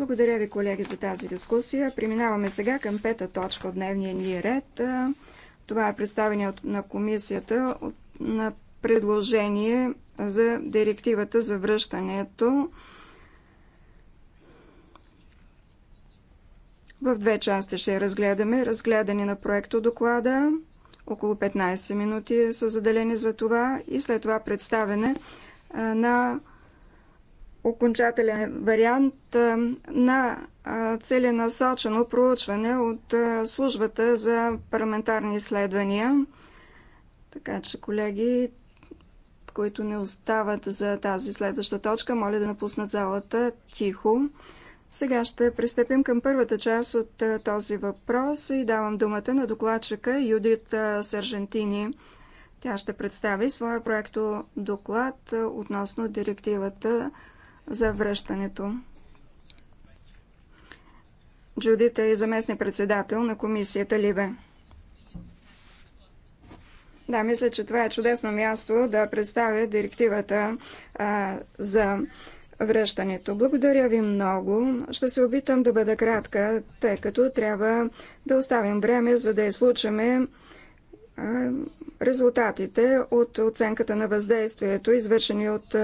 Благодаря ви, колеги, за тази дискусия. Преминаваме сега към пета точка от дневния ни ред. Това е представение на комисията на предложение за директивата за връщането В две части ще разгледаме. Разгледане на проекто доклада. Около 15 минути са заделени за това и след това представене на окончателен вариант на целенасочено проучване от службата за парламентарни изследвания. Така че, колеги, които не остават за тази следваща точка, моля да напуснат залата тихо. Сега ще пристъпим към първата част от този въпрос и давам думата на докладчика Юдит Сержентини. Тя ще представи своя проекто доклад относно директивата за връщането. Джудита е заместник председател на комисията Либе. Да, мисля, че това е чудесно място да представя директивата а, за връщането. Благодаря ви много. Ще се опитам да бъда кратка, тъй като трябва да оставим време, за да изслушаме резултатите от оценката на въздействието, извършени от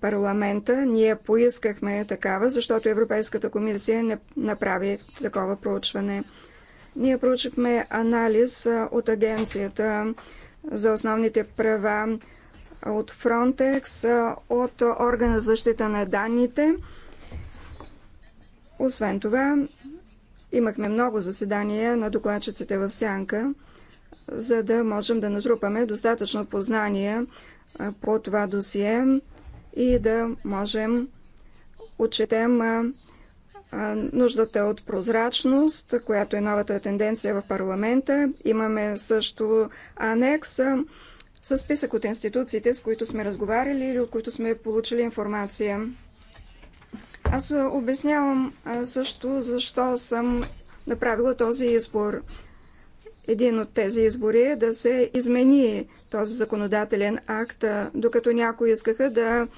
парламента. Ние поискахме такава, защото Европейската комисия не направи такова проучване. Ние проучихме анализ от Агенцията за основните права от Frontex, от органа за защита на данните. Освен това, имахме много заседания на докладчиците в Сянка, за да можем да натрупаме достатъчно познание по това досие и да можем отчетем нуждата от прозрачност, която е новата тенденция в парламента. Имаме също анекс с списък от институциите, с които сме разговаряли или от които сме получили информация. Аз обяснявам също защо съм направила този избор. Един от тези избори е да се измени този законодателен акт, докато някои искаха да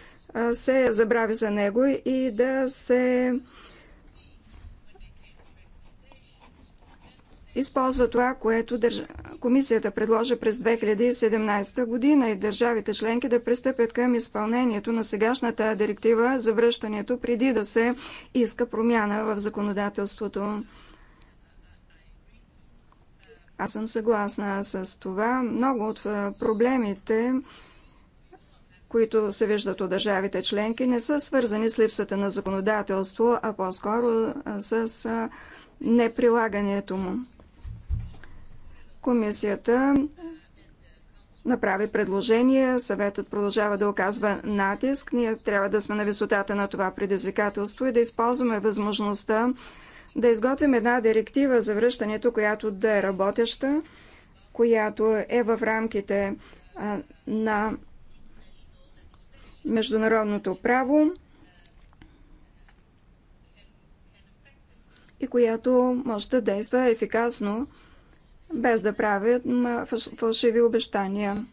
се забрави за него и да се използва това, което държ... комисията предложи през 2017 година и държавите членки да пристъпят към изпълнението на сегашната директива за връщането преди да се иска промяна в законодателството. Аз съм съгласна с това. Много от проблемите, които се виждат от държавите членки, не са свързани с липсата на законодателство, а по-скоро с неприлагането му. Комисията направи предложение, съветът продължава да оказва натиск. Ние трябва да сме на висотата на това предизвикателство и да използваме възможността да изготвим една директива за връщането, която да е работеща, която е в рамките на международното право и която може да действа ефикасно, без да правят фалшиви обещания.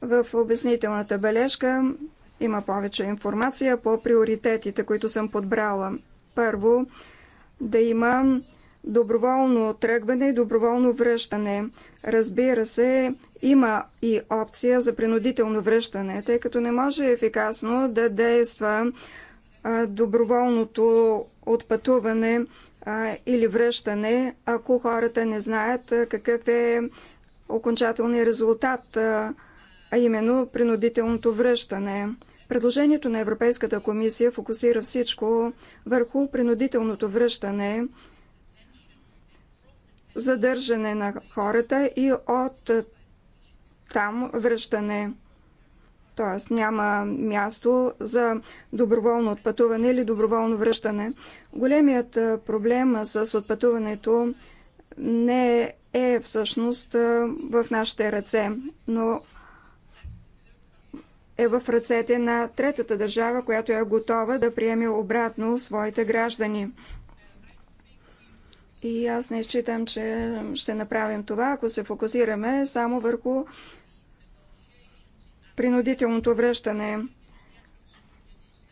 В обяснителната бележка има повече информация по приоритетите, които съм подбрала. Първо, да има доброволно тръгване и доброволно връщане. Разбира се, има и опция за принудително връщане, тъй като не може ефикасно да действа доброволното отпътуване или връщане, ако хората не знаят какъв е окончателният резултат, а именно принудителното връщане. Предложението на Европейската комисия фокусира всичко върху принудителното връщане, задържане на хората и от там връщане. Т.е. няма място за доброволно отпътуване или доброволно връщане. Големият проблем с отпътуването не е, е всъщност в нашите ръце, но е в ръцете на третата държава, която е готова да приеме обратно своите граждани. И аз не считам, че ще направим това, ако се фокусираме само върху принудителното връщане.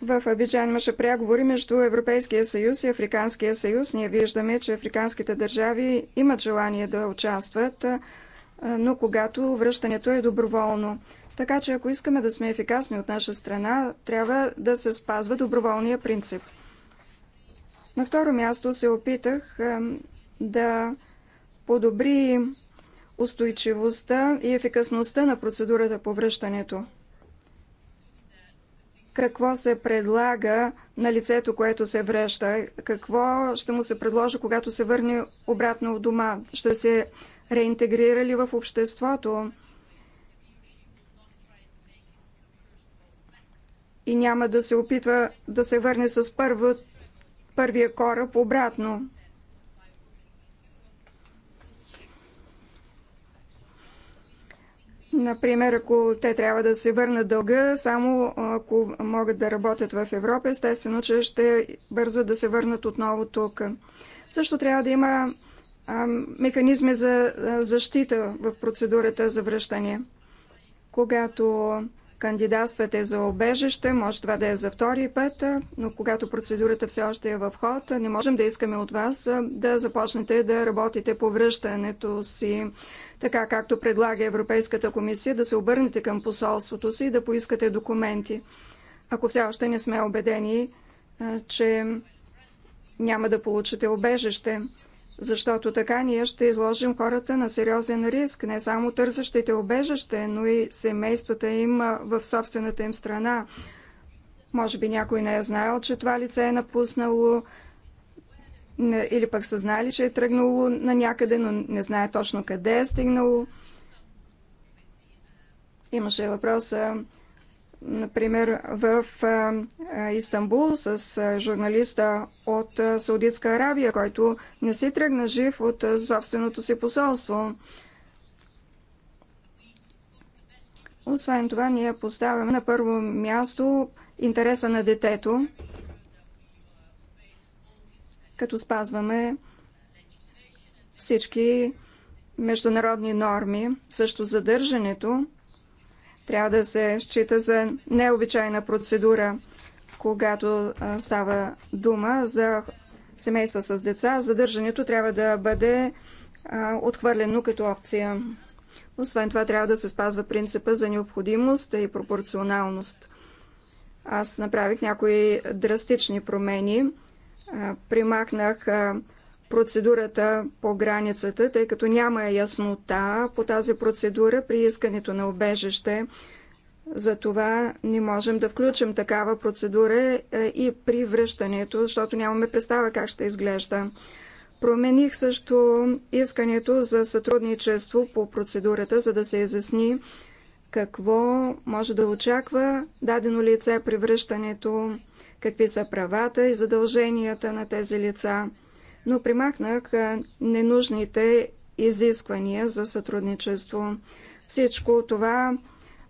В Абиджан имаше преговори между Европейския съюз и Африканския съюз. Ние виждаме, че африканските държави имат желание да участват, но когато връщането е доброволно. Така че ако искаме да сме ефикасни от наша страна, трябва да се спазва доброволния принцип. На второ място се опитах да подобри устойчивостта и ефикасността на процедурата по връщането. Какво се предлага на лицето, което се връща? Какво ще му се предложи, когато се върне обратно от дома? Ще се реинтегрира ли в обществото? и няма да се опитва да се върне с първо, първия кораб обратно. Например, ако те трябва да се върнат дълга, само ако могат да работят в Европа, естествено, че ще бързат да се върнат отново тук. Също трябва да има механизми за защита в процедурата за връщане. Когато кандидатствате за обежище, може това да е за втори път, но когато процедурата все още е в ход, не можем да искаме от вас да започнете да работите по връщането си, така както предлага Европейската комисия, да се обърнете към посолството си и да поискате документи. Ако все още не сме убедени, че няма да получите обежище защото така ние ще изложим хората на сериозен риск, не само търсещите обежаще, но и семействата им в собствената им страна. Може би някой не е знаел, че това лице е напуснало или пък са знали, че е тръгнало на някъде, но не знае точно къде е стигнало. Имаше въпроса например, в Истанбул с журналиста от Саудитска Аравия, който не си тръгна жив от собственото си посолство. Освен това, ние поставяме на първо място интереса на детето, като спазваме всички международни норми, също задържането трябва да се счита за необичайна процедура, когато става дума за семейства с деца. Задържането трябва да бъде отхвърлено като опция. Освен това, трябва да се спазва принципа за необходимост и пропорционалност. Аз направих някои драстични промени. Примахнах процедурата по границата, тъй като няма яснота по тази процедура при искането на обежище. Затова не можем да включим такава процедура е, и при връщането, защото нямаме представа как ще изглежда. Промених също искането за сътрудничество по процедурата, за да се изясни какво може да очаква дадено лице при връщането, какви са правата и задълженията на тези лица но примахнах ненужните изисквания за сътрудничество. Всичко това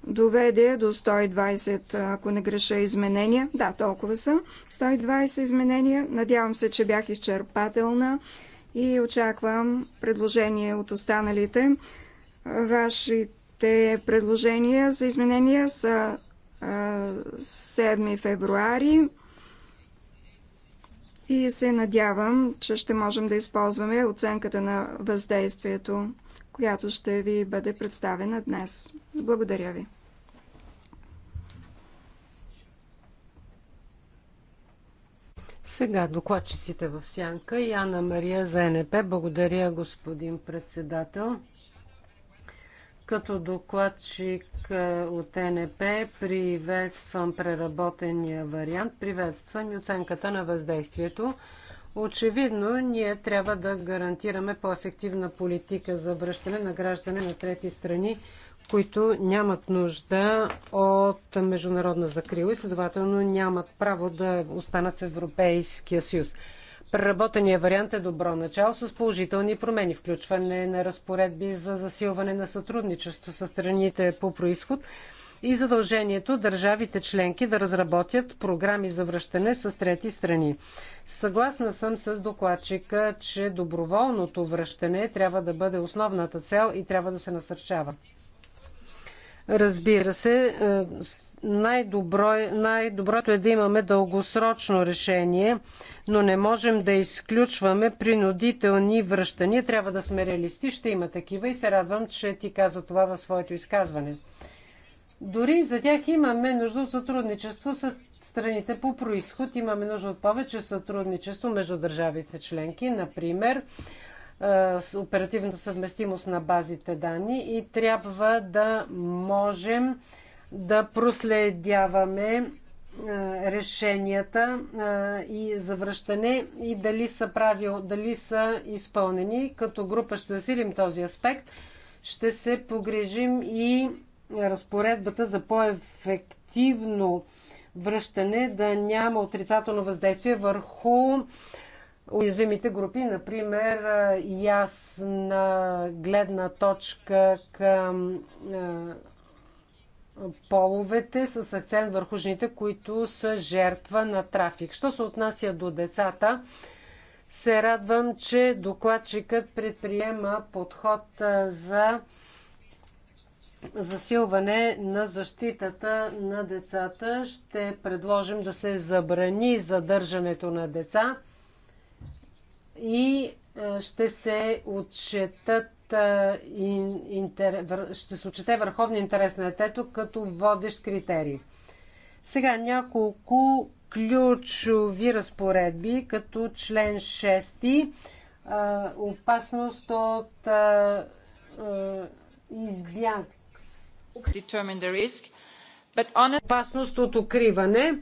доведе до 120, ако не греша, изменения. Да, толкова са. 120 изменения. Надявам се, че бях изчерпателна и очаквам предложение от останалите. Вашите предложения за изменения са 7 февруари и се надявам, че ще можем да използваме оценката на въздействието, която ще ви бъде представена днес. Благодаря ви. Сега докладчиците в сянка. Яна Мария за НП. Благодаря, господин председател. Като докладчик е, от НП приветствам преработения вариант, приветствам и оценката на въздействието. Очевидно, ние трябва да гарантираме по-ефективна политика за връщане на граждане на трети страни, които нямат нужда от международна закрила и следователно нямат право да останат в Европейския съюз. Преработения вариант е добро начало с положителни промени, включване на разпоредби за засилване на сътрудничество с страните по происход и задължението държавите членки да разработят програми за връщане с трети страни. Съгласна съм с докладчика, че доброволното връщане трябва да бъде основната цел и трябва да се насърчава. Разбира се, е, най-добро, е- най-доброто е да имаме дългосрочно решение – но не можем да изключваме принудителни връщания. Трябва да сме реалисти, ще има такива и се радвам, че ти каза това в своето изказване. Дори за тях имаме нужда от сътрудничество с страните по происход. Имаме нужда от повече сътрудничество между държавите членки, например оперативната съвместимост на базите данни и трябва да можем да проследяваме решенията и завръщане и дали са, правил, дали са изпълнени. Като група ще засилим този аспект. Ще се погрежим и разпоредбата за по-ефективно връщане да няма отрицателно въздействие върху уязвимите групи, например ясна гледна точка към половете с акцент върху жените, които са жертва на трафик. Що се отнася до децата, се радвам, че докладчикът предприема подход за засилване на защитата на децата. Ще предложим да се забрани задържането на деца и ще се отчетат интер... ще се учете върховния интерес на детето като водещ критерий. Сега няколко ключови разпоредби, като член 6 опасност от избяг. Опасност от укриване.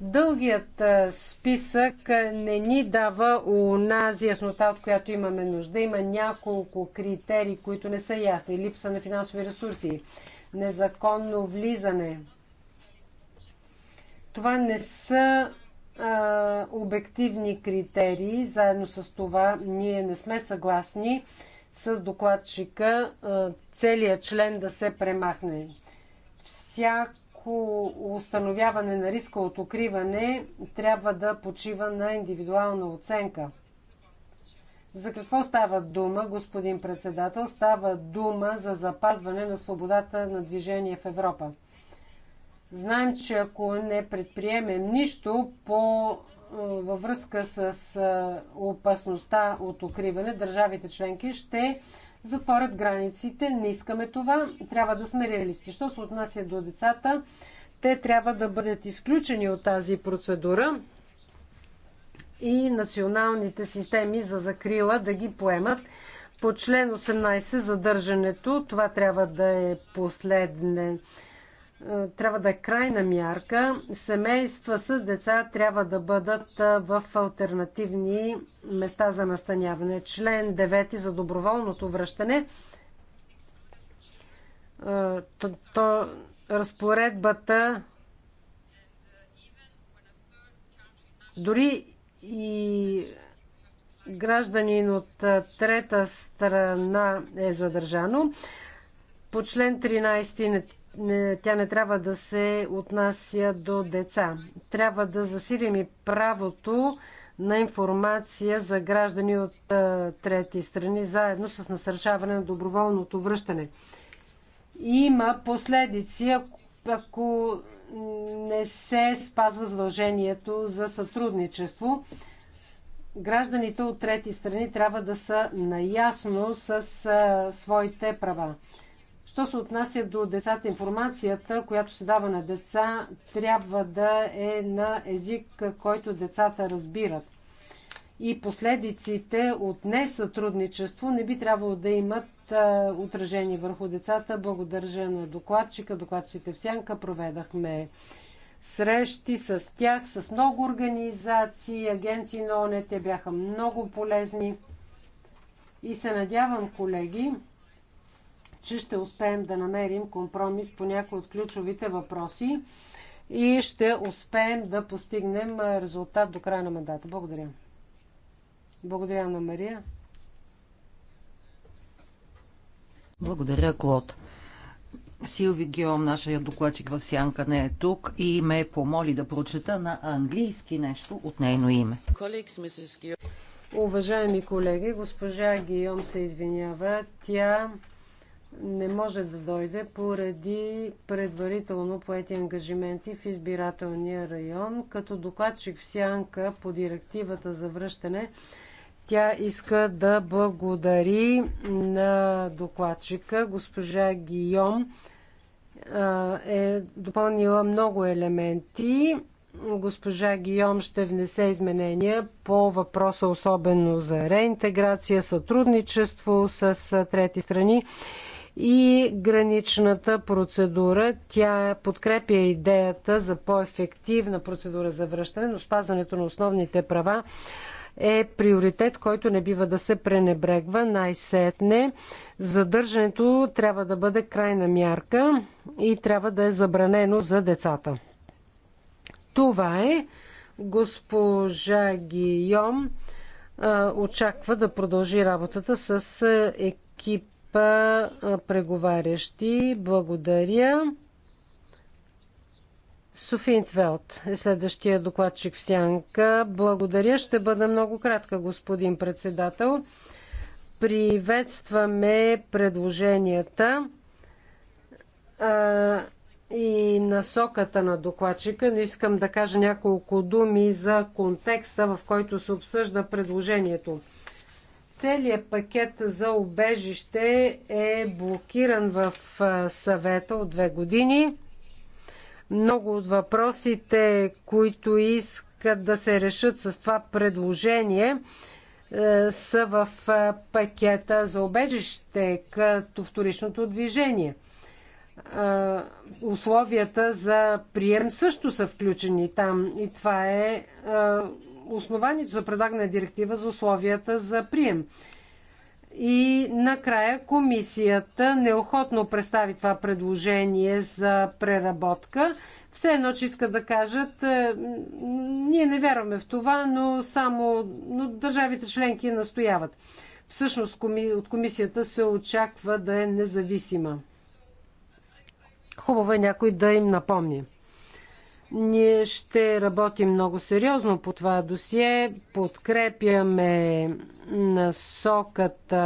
Дългият списък не ни дава унази яснота, от която имаме нужда. Има няколко критерии, които не са ясни. Липса на финансови ресурси, незаконно влизане. Това не са а, обективни критерии. Заедно с това ние не сме съгласни с докладчика целият член да се премахне. Всяк всяко установяване на риска от укриване трябва да почива на индивидуална оценка. За какво става дума, господин председател? Става дума за запазване на свободата на движение в Европа. Знаем, че ако не предприемем нищо по, е, във връзка с е, опасността от укриване, държавите членки ще затворят границите. Не искаме това. Трябва да сме реалисти. Що се отнася до децата, те трябва да бъдат изключени от тази процедура и националните системи за закрила да ги поемат. По член 18 задържането, това трябва да е последне е, трябва да е крайна мярка. Семейства с деца трябва да бъдат е, в альтернативни места за настаняване. Член 9 за доброволното връщане. Е, то, то, разпоредбата дори и гражданин от трета страна е задържано по член 13 не, не, тя не трябва да се отнася до деца. Трябва да засилим и правото на информация за граждани от а, трети страни, заедно с насърчаване на доброволното връщане. Има последици, ако, ако не се спазва задължението за сътрудничество. Гражданите от трети страни трябва да са наясно с а, своите права. Що се отнася до децата, информацията, която се дава на деца, трябва да е на език, който децата разбират. И последиците от несътрудничество не би трябвало да имат отражение върху децата. Благодаря на докладчика, докладчите в Сянка. Проведахме срещи с тях, с много организации, агенции на ОНЕ. Те бяха много полезни. И се надявам, колеги, че ще успеем да намерим компромис по някои от ключовите въпроси и ще успеем да постигнем резултат до края на мандата. Благодаря. Благодаря на Мария. Благодаря, Клод. Силви Геом, нашия докладчик в Сянка, не е тук и ме помоли да прочета на английски нещо от нейно име. Уважаеми колеги, госпожа Гиом се извинява. Тя не може да дойде поради предварително поети ангажименти в избирателния район. Като докладчик в Сянка по директивата за връщане, тя иска да благодари на докладчика. Госпожа Гийом е допълнила много елементи. Госпожа Гийом ще внесе изменения по въпроса особено за реинтеграция, сътрудничество с трети страни и граничната процедура. Тя подкрепя идеята за по-ефективна процедура за връщане, но спазването на основните права е приоритет, който не бива да се пренебрегва най-сетне. Задържането трябва да бъде крайна мярка и трябва да е забранено за децата. Това е госпожа Гийом очаква да продължи работата с е, екип група преговарящи. Благодаря. Софинтвелт е следващия докладчик в Сянка. Благодаря. Ще бъда много кратка, господин председател. Приветстваме предложенията а, и насоката на докладчика, но искам да кажа няколко думи за контекста, в който се обсъжда предложението. Целият пакет за убежище е блокиран в съвета от две години. Много от въпросите, които искат да се решат с това предложение, е, са в пакета за обежище като вторичното движение. Условията за прием също са включени там и това е основанието за предлагане на директива за условията за прием. И накрая комисията неохотно представи това предложение за преработка. Все едно, че искат да кажат, е, ние не вярваме в това, но само но държавите членки настояват. Всъщност от комисията се очаква да е независима. Хубаво е някой да им напомни. Ние ще работим много сериозно по това досие. Подкрепяме насоката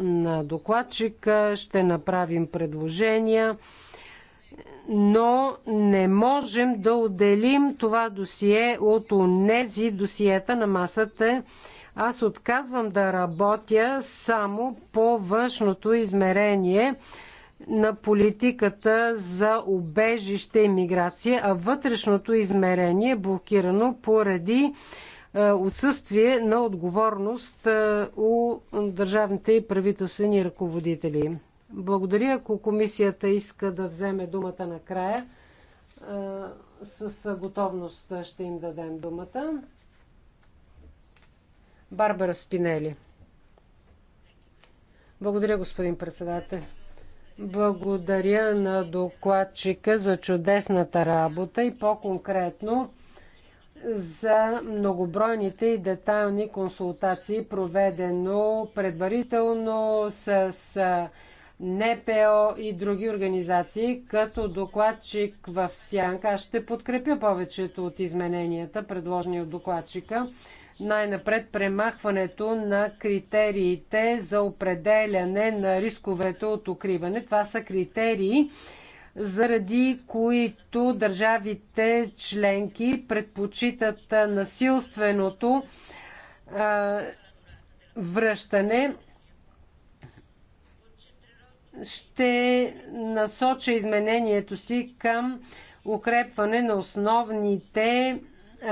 на докладчика, ще направим предложения, но не можем да отделим това досие от онези досиета на масата. Аз отказвам да работя само по външното измерение на политиката за убежище и миграция, а вътрешното измерение е блокирано поради е, отсъствие на отговорност е, у държавните и правителствени ръководители. Благодаря, ако комисията иска да вземе думата накрая. Е, с готовност ще им дадем думата. Барбара Спинели. Благодаря, господин председател. Благодаря на докладчика за чудесната работа и по-конкретно за многобройните и детайлни консултации, проведено предварително с НПО и други организации. Като докладчик в Сянка аз ще подкрепя повечето от измененията, предложени от докладчика. Най-напред премахването на критериите за определяне на рисковете от укриване. Това са критерии, заради които държавите членки предпочитат насилственото връщане. Ще насоча изменението си към укрепване на основните е,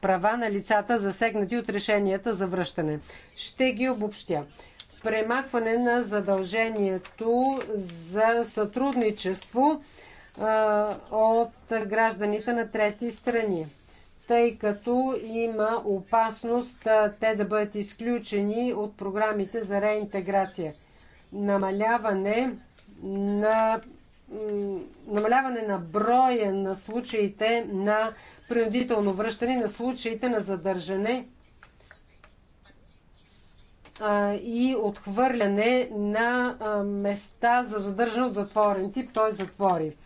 права на лицата, засегнати от решенията за връщане. Ще ги обобщя. Премахване на задължението за сътрудничество е, от гражданите на трети страни, тъй като има опасност е, те да бъдат изключени от програмите за реинтеграция. Намаляване на намаляване на броя на случаите на принудително връщане на случаите на задържане и отхвърляне на места за задържане от затворен тип, т.е. затвори.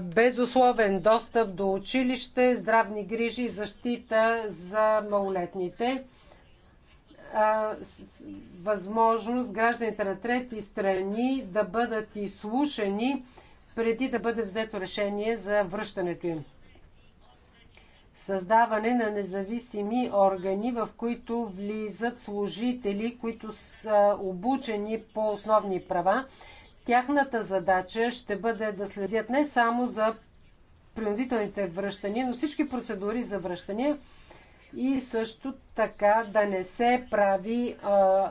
Безусловен достъп до училище, здравни грижи и защита за малолетните. Възможност гражданите на трети страни да бъдат изслушани преди да бъде взето решение за връщането им създаване на независими органи, в които влизат служители, които са обучени по основни права. Тяхната задача ще бъде да следят не само за принудителните връщания, но всички процедури за връщания и също така да не се прави а,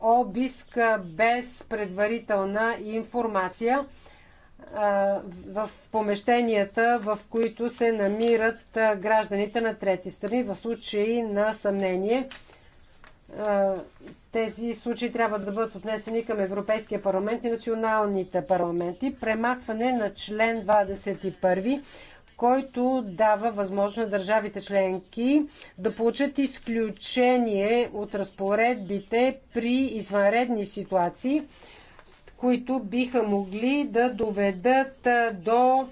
обиск без предварителна информация в помещенията, в които се намират гражданите на трети страни в случаи на съмнение. Тези случаи трябва да бъдат отнесени към Европейския парламент и националните парламенти. Премахване на член 21 който дава възможност на държавите членки да получат изключение от разпоредбите при извънредни ситуации които биха могли да доведат до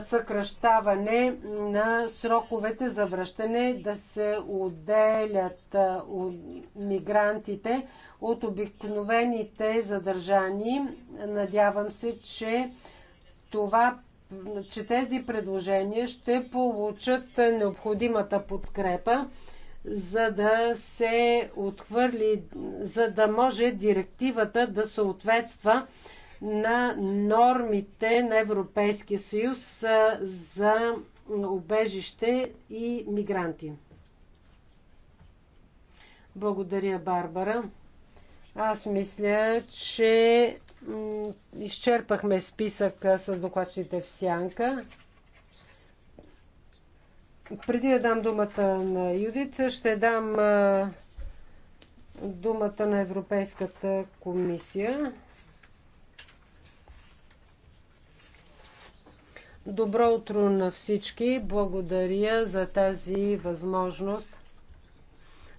съкръщаване на сроковете за връщане, да се отделят от мигрантите от обикновените задържани. Надявам се, че това че тези предложения ще получат необходимата подкрепа за да се отхвърли, за да може директивата да съответства на нормите на Европейския съюз за обежище и мигранти. Благодаря, Барбара. Аз мисля, че изчерпахме списъка с докладчите в сянка. Преди да дам думата на Юдит, ще дам думата на Европейската комисия. Добро утро на всички! Благодаря за тази възможност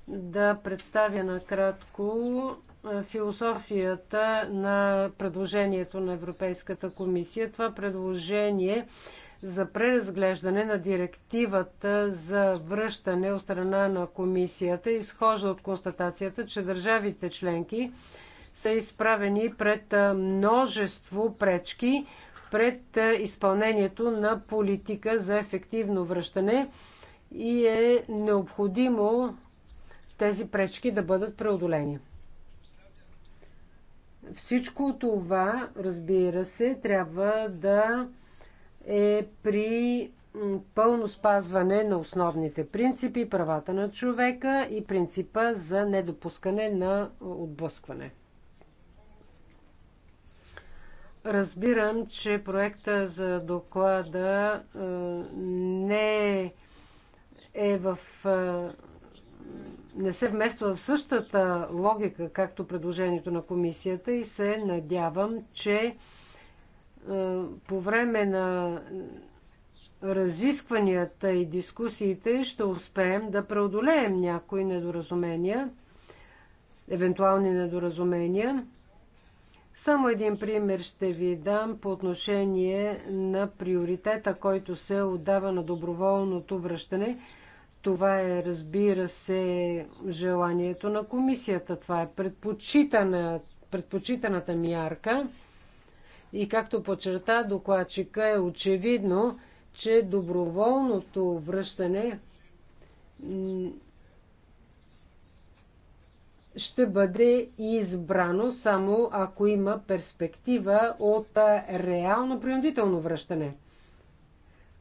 да представя накратко философията на предложението на Европейската комисия. Това предложение е за преразглеждане на директивата за връщане от страна на комисията изхожда от констатацията, че държавите членки са изправени пред множество пречки пред изпълнението на политика за ефективно връщане и е необходимо тези пречки да бъдат преодолени. Всичко това, разбира се, трябва да е при пълно спазване на основните принципи, правата на човека и принципа за недопускане на отблъскване. Разбирам, че проекта за доклада не е в не се вмества в същата логика, както предложението на комисията и се надявам, че е, по време на разискванията и дискусиите ще успеем да преодолеем някои недоразумения, евентуални недоразумения. Само един пример ще ви дам по отношение на приоритета, който се отдава на доброволното връщане. Това е, разбира се, желанието на комисията. Това е предпочитана, предпочитаната мярка. И както подчерта докладчика, е очевидно, че доброволното връщане ще бъде избрано само ако има перспектива от реално принудително връщане.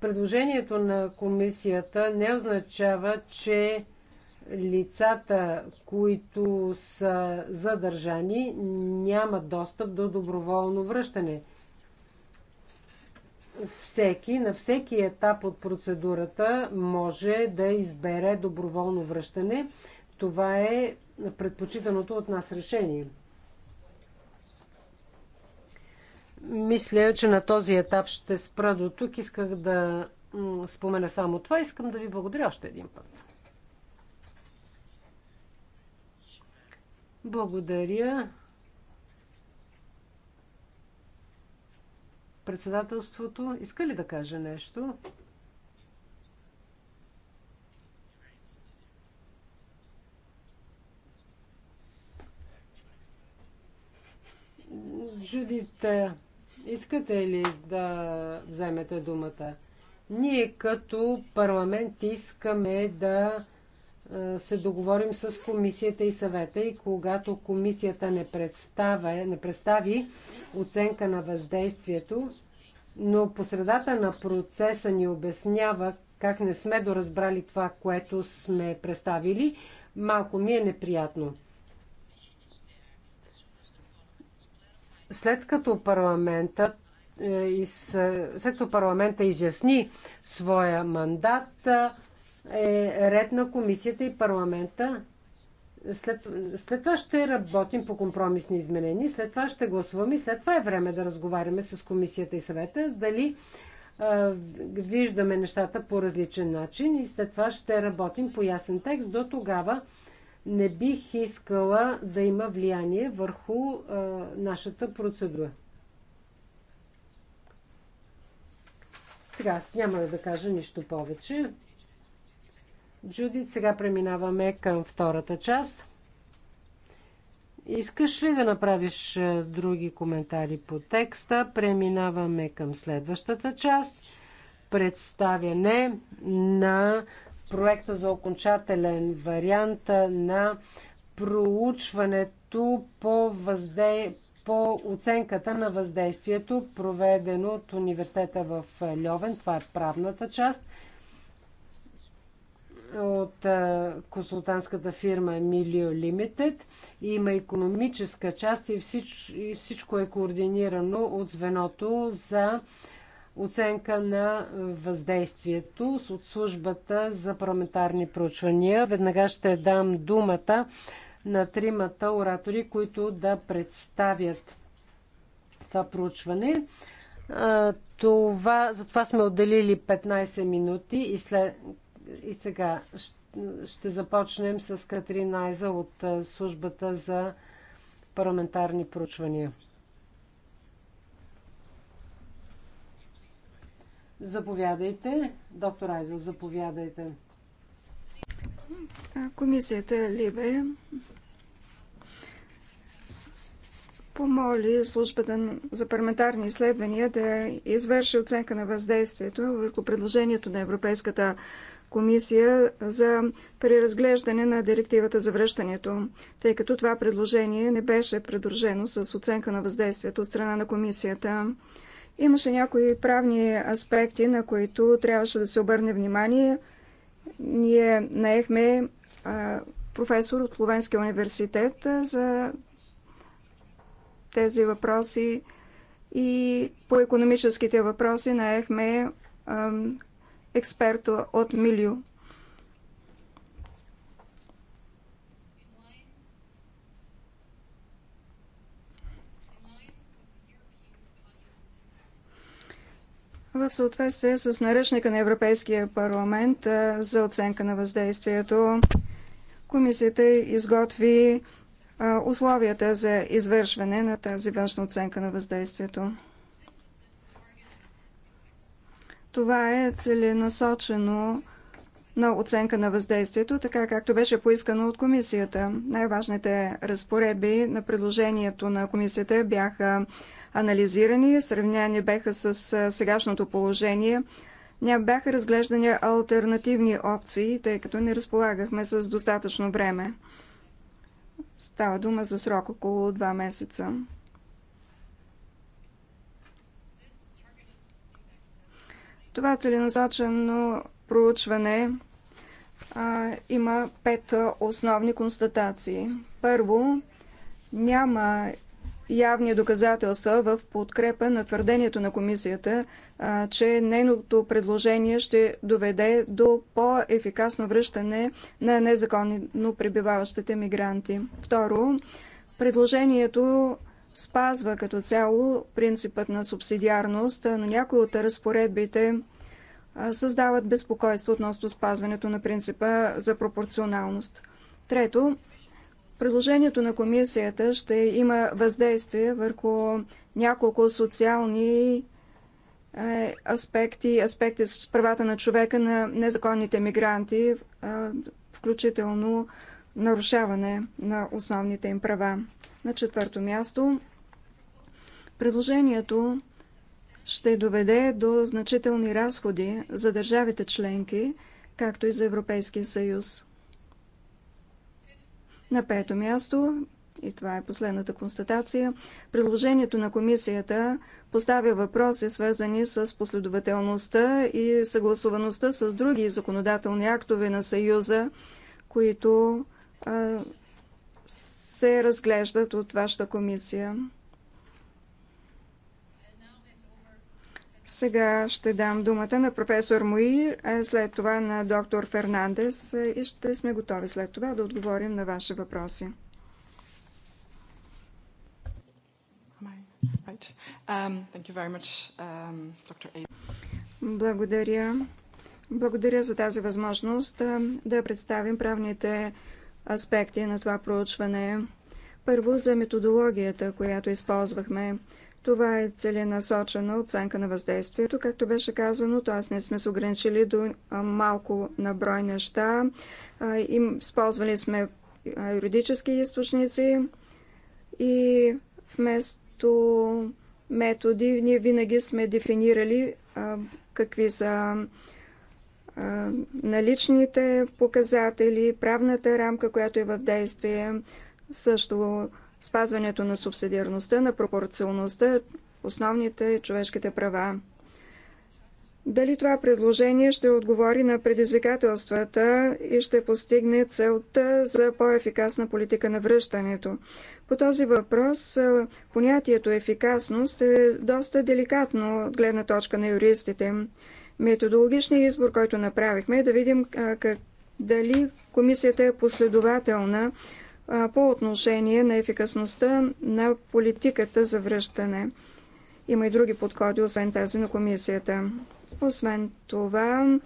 Предложението на комисията не означава, че лицата, които са задържани, нямат достъп до доброволно връщане. Всеки, на всеки етап от процедурата може да избере доброволно връщане. Това е предпочитаното от нас решение. Мисля, че на този етап ще спра до тук. Исках да спомена само това. Искам да ви благодаря още един път. Благодаря. Председателството иска ли да каже нещо? Джудит, искате ли да вземете думата? Ние като парламент искаме да е, се договорим с комисията и съвета и когато комисията не, представя, не представи оценка на въздействието, но посредата на процеса ни обяснява как не сме доразбрали това, което сме представили, малко ми е неприятно. След като парламентът е, е, след като парламента изясни своя мандат, е ред на комисията и парламента. След, след това ще работим по компромисни изменения, след това ще гласуваме и след това е време да разговаряме с комисията и съвета, дали а, виждаме нещата по различен начин и след това ще работим по ясен текст. До тогава не бих искала да има влияние върху а, нашата процедура. Сега аз няма да кажа нищо повече. Джудит, сега преминаваме към втората част. Искаш ли да направиш е, други коментари по текста? Преминаваме към следващата част. Представяне на проекта за окончателен вариант на проучването по, възде... по оценката на въздействието, проведено от университета в Льовен. Това е правната част – от консултантската фирма Milio Limited. Има економическа част и, всич, и всичко е координирано от звеното за оценка на въздействието от службата за парламентарни проучвания. Веднага ще дам думата на тримата оратори, които да представят това проучване. Това, за това сме отделили 15 минути и след и сега ще започнем с Катрин Айза от службата за парламентарни проучвания. Заповядайте, доктор Айза, заповядайте. Комисията Либе помоли службата за парламентарни изследвания да извърши оценка на въздействието върху предложението на Европейската комисия за преразглеждане на директивата за връщането, тъй като това предложение не беше предложено с оценка на въздействието от страна на комисията. Имаше някои правни аспекти, на които трябваше да се обърне внимание. Ние наехме професор от Словенския университет за тези въпроси и по економическите въпроси наехме експерта от Милио. В съответствие с наръчника на Европейския парламент за оценка на въздействието, комисията изготви условията за извършване на тази външна оценка на въздействието. Това е целенасочено на оценка на въздействието, така както беше поискано от комисията. Най-важните разпоредби на предложението на комисията бяха анализирани, сравняни беха с сегашното положение. Не бяха разглеждани альтернативни опции, тъй като не разполагахме с достатъчно време. Става дума за срок около два месеца. Това е целенасочено проучване а, има пет основни констатации. Първо, няма явни доказателства в подкрепа на твърдението на комисията, а, че нейното предложение ще доведе до по-ефикасно връщане на незаконно пребиваващите мигранти. Второ, предложението спазва като цяло принципът на субсидиарност, но някои от разпоредбите създават безпокойство относно спазването на принципа за пропорционалност. Трето, предложението на комисията ще има въздействие върху няколко социални аспекти, аспекти с правата на човека на незаконните мигранти, включително нарушаване на основните им права. На четвърто място, предложението ще доведе до значителни разходи за държавите членки, както и за Европейския съюз. На пето място, и това е последната констатация, предложението на комисията поставя въпроси, свързани с последователността и съгласуваността с други законодателни актове на Съюза, които се разглеждат от вашата комисия. Сега ще дам думата на професор Муи, след това на доктор Фернандес и ще сме готови след това да отговорим на ваши въпроси. Um, um, Благодаря. Благодаря за тази възможност да представим правните аспекти на това проучване. Първо за методологията, която използвахме. Това е целенасочена оценка на въздействието. Както беше казано, т.е. не сме се ограничили до малко на брой неща. Им използвали сме юридически източници и вместо методи ние винаги сме дефинирали какви са наличните показатели, правната рамка, която е в действие, също спазването на субсидиарността, на пропорционалността, основните човешките права. Дали това предложение ще отговори на предизвикателствата и ще постигне целта за по-ефикасна политика на връщането? По този въпрос понятието ефикасност е доста деликатно от гледна точка на юристите методологичния избор, който направихме, е да видим как, дали комисията е последователна по отношение на ефикасността на политиката за връщане. Има и други подходи, освен тази на комисията. Освен това,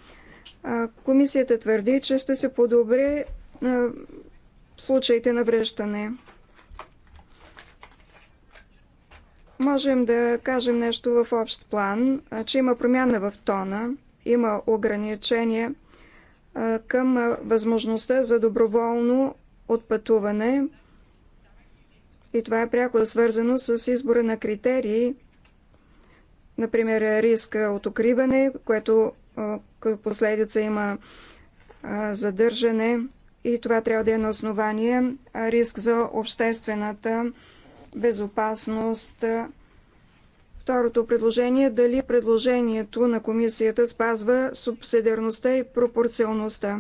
комисията твърди, че ще се подобри случаите на връщане. Можем да кажем нещо в общ план, че има промяна в тона, има ограничение към възможността за доброволно отпътуване и това е пряко свързано с избора на критерии, например риска от укриване, което като последица има задържане и това трябва да е на основание риск за обществената безопасност. Второто предложение е дали предложението на комисията спазва субсидиарността и пропорционалността.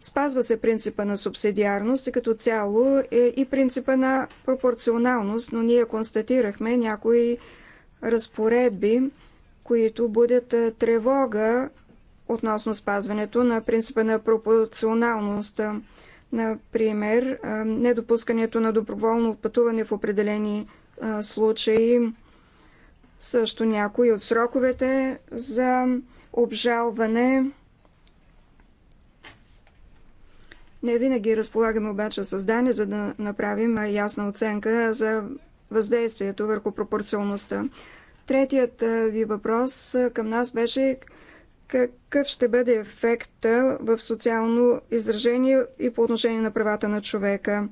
Спазва се принципа на субсидиарност и като цяло е и принципа на пропорционалност, но ние констатирахме някои разпоредби, които будят тревога относно спазването на принципа на пропорционалност. Например, недопускането на доброволно пътуване в определени случаи, също някои от сроковете за обжалване. Не винаги разполагаме обаче създание, за да направим ясна оценка за въздействието върху пропорционността. Третият ви въпрос към нас беше какъв ще бъде ефекта в социално изражение и по отношение на правата на човека.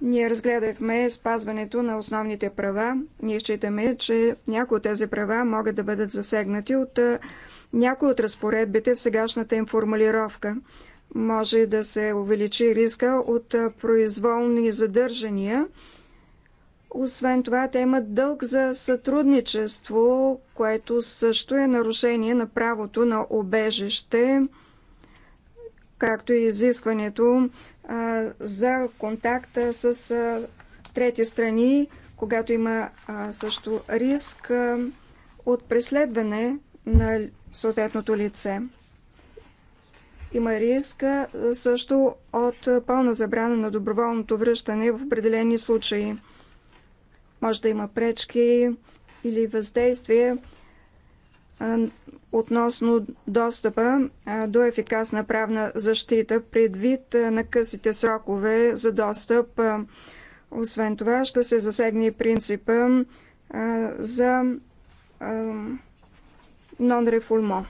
Ние разгледахме спазването на основните права. Ние считаме, че някои от тези права могат да бъдат засегнати от някои от разпоредбите в сегашната им формулировка. Може да се увеличи риска от произволни задържания – освен това, те имат дълг за сътрудничество, което също е нарушение на правото на обежище, както и изискването а, за контакта с а, трети страни, когато има а, също риск а, от преследване на съответното лице. Има риск също от пълна забрана на доброволното връщане в определени случаи. Може да има пречки или въздействие относно достъпа до ефикасна правна защита предвид на късите срокове за достъп. Освен това ще се засегне принципа за нон-реформо.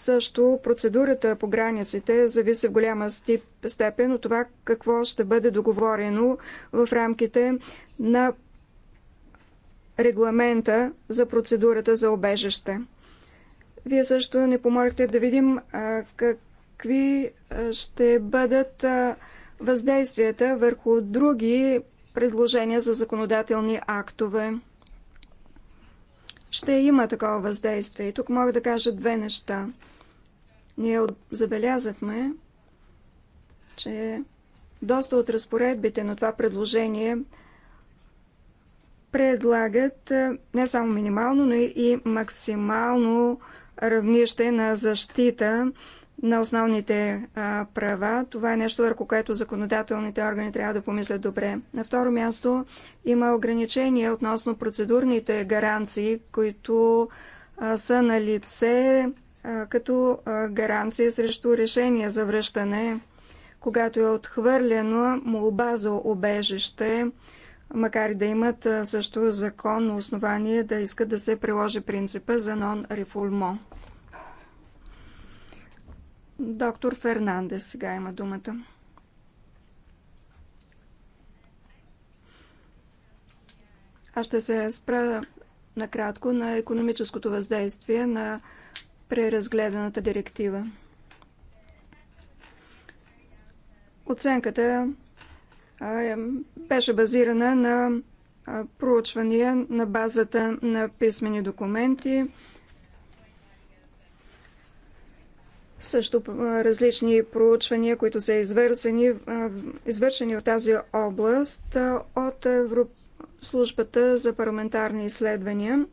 Също процедурата по границите зависи в голяма степен от това какво ще бъде договорено в рамките на регламента за процедурата за обежище. Вие също не помолихте да видим а, какви ще бъдат а, въздействията върху други предложения за законодателни актове. Ще има такова въздействие. И тук мога да кажа две неща. Ние забелязахме, че доста от разпоредбите на това предложение предлагат е, не само минимално, но и максимално равнище на защита на основните а, е, права. Това е нещо, върху което законодателните органи трябва да помислят добре. На второ място има ограничения относно процедурните гаранции, които а, са на лице като гаранция срещу решение за връщане, когато е отхвърлена молба за обежище, макар и да имат също законно основание да искат да се приложи принципа за нон-рефулмо. Доктор Фернандес сега има думата. Аз ще се спра накратко на економическото въздействие на преразгледаната директива. Оценката беше базирана на проучвания на базата на писмени документи, също различни проучвания, които са извършени, извършени в тази област от Службата за парламентарни изследвания.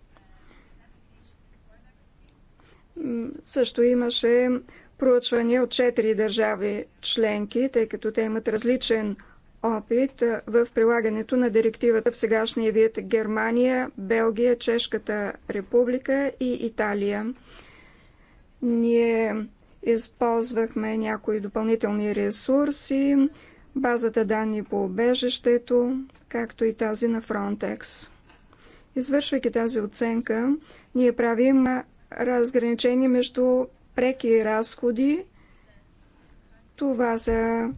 Също имаше проучвания от четири държави членки, тъй като те имат различен опит в прилагането на директивата в сегашния вид Германия, Белгия, Чешката република и Италия. Ние използвахме някои допълнителни ресурси, базата данни по обежището, както и тази на Frontex. Извършвайки тази оценка, ние правим разграничение между преки разходи. Това са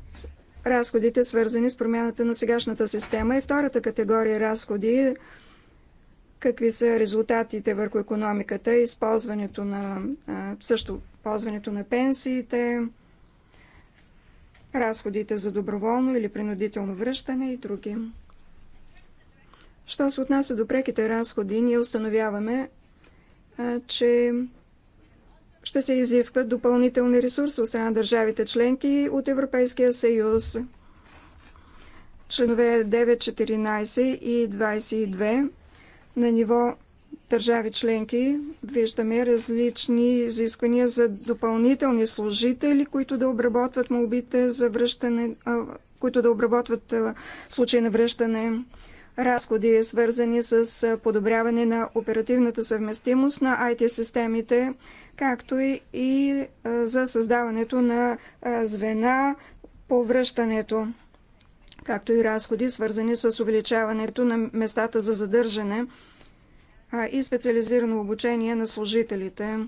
разходите, свързани с промяната на сегашната система. И втората категория разходи какви са резултатите върху економиката, използването на, също ползването на пенсиите, разходите за доброволно или принудително връщане и други. Що се отнася до преките разходи, ние установяваме, че ще се изискват допълнителни ресурси от страна на държавите членки от Европейския съюз. Членове 9, 14 и 22 на ниво държави членки виждаме различни изисквания за допълнителни служители, които да обработват молбите за връщане, които да обработват случаи на връщане разходи, свързани с подобряване на оперативната съвместимост на IT-системите, както и за създаването на звена по връщането, както и разходи, свързани с увеличаването на местата за задържане и специализирано обучение на служителите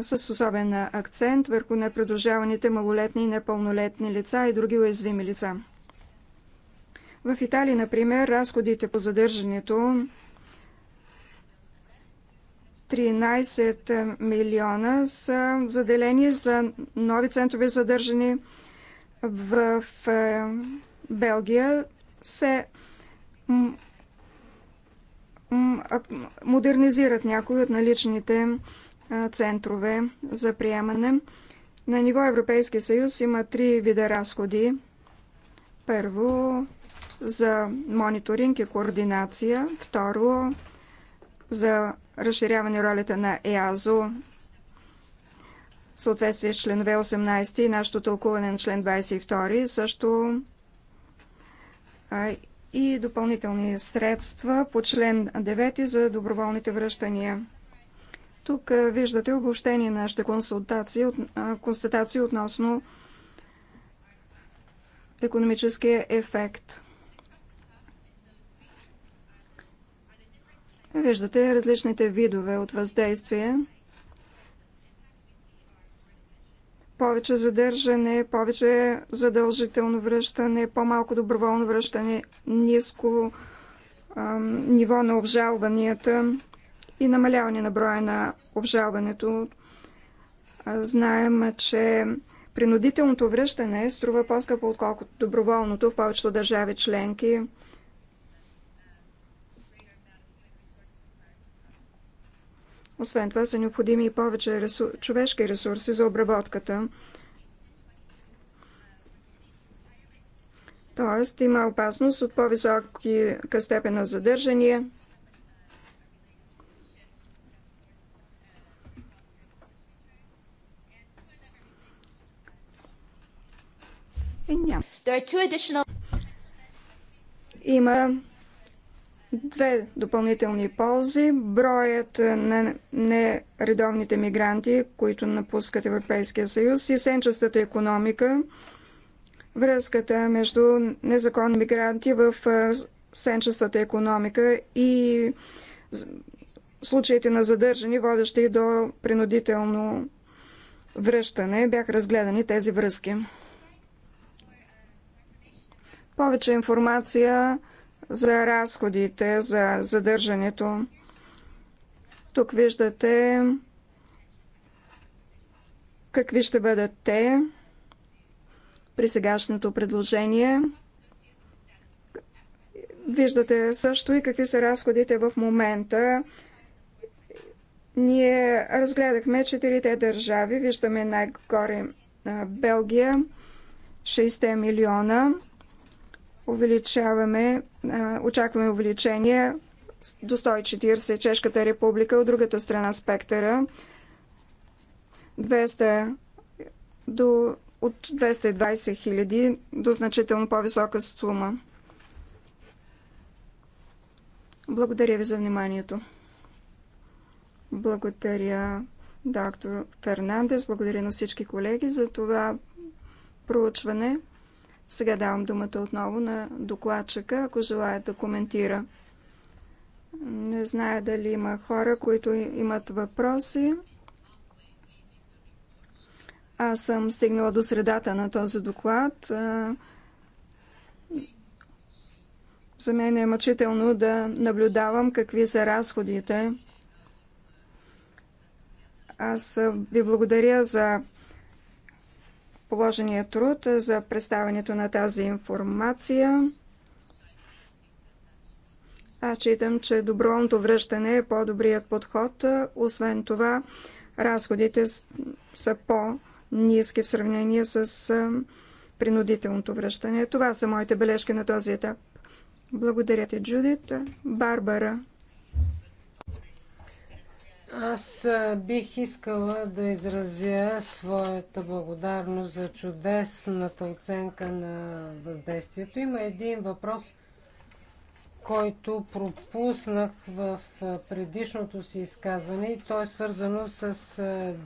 с особен акцент върху непредължаваните малолетни и непълнолетни лица и други уязвими лица. В Италия, например, разходите по задържането 13 милиона са заделени за нови центрове задържани в е, Белгия се модернизират някои от наличните е, центрове за приемане. На ниво Европейския съюз има три вида разходи. Първо, за мониторинг и координация. Второ, за разширяване ролята на ЕАЗО в съответствие с членове 18 и нашето тълкуване на член 22. Също и допълнителни средства по член 9 за доброволните връщания. Тук виждате обобщение на нашите консултации, констатации относно економическия ефект. Виждате различните видове от въздействие. Повече задържане, повече задължително връщане, по-малко доброволно връщане, ниско ам, ниво на обжалванията и намаляване на броя на обжалването. Знаем, че принудителното връщане струва по-скъпо, отколкото доброволното в повечето държави членки. Освен това са необходими и повече ресур... човешки ресурси за обработката. Тоест има опасност от по-високи степен на задържания. Има Две допълнителни ползи. Броят на нередовните мигранти, които напускат Европейския съюз и сенчестата економика, връзката между незаконни мигранти в сенчестата економика и случаите на задържани, водещи до принудително връщане, бяха разгледани тези връзки. Повече информация за разходите за задържането. Тук виждате какви ще бъдат те при сегашното предложение. Виждате също и какви са разходите в момента. Ние разгледахме четирите държави. Виждаме най-горе Белгия 60 милиона увеличаваме, очакваме увеличение до 140 Чешката република, от другата страна спектъра 200 до, от 220 хиляди до значително по-висока сума. Благодаря ви за вниманието. Благодаря доктор Фернандес, благодаря на всички колеги за това проучване. Сега давам думата отново на докладчика, ако желая да коментира. Не зная дали има хора, които имат въпроси. Аз съм стигнала до средата на този доклад. За мен е мъчително да наблюдавам какви са разходите. Аз ви благодаря за положения труд за представянето на тази информация. Аз читам, че доброволното връщане е по-добрият подход. Освен това, разходите са по-низки в сравнение с принудителното връщане. Това са моите бележки на този етап. Благодаря ти, Джудит. Барбара. Аз бих искала да изразя своята благодарност за чудесната оценка на въздействието. Има един въпрос, който пропуснах в предишното си изказване и то е свързано с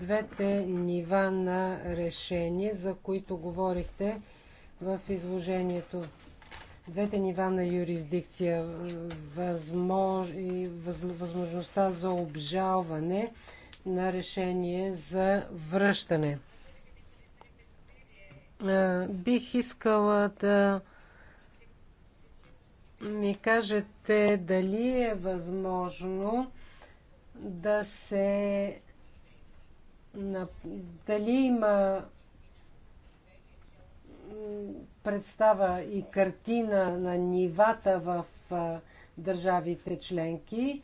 двете нива на решение, за които говорихте в изложението двете нива на юрисдикция, възмож... възможността за обжалване на решение за връщане. Бих искала да ми кажете дали е възможно да се дали има представа и картина на нивата в държавите членки.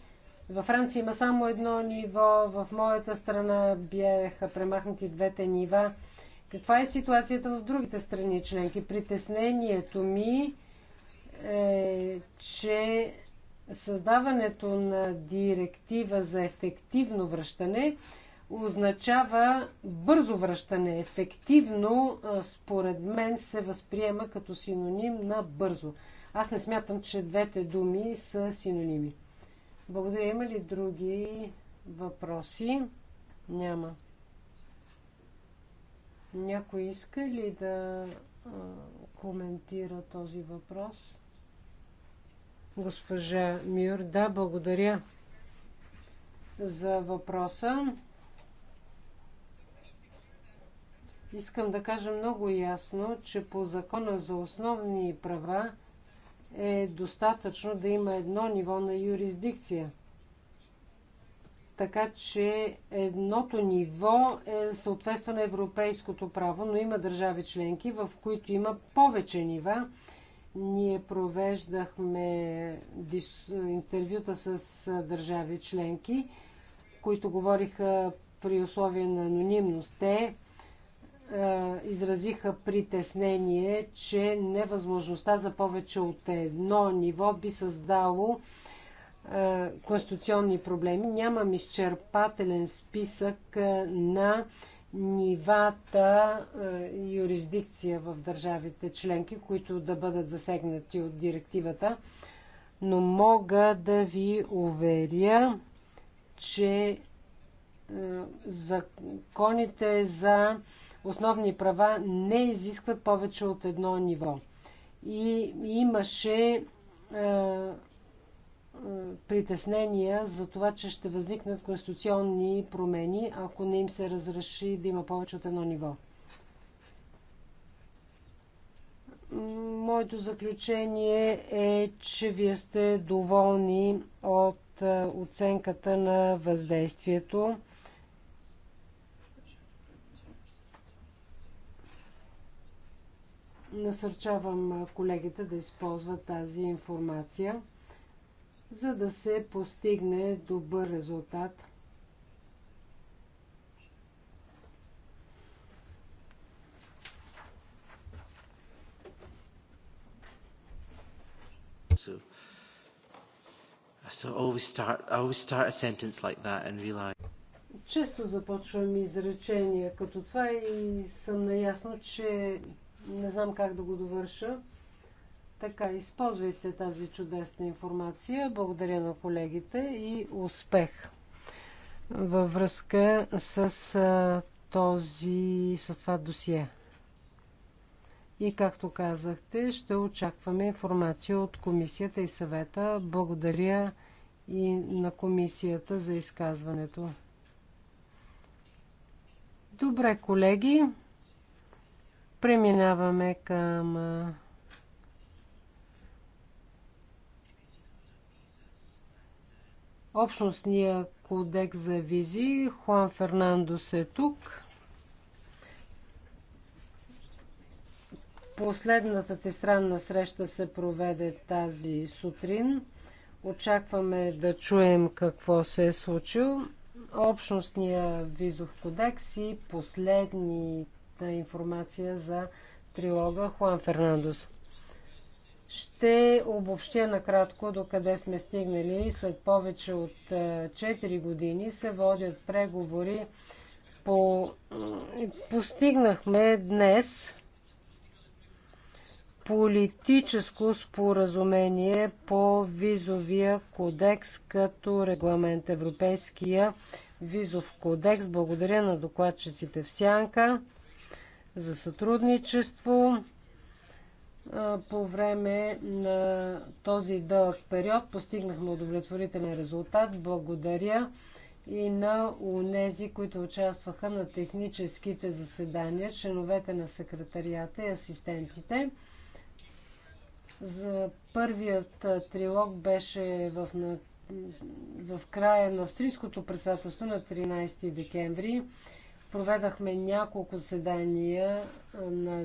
Във Франция има само едно ниво, в моята страна бяха премахнати двете нива. Каква е ситуацията в другите страни членки? Притеснението ми е, че създаването на директива за ефективно връщане означава бързо връщане. Ефективно, според мен, се възприема като синоним на бързо. Аз не смятам, че двете думи са синоними. Благодаря. Има ли други въпроси? Няма. Някой иска ли да а, коментира този въпрос? Госпожа Мюр, да, благодаря за въпроса. Искам да кажа много ясно, че по закона за основни права е достатъчно да има едно ниво на юрисдикция. Така че едното ниво е съответства на европейското право, но има държави членки, в които има повече нива. Ние провеждахме интервюта с държави членки, които говориха при условие на анонимност. Те е, изразиха притеснение, че невъзможността за повече от едно ниво би създало е, конституционни проблеми. Нямам изчерпателен списък е, на нивата юрисдикция в държавите членки, които да бъдат засегнати от директивата, но мога да ви уверя, че законите за основни права не изискват повече от едно ниво. И имаше е, е, притеснения за това, че ще възникнат конституционни промени, ако не им се разреши да има повече от едно ниво. Моето заключение е, че вие сте доволни от е, оценката на въздействието. Насърчавам колегите да използват тази информация, за да се постигне добър резултат. So, so always start, always start a sentence like that and realize. Често започвам изречения като това и съм наясно, че не знам как да го довърша. Така, използвайте тази чудесна информация. Благодаря на колегите и успех във връзка с този, с това досие. И както казахте, ще очакваме информация от комисията и съвета. Благодаря и на комисията за изказването. Добре, колеги. Преминаваме към Общностния кодекс за визи. Хуан Фернандос е тук. Последната ти странна среща се проведе тази сутрин. Очакваме да чуем какво се е случило. Общностния визов кодекс и последни информация за трилога Хуан Фернандос. Ще обобщя накратко до къде сме стигнали. След повече от 4 е, години се водят преговори по... Постигнахме днес политическо споразумение по визовия кодекс като регламент Европейския визов кодекс. Благодаря на докладчиците в Сянка за сътрудничество по време на този дълъг период. Постигнахме удовлетворителен резултат. Благодаря и на унези, които участваха на техническите заседания, членовете на секретарията и асистентите. За първият трилог беше в, на... в края на австрийското председателство на 13 декември Проведахме няколко заседания на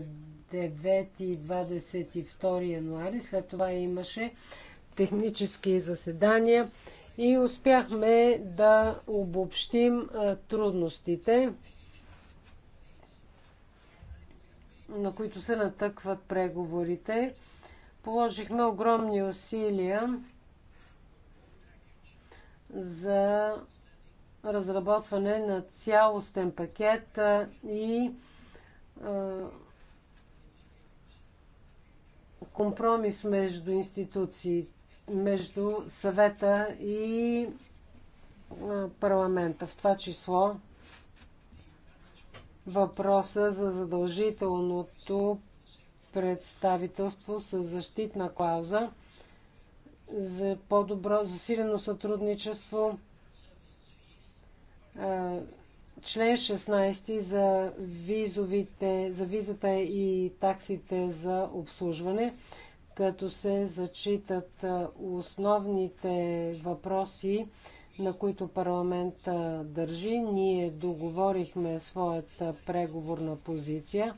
9 и 22 януари. След това имаше технически заседания и успяхме да обобщим трудностите, на които се натъкват преговорите. Положихме огромни усилия за разработване на цялостен пакет и компромис между институции, между съвета и парламента, в това число въпроса за задължителното представителство с защитна клауза за по-добро засилено сътрудничество Член 16 за, визовите, за визата и таксите за обслужване, като се зачитат основните въпроси, на които парламент държи. Ние договорихме своята преговорна позиция.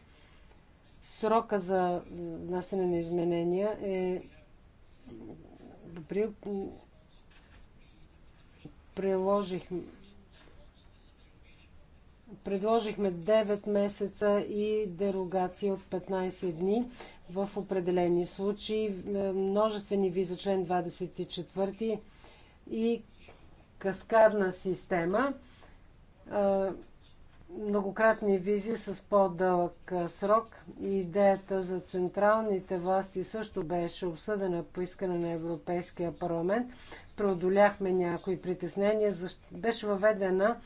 Срока за внасене на изменения е приложихме Предложихме 9 месеца и дерогация от 15 дни в определени случаи, е, множествени виза член 24 и каскадна система, е, многократни визи с по-дълъг е, срок. Идеята за централните власти също беше обсъдена по искане на Европейския парламент. Преодоляхме някои притеснения. Беше въведена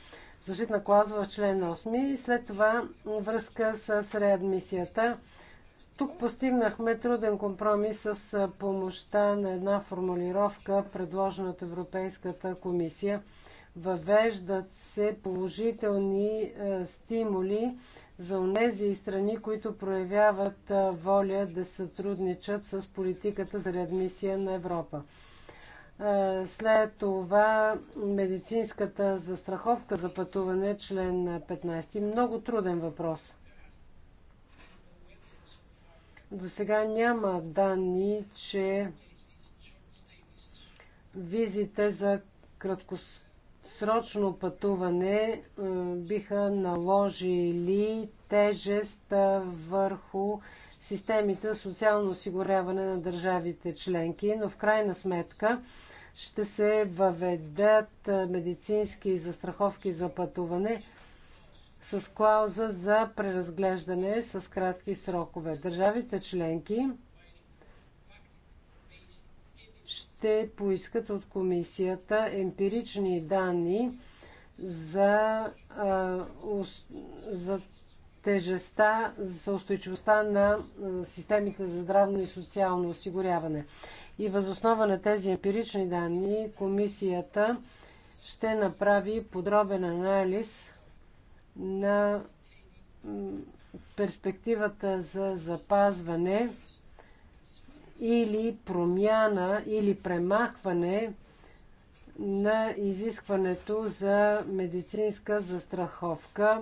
защитна клауза в член 8 и след това връзка с реадмисията. Тук постигнахме труден компромис с помощта на една формулировка, предложена от Европейската комисия. Въвеждат се положителни стимули за онези страни, които проявяват воля да сътрудничат с политиката за реадмисия на Европа. Е, след това медицинската застраховка за пътуване, член 15. Много труден въпрос. До сега няма данни, че визите за краткосрочно пътуване е, биха наложили тежест върху системите за социално осигуряване на държавите членки, но в крайна сметка ще се въведат медицински застраховки за пътуване с клауза за преразглеждане с кратки срокове. Държавите членки ще поискат от комисията емпирични данни за, а, за тежестта за устойчивостта на системите за здравно и социално осигуряване. И възоснова на тези емпирични данни комисията ще направи подробен анализ на перспективата за запазване или промяна или премахване на изискването за медицинска застраховка.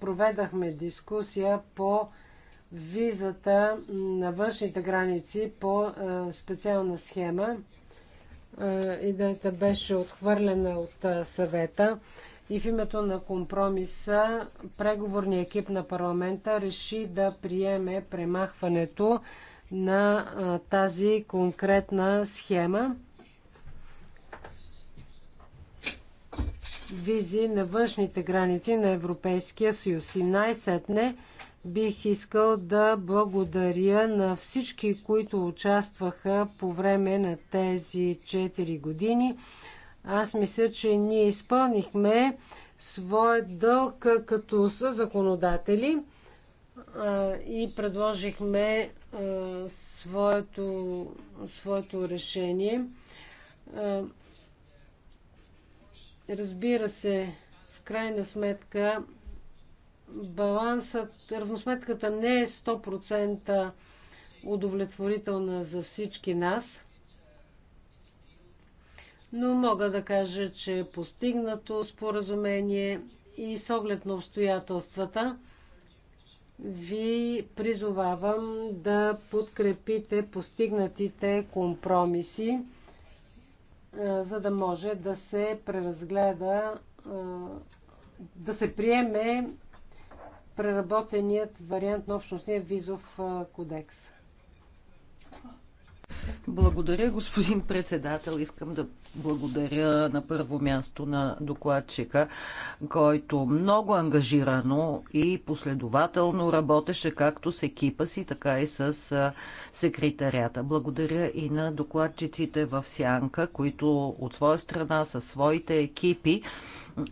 Проведахме дискусия по визата на външните граници по специална схема. Идеята беше отхвърлена от съвета и в името на компромиса преговорният екип на парламента реши да приеме премахването на тази конкретна схема визи на външните граници на Европейския съюз. И най-сетне бих искал да благодаря на всички, които участваха по време на тези 4 години. Аз мисля, че ние изпълнихме своя дълг като са законодатели и предложихме своето, своето решение. Разбира се, в крайна сметка балансът, равносметката не е 100% удовлетворителна за всички нас, но мога да кажа, че е постигнато споразумение и с оглед на обстоятелствата ви призовавам да подкрепите постигнатите компромиси. Е, за да може да се преразгледа, е, да се приеме преработеният вариант на общностния визов е, кодекс. Благодаря, господин председател. Искам да благодаря на първо място на докладчика, който много ангажирано и последователно работеше както с екипа си, така и с секретарята. Благодаря и на докладчиците в Сянка, които от своя страна със своите екипи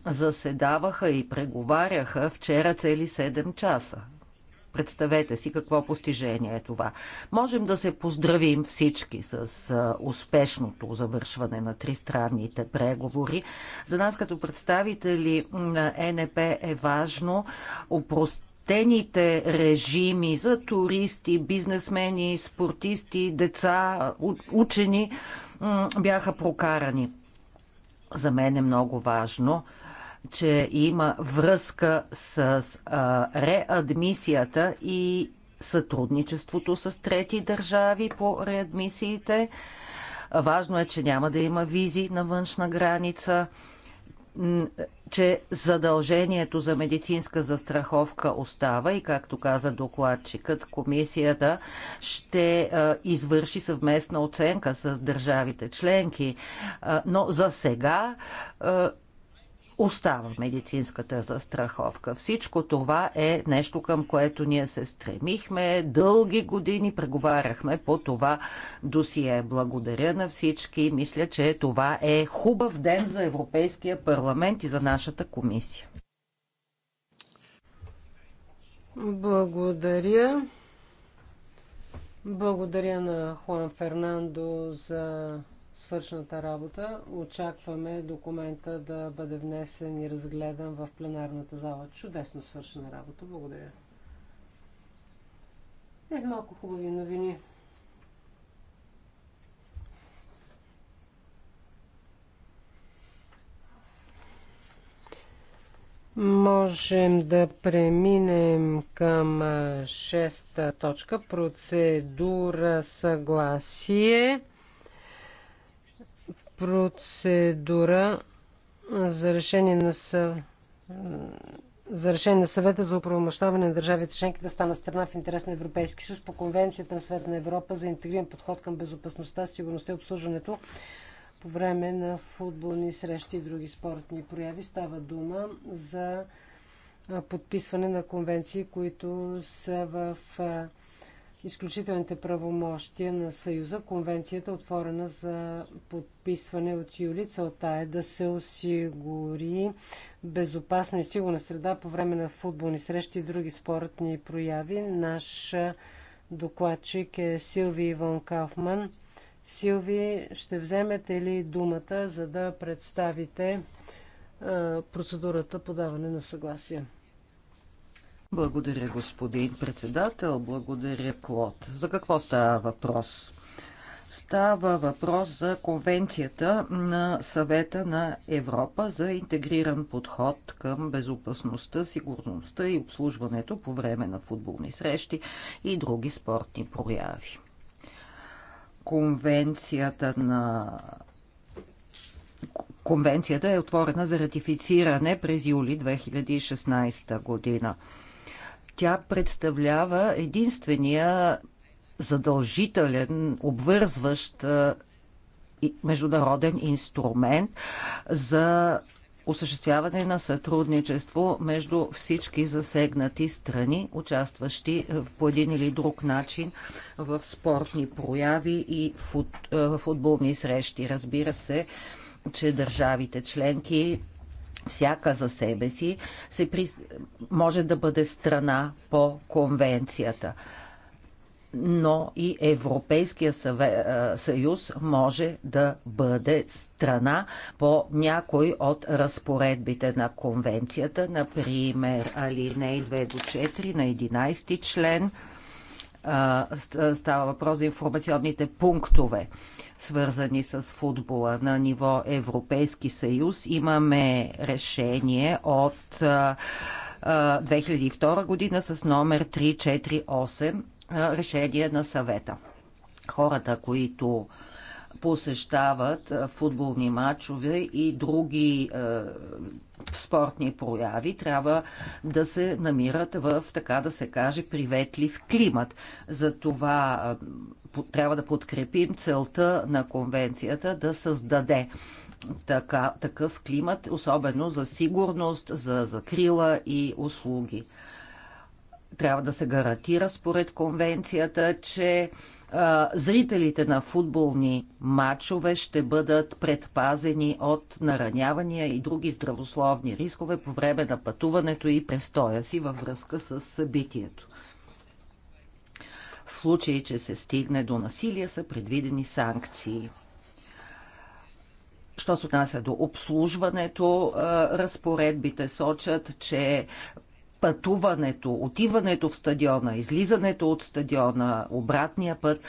заседаваха и преговаряха вчера цели 7 часа. Представете си какво постижение е това. Можем да се поздравим всички с успешното завършване на тристранните преговори. За нас като представители на НП е важно упростяване режими за туристи, бизнесмени, спортисти, деца, учени бяха прокарани. За мен е много важно че има връзка с а, реадмисията и сътрудничеството с трети държави по реадмисиите. Важно е, че няма да има визи на външна граница, че задължението за медицинска застраховка остава и, както каза докладчикът, комисията ще извърши съвместна оценка с държавите членки. но за сега остава медицинската застраховка. Всичко това е нещо, към което ние се стремихме. Дълги години преговаряхме по това досие. Благодаря на всички. Мисля, че това е хубав ден за Европейския парламент и за нашата комисия. Благодаря. Благодаря на Хуан Фернандо за свършната работа. Очакваме документа да бъде внесен и разгледан в пленарната зала. Чудесно свършена работа. Благодаря. Е, малко хубави новини. Можем да преминем към шеста точка. Процедура съгласие процедура за решение на, съ... за решение на съвета за оправомощаване на държавите членки да стана страна в интерес на Европейски съюз по Конвенцията на Съвета на Европа за интегриран подход към безопасността, сигурността и обслужването по време на футболни срещи и други спортни прояви. Става дума за подписване на конвенции, които са в изключителните правомощия на Съюза. Конвенцията е отворена за подписване от юли. Целта е да се осигури безопасна и сигурна среда по време на футболни срещи и други спортни прояви. Наш докладчик е Силви Иван Кафман. Силви, ще вземете ли думата, за да представите процедурата подаване на съгласие? Благодаря, господин председател. Благодаря, Клод. За какво става въпрос? Става въпрос за Конвенцията на Съвета на Европа за интегриран подход към безопасността, сигурността и обслужването по време на футболни срещи и други спортни прояви. Конвенцията на Конвенцията е отворена за ратифициране през юли 2016 година. Тя представлява единствения задължителен, обвързващ международен инструмент за осъществяване на сътрудничество между всички засегнати страни, участващи по един или друг начин в спортни прояви и фут, футболни срещи. Разбира се, че държавите членки всяка за себе си се при... може да бъде страна по конвенцията. Но и Европейския съюз може да бъде страна по някой от разпоредбите на конвенцията, например алиней 2 до 4 на 11 член Става въпрос за информационните пунктове, свързани с футбола на ниво Европейски съюз. Имаме решение от 2002 година с номер 348, решение на съвета. Хората, които посещават футболни матчове и други е, спортни прояви, трябва да се намират в, така да се каже, приветлив климат. За това е, трябва да подкрепим целта на конвенцията да създаде така, такъв климат, особено за сигурност, за закрила и услуги. Трябва да се гарантира според конвенцията, че зрителите на футболни матчове ще бъдат предпазени от наранявания и други здравословни рискове по време на пътуването и престоя си във връзка с събитието. В случай, че се стигне до насилие, са предвидени санкции. Що се отнася до обслужването, разпоредбите сочат, че пътуването, отиването в стадиона, излизането от стадиона, обратния път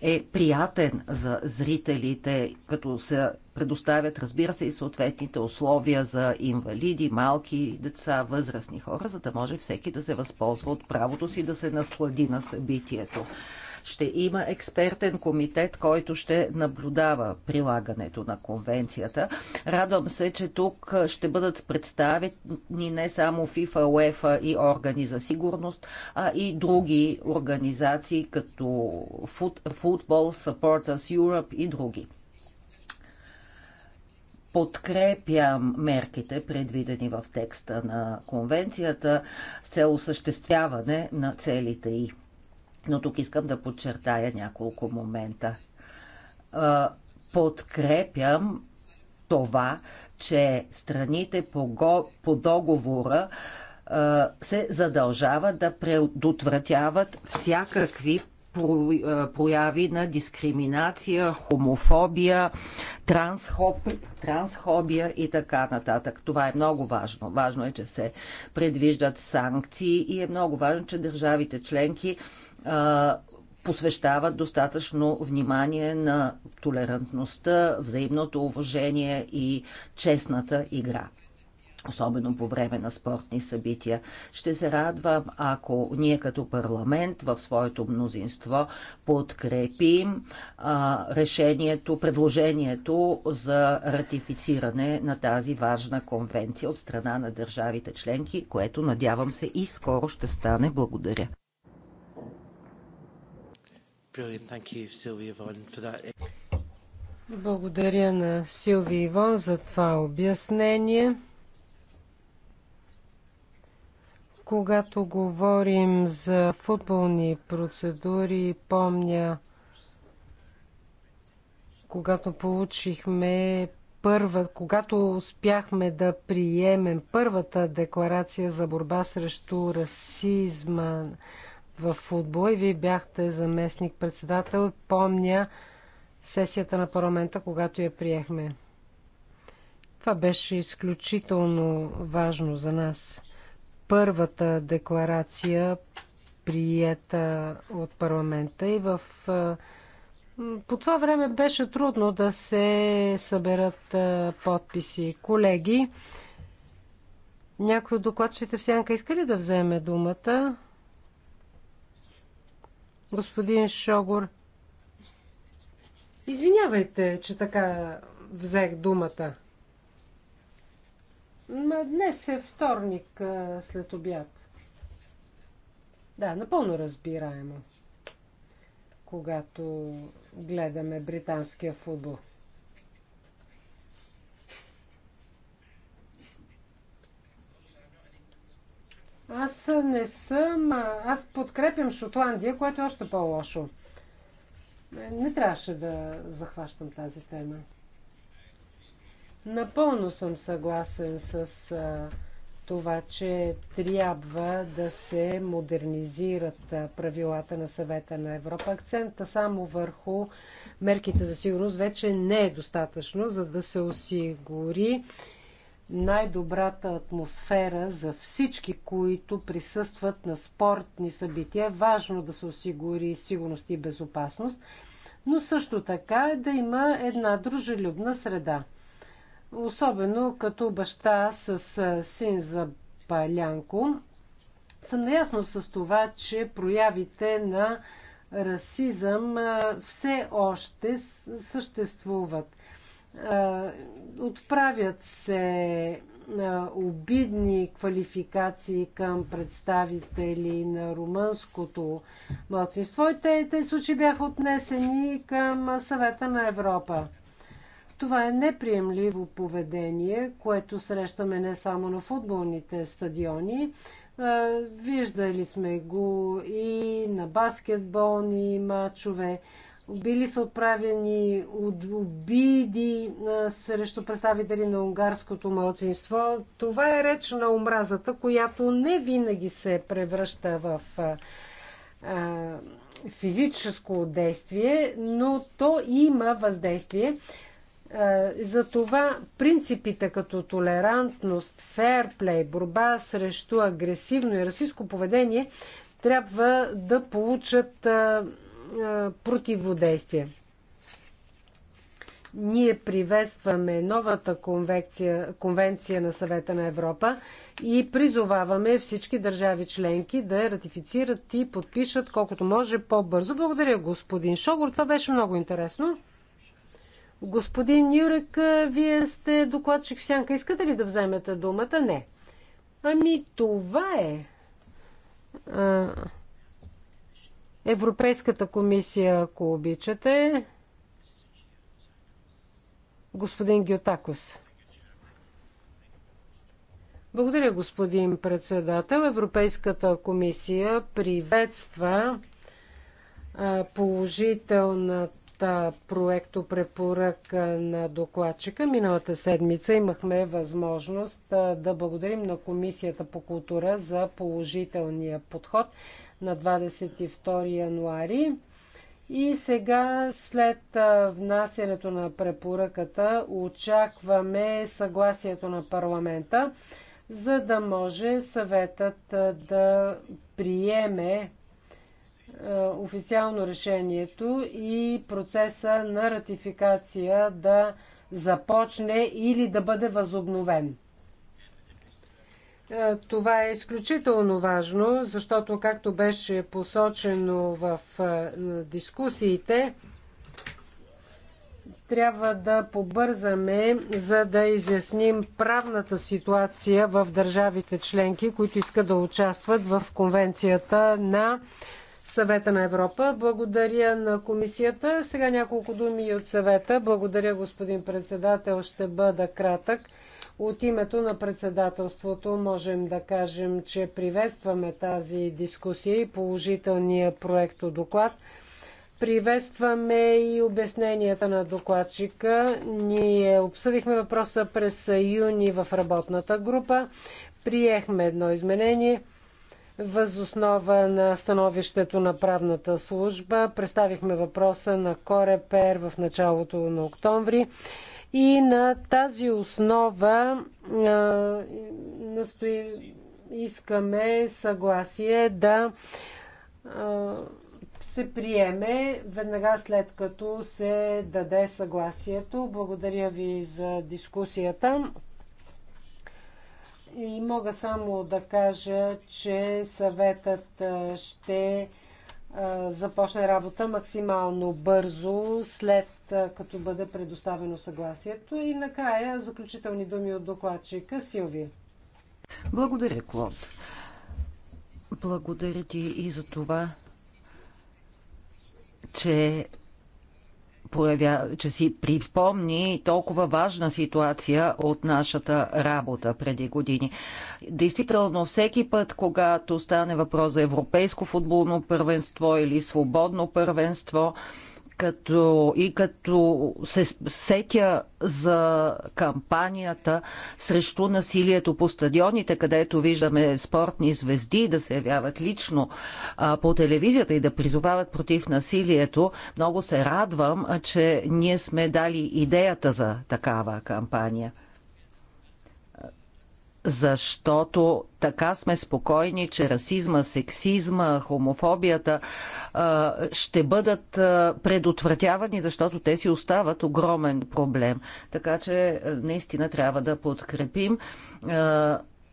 е приятен за зрителите, като се предоставят, разбира се, и съответните условия за инвалиди, малки деца, възрастни хора, за да може всеки да се възползва от правото си да се наслади на събитието. Ще има експертен комитет, който ще наблюдава прилагането на конвенцията. Радвам се, че тук ще бъдат представени не само FIFA, UEFA и органи за сигурност, а и други организации, като Football Supporters Europe и други подкрепям мерките, предвидени в текста на конвенцията, с цел осъществяване на целите й но тук искам да подчертая няколко момента. Подкрепям това, че страните по, договора се задължават да предотвратяват всякакви прояви на дискриминация, хомофобия, трансхоб, трансхобия и така нататък. Това е много важно. Важно е, че се предвиждат санкции и е много важно, че държавите членки посвещават достатъчно внимание на толерантността, взаимното уважение и честната игра особено по време на спортни събития. Ще се радвам, ако ние като парламент в своето мнозинство подкрепим а, решението, предложението за ратифициране на тази важна конвенция от страна на държавите членки, което надявам се и скоро ще стане. Благодаря. Благодаря на Силви Ивон за това обяснение. Когато говорим за футболни процедури, помня, когато получихме първа, когато успяхме да приемем първата декларация за борба срещу расизма в футбол, и вие бяхте заместник председател. Помня сесията на парламента, когато я приехме. Това беше изключително важно за нас. Първата декларация, приета от парламента и в по това време беше трудно да се съберат подписи. Колеги, някой от докладчите в сянка иска ли да вземе думата? господин Шогор. Извинявайте, че така взех думата. Ма днес е вторник а, след обяд. Да, напълно разбираемо, когато гледаме британския футбол. Аз не съм... Аз подкрепям Шотландия, което е още по-лошо. Не трябваше да захващам тази тема. Напълно съм съгласен с това, че трябва да се модернизират правилата на съвета на Европа. Акцента само върху мерките за сигурност вече не е достатъчно, за да се осигури най-добрата атмосфера за всички, които присъстват на спортни събития. Важно да се осигури сигурност и безопасност, но също така е да има една дружелюбна среда. Особено като баща с син за Палянко, съм наясно с това, че проявите на расизъм все още съществуват. Отправят се обидни квалификации към представители на румънското младсинство и тези те случаи бяха отнесени към съвета на Европа. Това е неприемливо поведение, което срещаме не само на футболните стадиони. Виждали сме го и на баскетболни матчове. Били са отправени обиди срещу представители на унгарското младсинство. Това е реч на омразата, която не винаги се превръща в физическо действие, но то има въздействие. Затова принципите като толерантност, ферплей, борба срещу агресивно и расистско поведение трябва да получат е, противодействие. Ние приветстваме новата конвекция, конвенция на съвета на Европа и призоваваме всички държави членки да я ратифицират и подпишат колкото може по-бързо. Благодаря, господин Шогор. Това беше много интересно. Господин Юрек, е, вие сте докладчик в сянка. Искате ли да вземете думата? Не. Ами това е. А... Европейската комисия, ако обичате. Господин Гютакос. Благодаря, господин председател. Европейската комисия приветства положителната проектопрепоръка на докладчика. Миналата седмица имахме възможност да благодарим на Комисията по култура за положителния подход – на 22 януари. И сега, след внасянето на препоръката, очакваме съгласието на парламента, за да може съветът да приеме официално решението и процеса на ратификация да започне или да бъде възобновен. Е, това е изключително важно, защото, както беше посочено в е, дискусиите, трябва да побързаме, за да изясним правната ситуация в държавите членки, които искат да участват в Конвенцията на Съвета на Европа. Благодаря на комисията. Сега няколко думи от съвета. Благодаря, господин председател. Ще бъда кратък. От името на председателството можем да кажем, че приветстваме тази дискусия и положителния проект от доклад. Приветстваме и обясненията на докладчика. Ние обсъдихме въпроса през юни в работната група. Приехме едно изменение. Възоснова на становището на правната служба представихме въпроса на Корепер в началото на октомври. И на тази основа а, настои, искаме съгласие да а, се приеме веднага след като се даде съгласието. Благодаря ви за дискусията. И мога само да кажа, че съветът ще започне работа максимално бързо след като бъде предоставено съгласието. И накрая заключителни думи от докладчика Силви. Благодаря, Клод. Благодаря ти и за това, че проявя, че си припомни толкова важна ситуация от нашата работа преди години. Действително, всеки път, когато стане въпрос за европейско футболно първенство или свободно първенство, като и като се сетя за кампанията срещу насилието по стадионите, където виждаме спортни звезди да се явяват лично а, по телевизията и да призовават против насилието, много се радвам, че ние сме дали идеята за такава кампания защото така сме спокойни, че расизма, сексизма, хомофобията ще бъдат предотвратявани, защото те си остават огромен проблем. Така че наистина трябва да подкрепим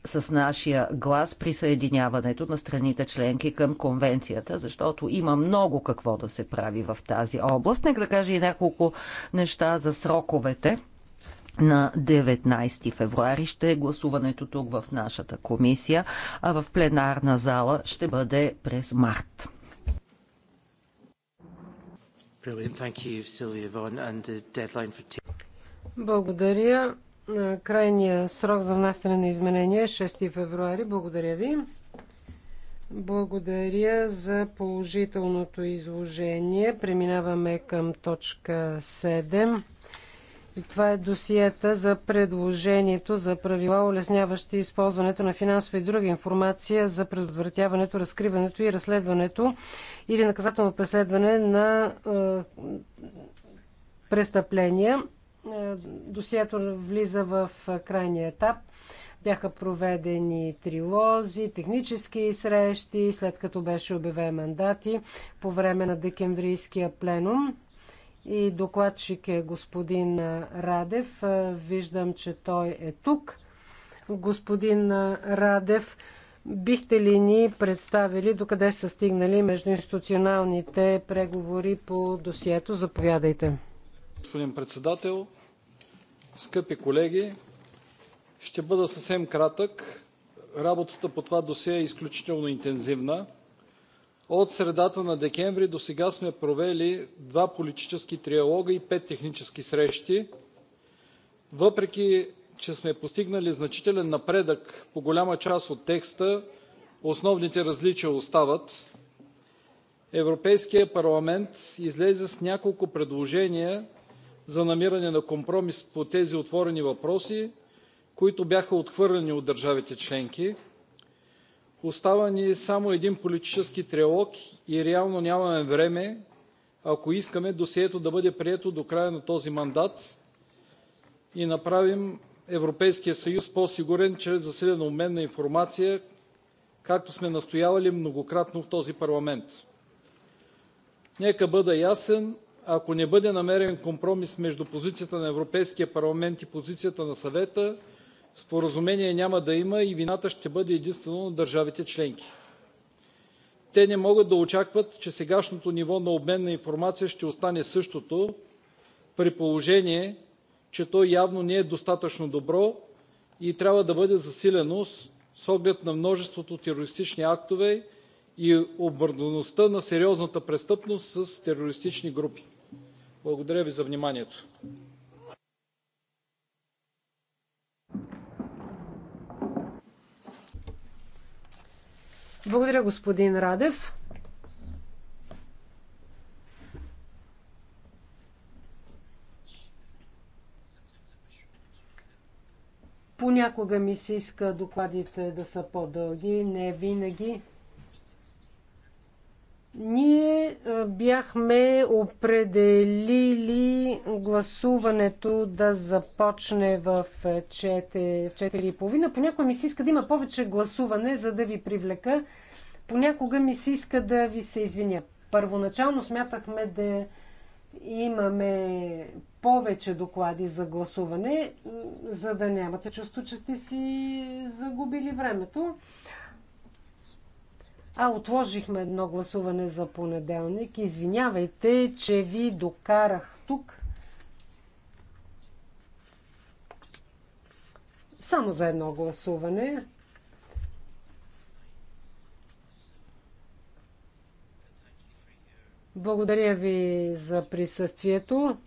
с нашия глас присъединяването на страните членки към конвенцията, защото има много какво да се прави в тази област. Нека да кажа и няколко неща за сроковете на 19 февруари ще е гласуването тук в нашата комисия, а в пленарна зала ще бъде през март. Благодаря. Крайният срок за внасяне на изменения е 6 февруари. Благодаря ви. Благодаря за положителното изложение. Преминаваме към точка 7. Това е досиета за предложението за правила, улесняващи използването на финансова и друга информация за предотвратяването, разкриването и разследването или наказателно преследване на е, престъпления. Е, досието влиза в е, крайния етап. Бяха проведени трилози, технически срещи, след като беше обявен мандати по време на декемврийския пленум и докладчик е господин Радев. Виждам, че той е тук. Господин Радев, бихте ли ни представили докъде са стигнали междуинституционалните преговори по досието? Заповядайте. Господин председател, скъпи колеги, ще бъда съвсем кратък. Работата по това досие е изключително интензивна. От средата на декември до сега сме провели два политически триалога и пет технически срещи. Въпреки, че сме постигнали значителен напредък по голяма част от текста, основните различия остават. Европейският парламент излезе с няколко предложения за намиране на компромис по тези отворени въпроси, които бяха отхвърлени от държавите членки. Остава ни само един политически триалог и реално нямаме време, ако искаме досието да бъде прието до края на този мандат и направим Европейския съюз по-сигурен чрез засилен обмен на информация, както сме настоявали многократно в този парламент. Нека бъда ясен, ако не бъде намерен компромис между позицията на Европейския парламент и позицията на Съвета, Споразумение няма да има и вината ще бъде единствено на държавите членки. Те не могат да очакват, че сегашното ниво на обмен на информация ще остане същото, при положение, че то явно не е достатъчно добро и трябва да бъде засилено с оглед на множеството терористични актове и обвързаността на сериозната престъпност с терористични групи. Благодаря Ви за вниманието. Благодаря, господин Радев. Понякога ми се иска докладите да са по-дълги, не винаги. Ние е, бяхме определили гласуването да започне в 4.30. Понякога ми се иска да има повече гласуване, за да ви привлека. Понякога ми се иска да ви се извиня. Първоначално смятахме да имаме повече доклади за гласуване, за да нямате чувство, че сте си загубили времето. А, отложихме едно гласуване за понеделник. Извинявайте, че ви докарах тук. Само за едно гласуване. Благодаря ви за присъствието.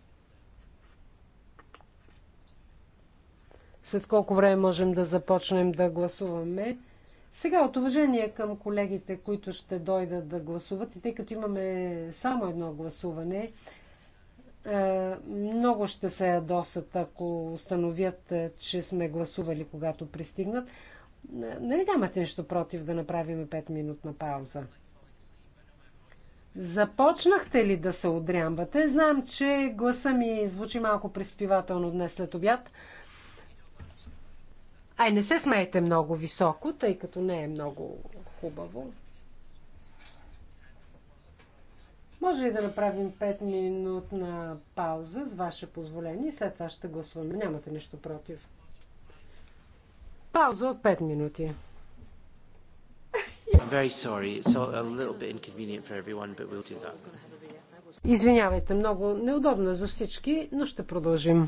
След колко време можем да започнем да гласуваме? Сега от уважение към колегите, които ще дойдат да гласуват и тъй като имаме само едно гласуване, е, много ще се ядосат, ако установят, е, че сме гласували, когато пристигнат. Нали нямате нещо против да направим 5-минутна пауза? Започнахте ли да се отрямвате? Знам, че гласа ми звучи малко приспивателно днес след обяд. Ай, не се смейте много високо, тъй като не е много хубаво. Може ли да направим 5-минутна пауза с ваше позволение и след това ще гласуваме? Нямате нещо против. Пауза от 5 минути. Извинявайте, много неудобно за всички, но ще продължим.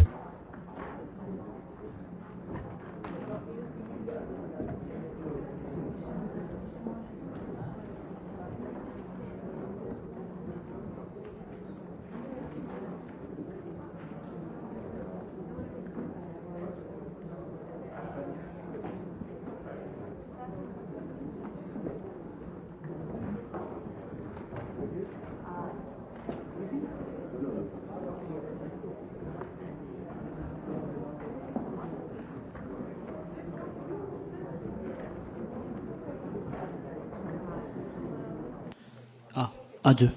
à deux.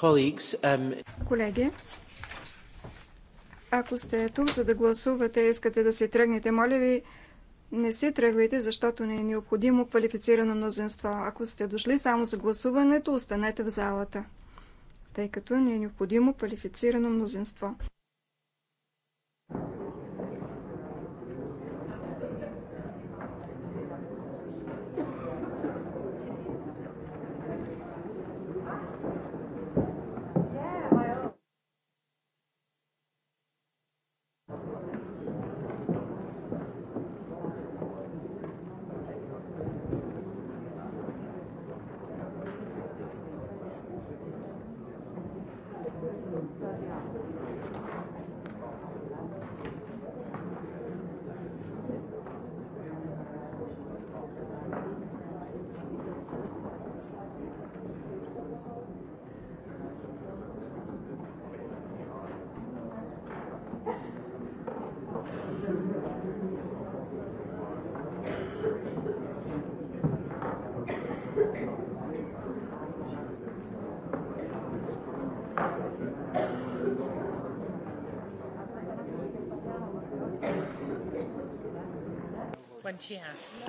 Um, Колеги, ако сте тук, за да гласувате, искате да си тръгнете, моля ви, не си тръгвайте, защото не е необходимо квалифицирано мнозинство. Ако сте дошли само за гласуването, останете в залата, тъй като не е необходимо квалифицирано мнозинство. she asks.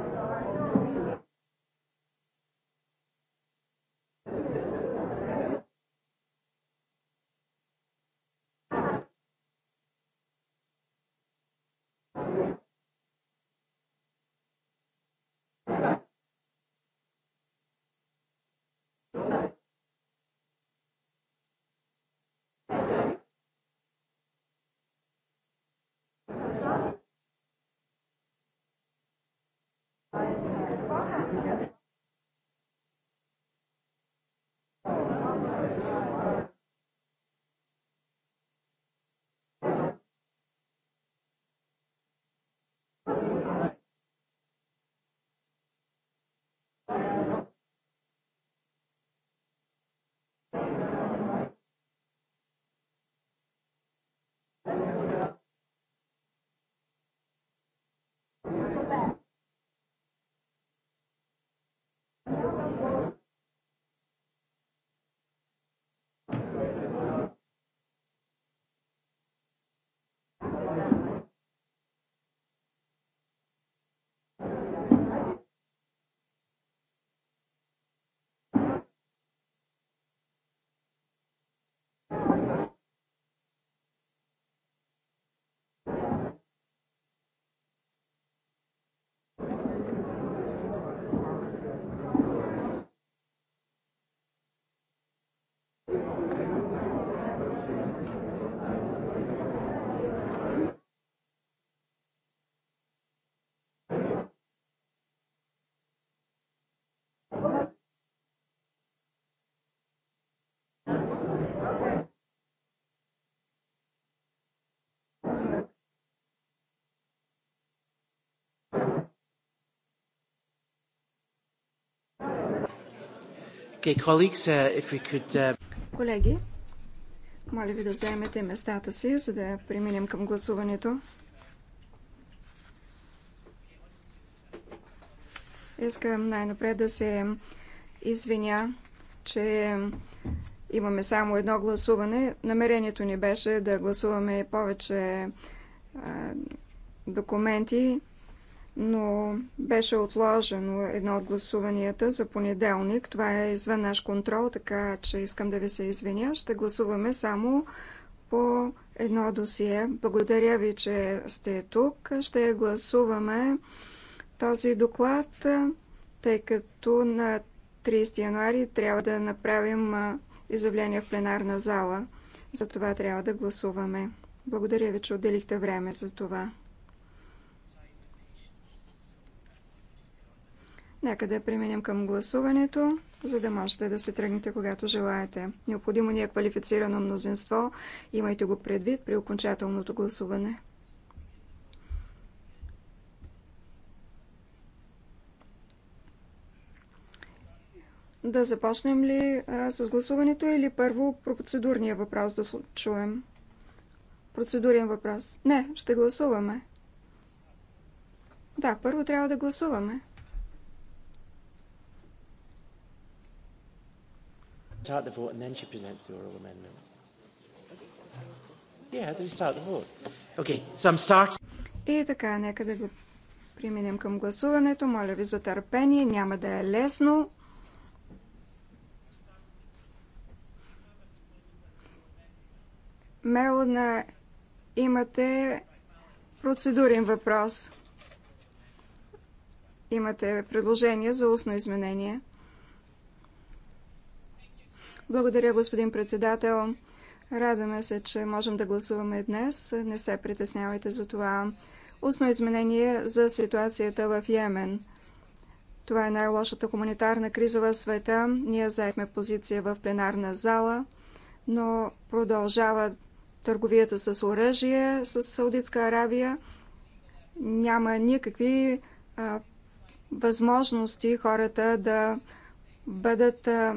Uh, uh, Колеги, моля ви да вземете местата си, за да преминем към гласуването. Искам най-напред да се извиня, че имаме само едно гласуване. Намерението ни беше да гласуваме повече документи, но беше отложено едно от гласуванията за понеделник. Това е извън наш контрол, така че искам да ви се извиня. Ще гласуваме само по едно досие. Благодаря ви, че сте тук. Ще гласуваме този доклад, тъй като на 30 януари трябва да направим изявление в пленарна зала. За това трябва да гласуваме. Благодаря ви, че отделихте време за това. Нека да преминем към гласуването, за да можете да се тръгнете, когато желаете. Необходимо ни е квалифицирано мнозинство. Имайте го предвид при окончателното гласуване. Да започнем ли а, с гласуването или първо процедурния въпрос да чуем? Процедурен въпрос. Не, ще гласуваме. Да, първо трябва да гласуваме. Start the vote and then she presents the oral amendment. Yeah, then start the vote. Okay, so I'm starting. И така, нека да го преминем към гласуването. Моля ви за търпение, няма да е лесно. Мелна, имате процедурен въпрос. Имате предложение за устно изменение. Благодаря, господин председател. Радваме се, че можем да гласуваме днес. Не се притеснявайте за това. Устно изменение за ситуацията в Йемен. Това е най-лошата хуманитарна криза в света. Ние заехме позиция в пленарна зала, но продължава търговията с оръжие с Саудитска Арабия. Няма никакви а, възможности хората да бъдат а,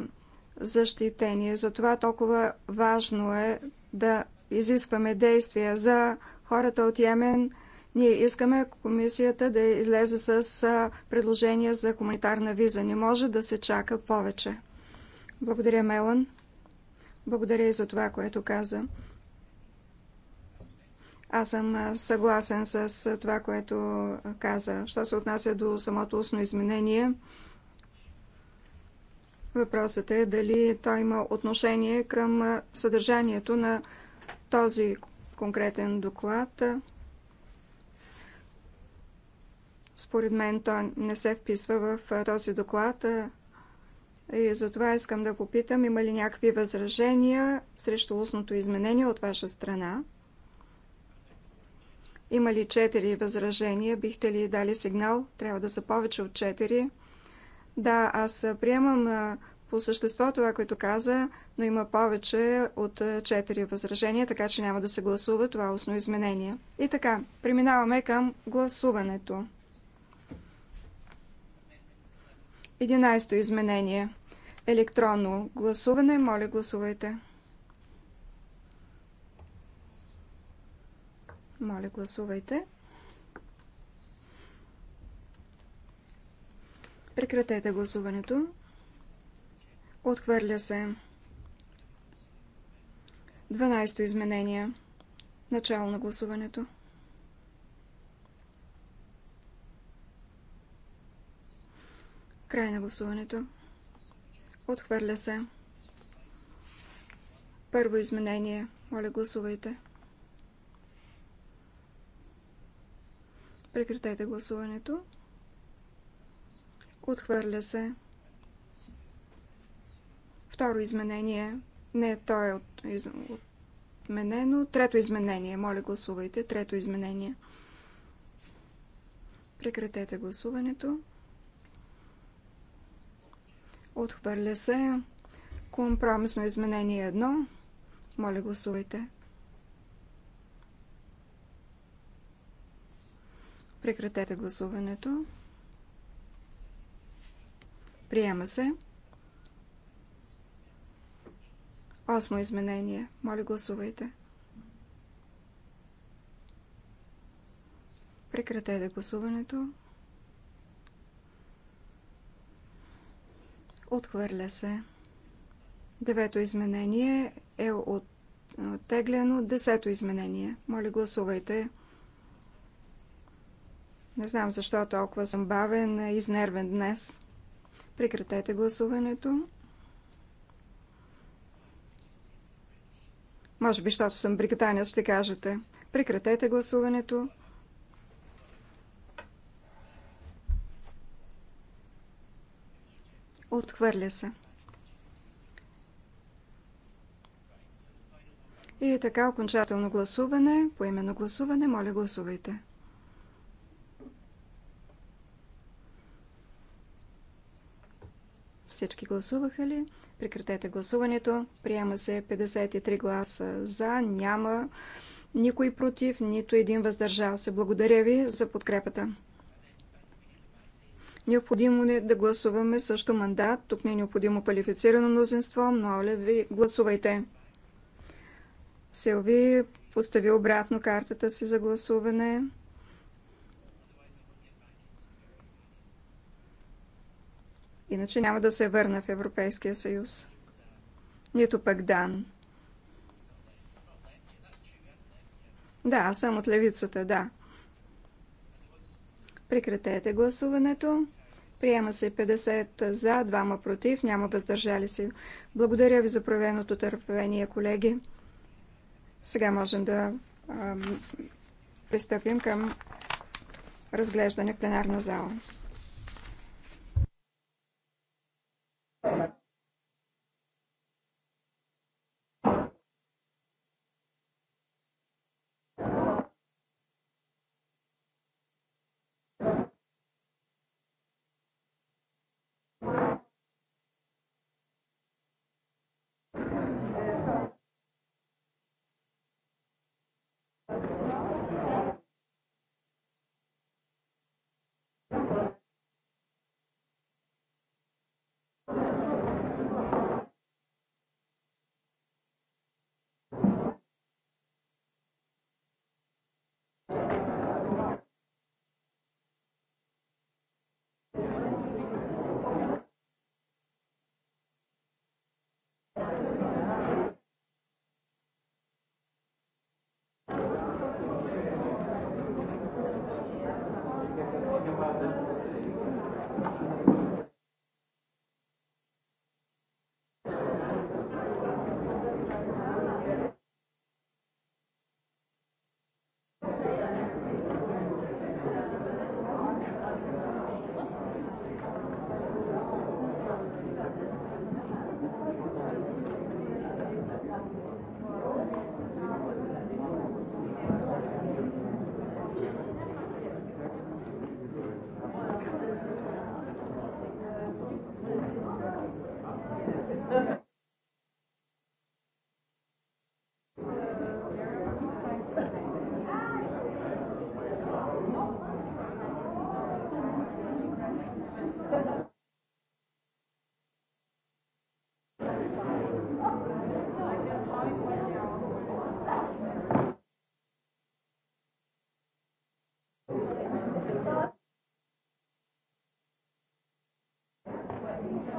защитени. Затова толкова важно е да изискваме действия за хората от Йемен. Ние искаме комисията да излезе с предложение за хуманитарна виза. Не може да се чака повече. Благодаря, Мелан. Благодаря и за това, което каза. Аз съм съгласен с това, което каза. Що се отнася до самото устно изменение, Въпросът е дали той има отношение към съдържанието на този конкретен доклад. Според мен той не се вписва в този доклад. И затова искам да попитам, има ли някакви възражения срещу устното изменение от ваша страна? Има ли четири възражения? Бихте ли дали сигнал? Трябва да са повече от четири. Да, аз приемам по същество това, което каза, но има повече от 4 възражения, така че няма да се гласува това устно изменение. И така, преминаваме към гласуването. 11 изменение. Електронно гласуване. Моля, гласувайте. Моля, гласувайте. Прекратете гласуването. Отхвърля се. 12-то изменение. Начало на гласуването. Край на гласуването. Отхвърля се. Първо изменение. Моля, гласувайте. Прекратете гласуването. Отхвърля се. Второ изменение. Не, то е от, из, отменено. Трето изменение. Моля, гласувайте. Трето изменение. Прекратете гласуването. Отхвърля се. Компромисно изменение 1. Моля, гласувайте. Прекратете гласуването. Приема се. Осмо изменение. Моля, гласувайте. Прекратете гласуването. Отхвърля се. Девето изменение е оттеглено. Десето изменение. Моля, гласувайте. Не знам защо толкова съм бавен и изнервен днес. Прекратете гласуването. Може би, защото съм британец, ще кажете. Прекратете гласуването. Отхвърля се. И така, окончателно гласуване, поименно гласуване, моля гласувайте. Всички гласуваха ли? Прекратете гласуването. Приема се 53 гласа за, няма никой против, нито един въздържал се. Благодаря ви за подкрепата. Необходимо е да гласуваме също мандат. Тук не е необходимо квалифицирано мнозинство. Моля ви, гласувайте. Силви постави обратно картата си за гласуване. Иначе няма да се върна в Европейския съюз. Нито пък Дан. Да, аз съм от левицата, да. Прекратете гласуването. Приема се 50 за, 2 против, няма въздържали се. Благодаря ви за проявеното търпение, колеги. Сега можем да а, пристъпим към разглеждане в пленарна зала.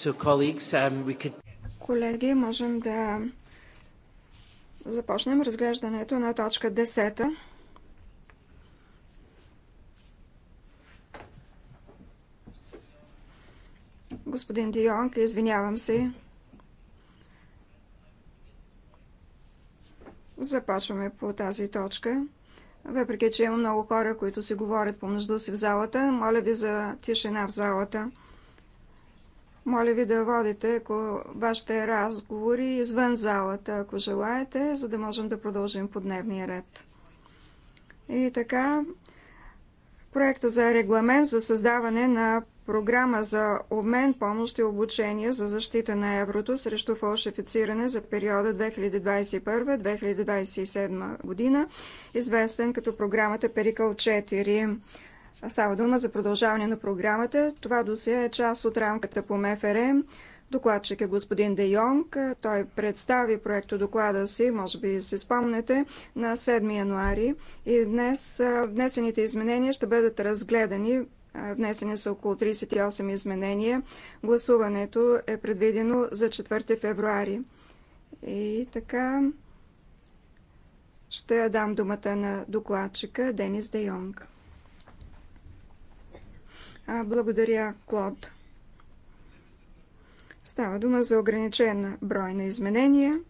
So, um, could... Колеги, можем да започнем разглеждането на точка 10. Господин Дионг, извинявам се. Започваме по тази точка. Въпреки, че има много хора, които си говорят помежду си в залата, моля ви за тишина в залата. Моля ви да водите ако вашите разговори извън залата, ако желаете, за да можем да продължим по дневния ред. И така, проекта за регламент за създаване на програма за обмен, помощ и обучение за защита на еврото срещу фалшифициране за периода 2021-2027 година, известен като програмата Перикъл 4. Става дума за продължаване на програмата. Това досе е част от рамката по МФРМ. Докладчик е господин Де Йонг. Той представи проекто доклада си, може би си спомнете, на 7 януари. И днес внесените изменения ще бъдат разгледани. Внесени са около 38 изменения. Гласуването е предвидено за 4 февруари. И така ще дам думата на докладчика Денис Де Йонг. Благодаря, Клод. Става дума за ограничен брой на изменения.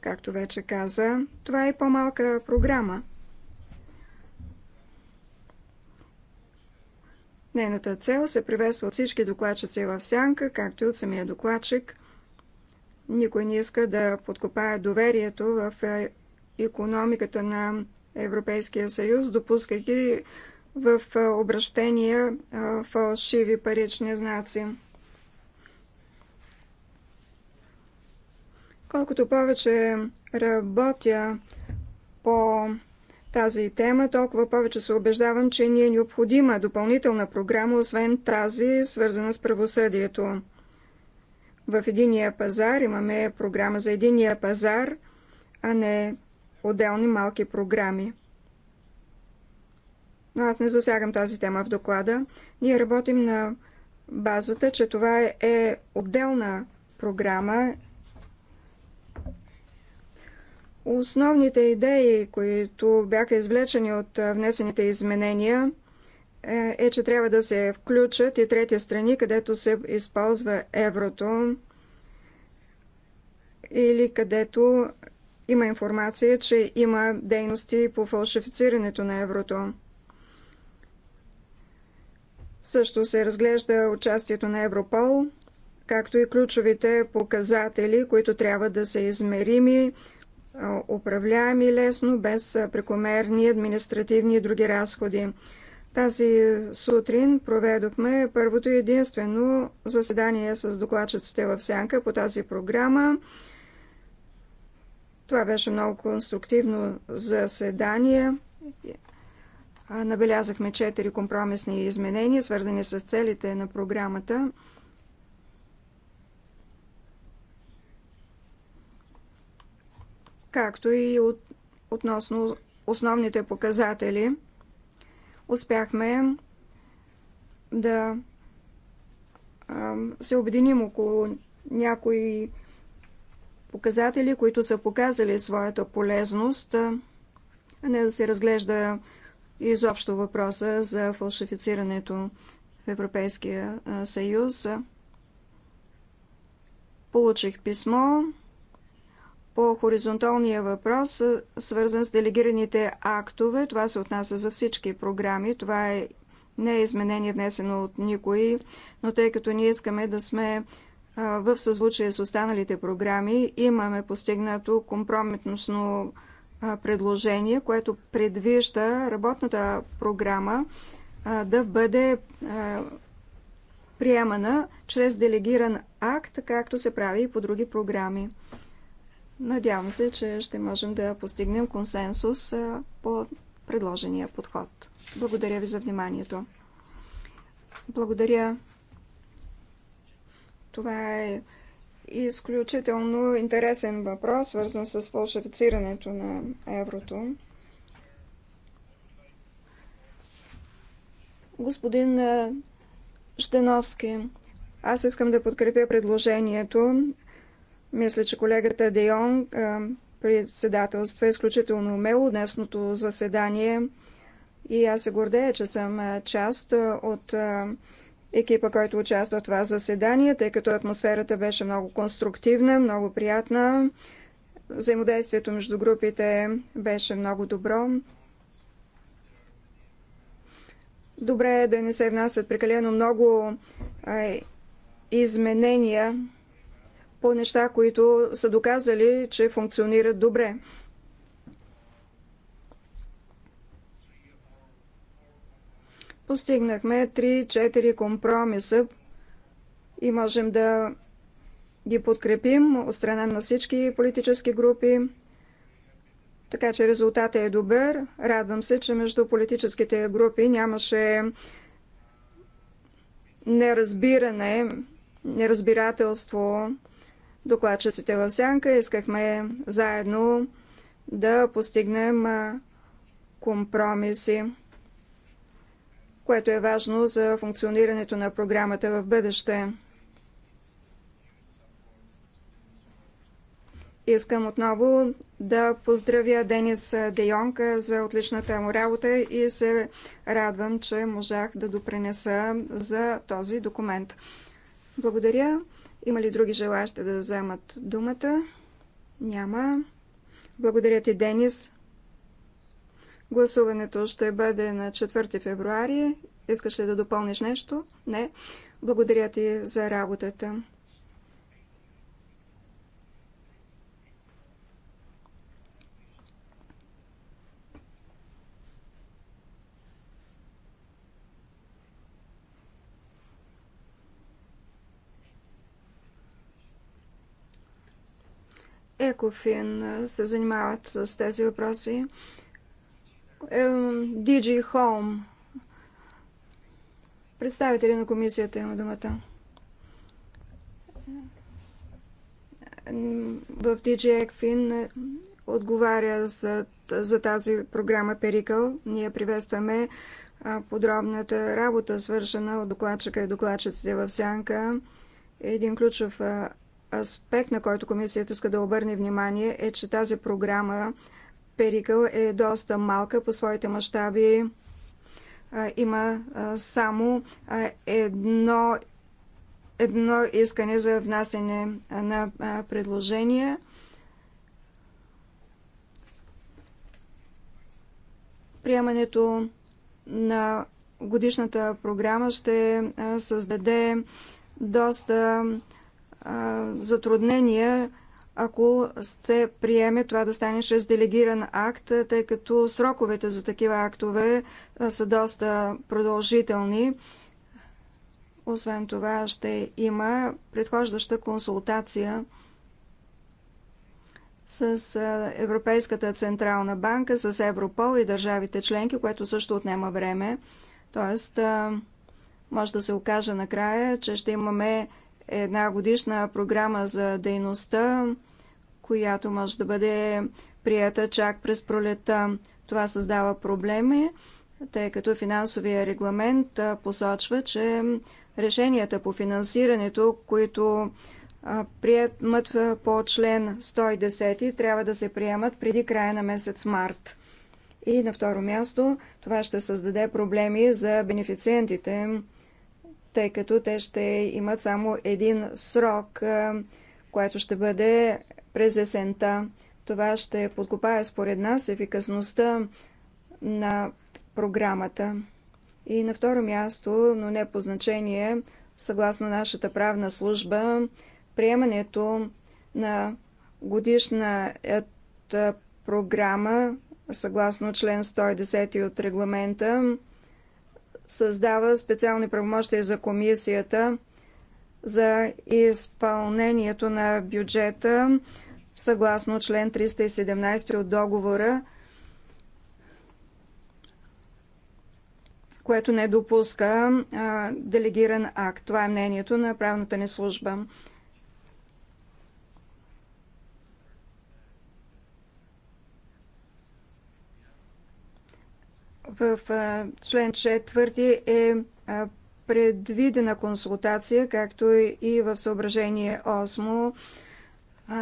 Както вече каза, това е по-малка програма. Нейната цел се приветства от всички докладчици в сянка, както и от самия докладчик. Никой не иска да подкопае доверието в економиката на Европейския съюз, допускайки в обращения фалшиви парични знаци. Колкото повече работя по тази тема, толкова повече се убеждавам, че ни е необходима допълнителна програма, освен тази, свързана с правосъдието. В единия пазар имаме програма за единия пазар, а не отделни малки програми но аз не засягам тази тема в доклада. Ние работим на базата, че това е отделна програма. Основните идеи, които бяха извлечени от внесените изменения, е, е, че трябва да се включат и трети страни, където се използва еврото или където има информация, че има дейности по фалшифицирането на еврото. Също се разглежда участието на Европол, както и ключовите показатели, които трябва да са измерими, управляеми лесно, без прекомерни административни и други разходи. Тази сутрин проведохме първото и единствено заседание с докладчиците в Сянка по тази програма. Това беше много конструктивно заседание. Набелязахме четири компромисни изменения, свързани с целите на програмата. както и от, относно основните показатели, успяхме да а, се обединим около някои показатели, които са показали своята полезност, а не да се разглежда и изобщо въпроса за фалшифицирането в Европейския съюз. Получих писмо по хоризонталния въпрос, свързан с делегираните актове. Това се отнася за всички програми. Това е, не е изменение внесено от никой, но тъй като ние искаме да сме в съзвучие с останалите програми, имаме постигнато компромитносно предложение, което предвижда работната програма да бъде приемана чрез делегиран акт, както се прави и по други програми. Надявам се, че ще можем да постигнем консенсус по предложения подход. Благодаря ви за вниманието. Благодаря. Това е изключително интересен въпрос, свързан с фалшифицирането на еврото. Господин Штеновски, аз искам да подкрепя предложението. Мисля, че колегата Дейон Йонг председателства изключително умело днесното заседание и аз се гордея, че съм част от екипа, който участва в това заседание, тъй като атмосферата беше много конструктивна, много приятна. Взаимодействието между групите беше много добро. Добре е да не се внасят прекалено много изменения по неща, които са доказали, че функционират добре. Постигнахме 3-4 компромиса и можем да ги подкрепим от страна на всички политически групи. Така че резултатът е добър. Радвам се, че между политическите групи нямаше неразбиране, неразбирателство. Докладчиците в сянка искахме заедно да постигнем компромиси което е важно за функционирането на програмата в бъдеще. Искам отново да поздравя Денис Де за отличната му работа и се радвам, че можах да допринеса за този документ. Благодаря. Има ли други желаящи да вземат думата? Няма. Благодаря ти, Денис. Гласуването ще бъде на 4 февруари. Искаш ли да допълниш нещо? Не. Благодаря ти за работата. Екофин се занимават с тези въпроси. Диджи Холм, Представители на комисията има думата. В Диджи Екфин отговаря за, за тази програма Перикъл. Ние приветстваме подробната работа, свършена от докладчика и докладчиците в Сянка. Един ключов аспект, на който комисията иска да обърне внимание, е, че тази програма Перикъл е доста малка по своите мащаби. Има само едно, едно искане за внасене на предложения. Приемането на годишната програма ще създаде доста затруднения ако се приеме това да стане чрез делегиран акт, тъй като сроковете за такива актове са доста продължителни. Освен това ще има предхождаща консултация с Европейската Централна банка, с Европол и държавите членки, което също отнема време. Тоест, може да се окаже накрая, че ще имаме една годишна програма за дейността която може да бъде прията чак през пролета. Това създава проблеми, тъй като финансовия регламент посочва, че решенията по финансирането, които приемат по член 110, трябва да се приемат преди края на месец март. И на второ място, това ще създаде проблеми за бенефициентите, тъй като те ще имат само един срок което ще бъде през есента. Това ще подкопае според нас ефикасността на програмата. И на второ място, но не по значение, съгласно нашата правна служба, приемането на годишна програма, съгласно член 110 от регламента, създава специални правомощия за комисията за изпълнението на бюджета съгласно член 317 от договора, което не допуска а, делегиран акт. Това е мнението на правната ни служба. В а, член 4 е а, предвидена консултация, както и в съображение 8,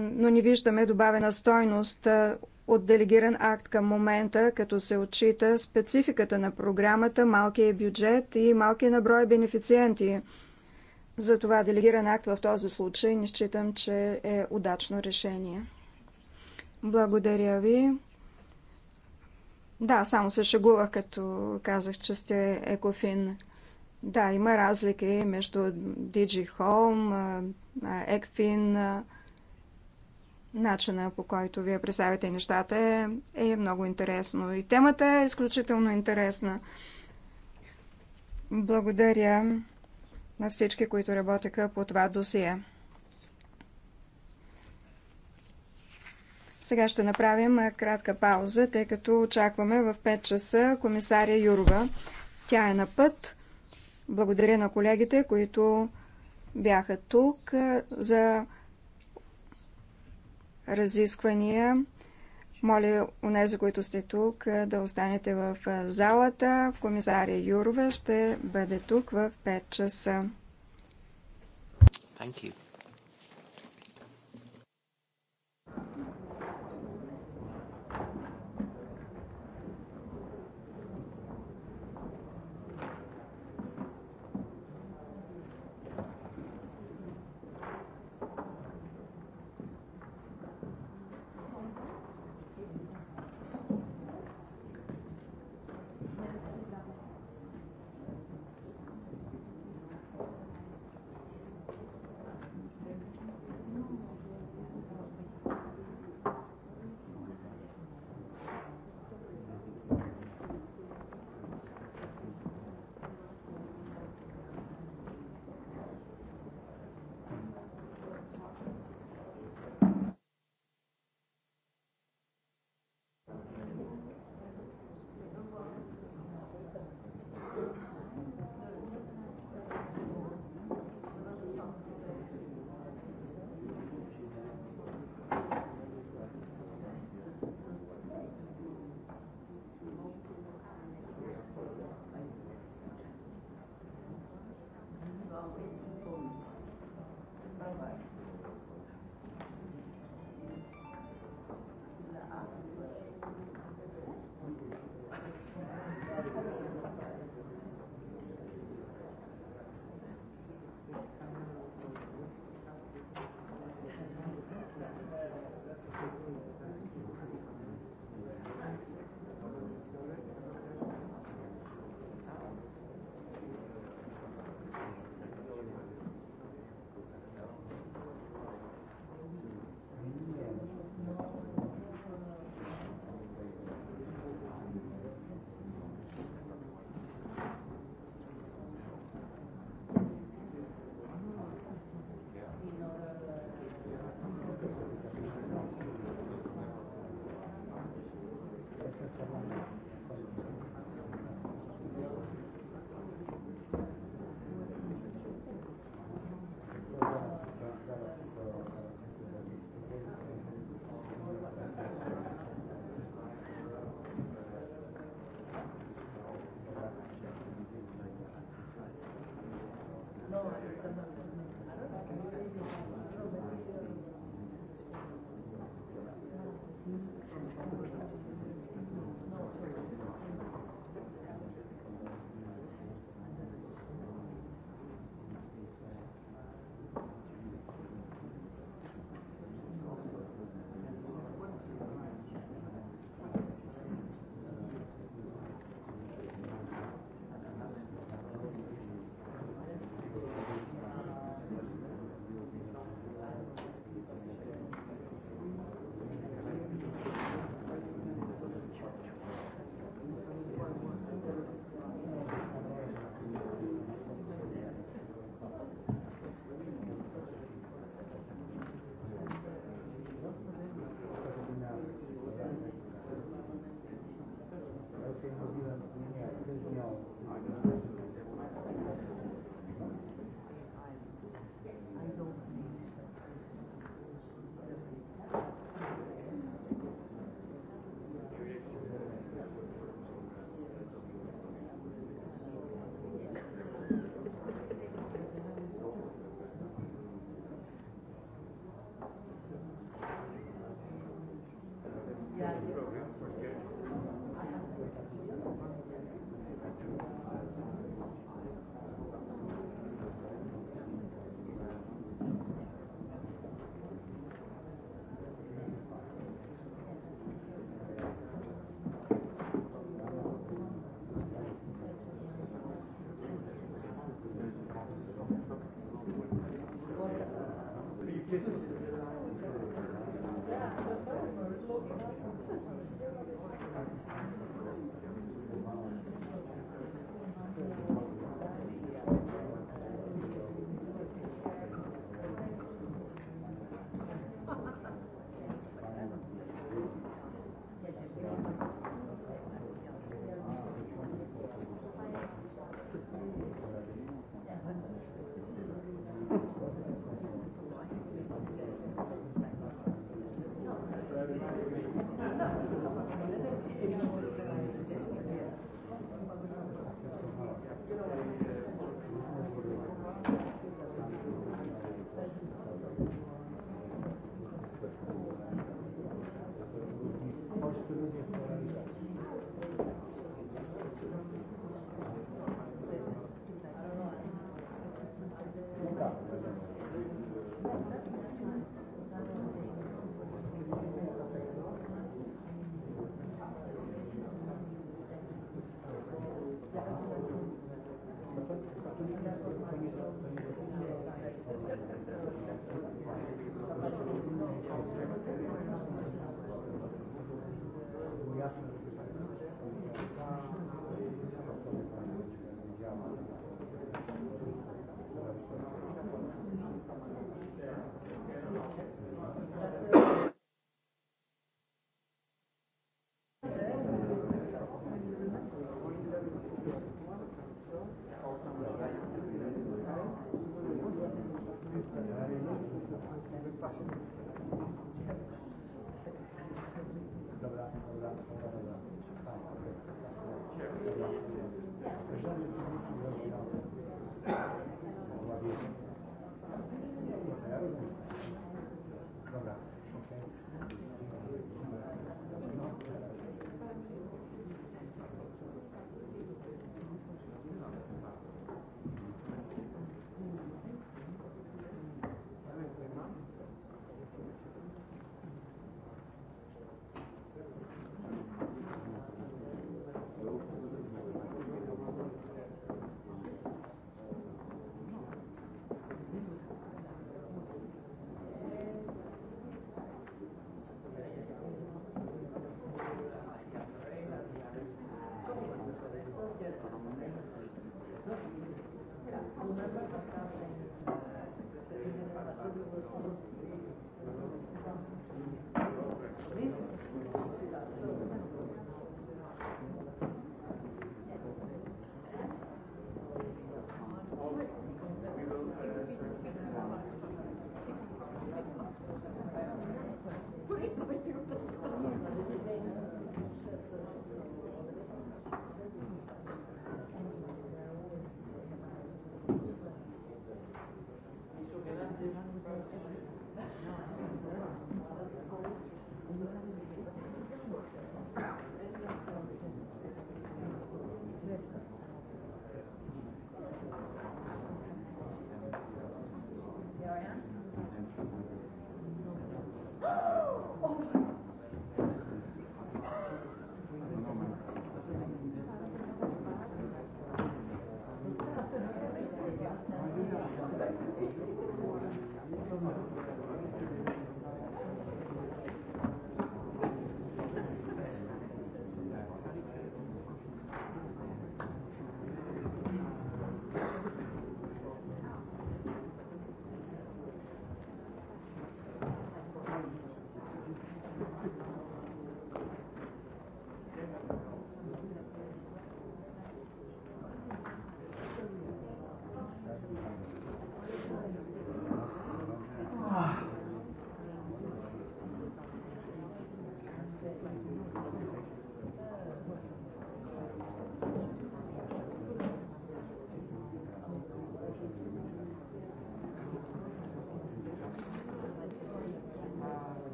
но не виждаме добавена стойност от делегиран акт към момента, като се отчита спецификата на програмата, малкия бюджет и малкия наброй бенефициенти. Затова делегиран акт в този случай не считам, че е удачно решение. Благодаря ви. Да, само се шегувах, като казах, че сте екофин. Да, има разлики между Digi Home, Екфин, Начина по който вие представяте нещата е, е много интересно. И темата е изключително интересна. Благодаря на всички, които работеха по това досие. Сега ще направим кратка пауза, тъй като очакваме в 5 часа комисаря Юрова. Тя е на път. Благодаря на колегите, които бяха тук за разисквания. Моля нези, които сте тук, да останете в залата. Комисария Юрова ще бъде тук в 5 часа. Thank you.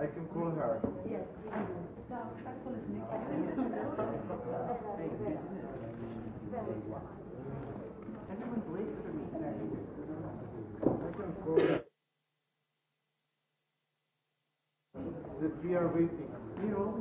I can call her. Yes, I can call her. That we are waiting. You know,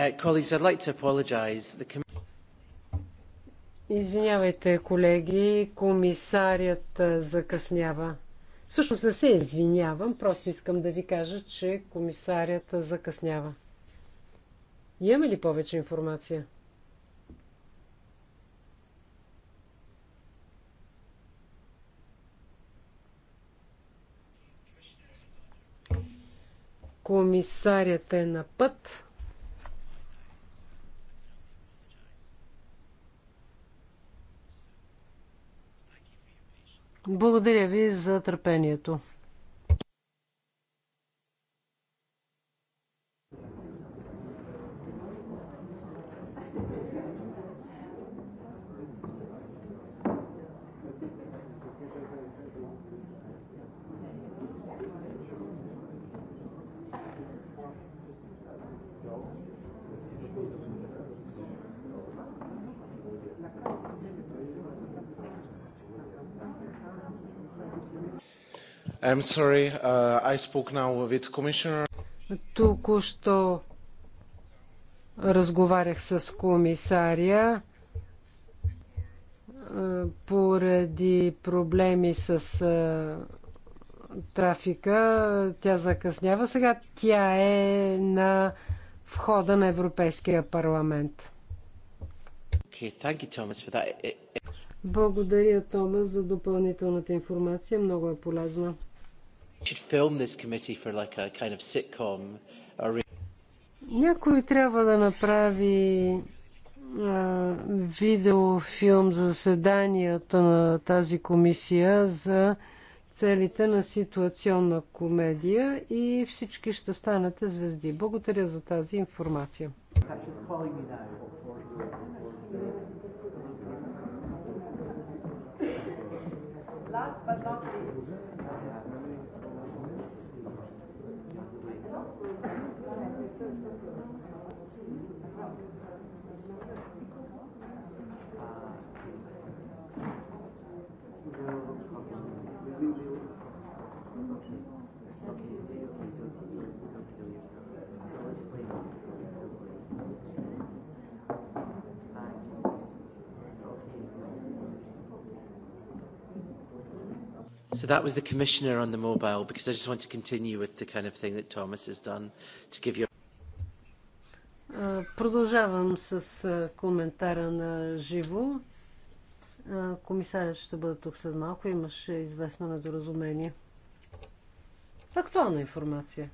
Uh, Извинявайте, колеги, комисарият закъснява. Всъщност не се извинявам, просто искам да ви кажа, че комисарията закъснява. Имаме ли повече информация? Комисарят е на път. Благодаря ви за търпението. I'm sorry, uh, I spoke now with commissioner. Току-що разговарях с комисаря поради проблеми с трафика. Тя закъснява. Сега тя е на входа на Европейския парламент. Благодаря, Томас, за допълнителната информация. Много е полезна. Like kind of sitcom, or... Някой трябва да направи а, видеофилм за заседанията на тази комисия за целите на ситуационна комедия и всички ще станете звезди. Благодаря за тази информация. Last but not least. So that was the commissioner on the mobile, because I just want to continue with the kind of thing that Thomas has done to give you. Продължавам с коментара на живо. Комисарят ще бъде тук след малко. Имаше известно недоразумение. Актуална информация.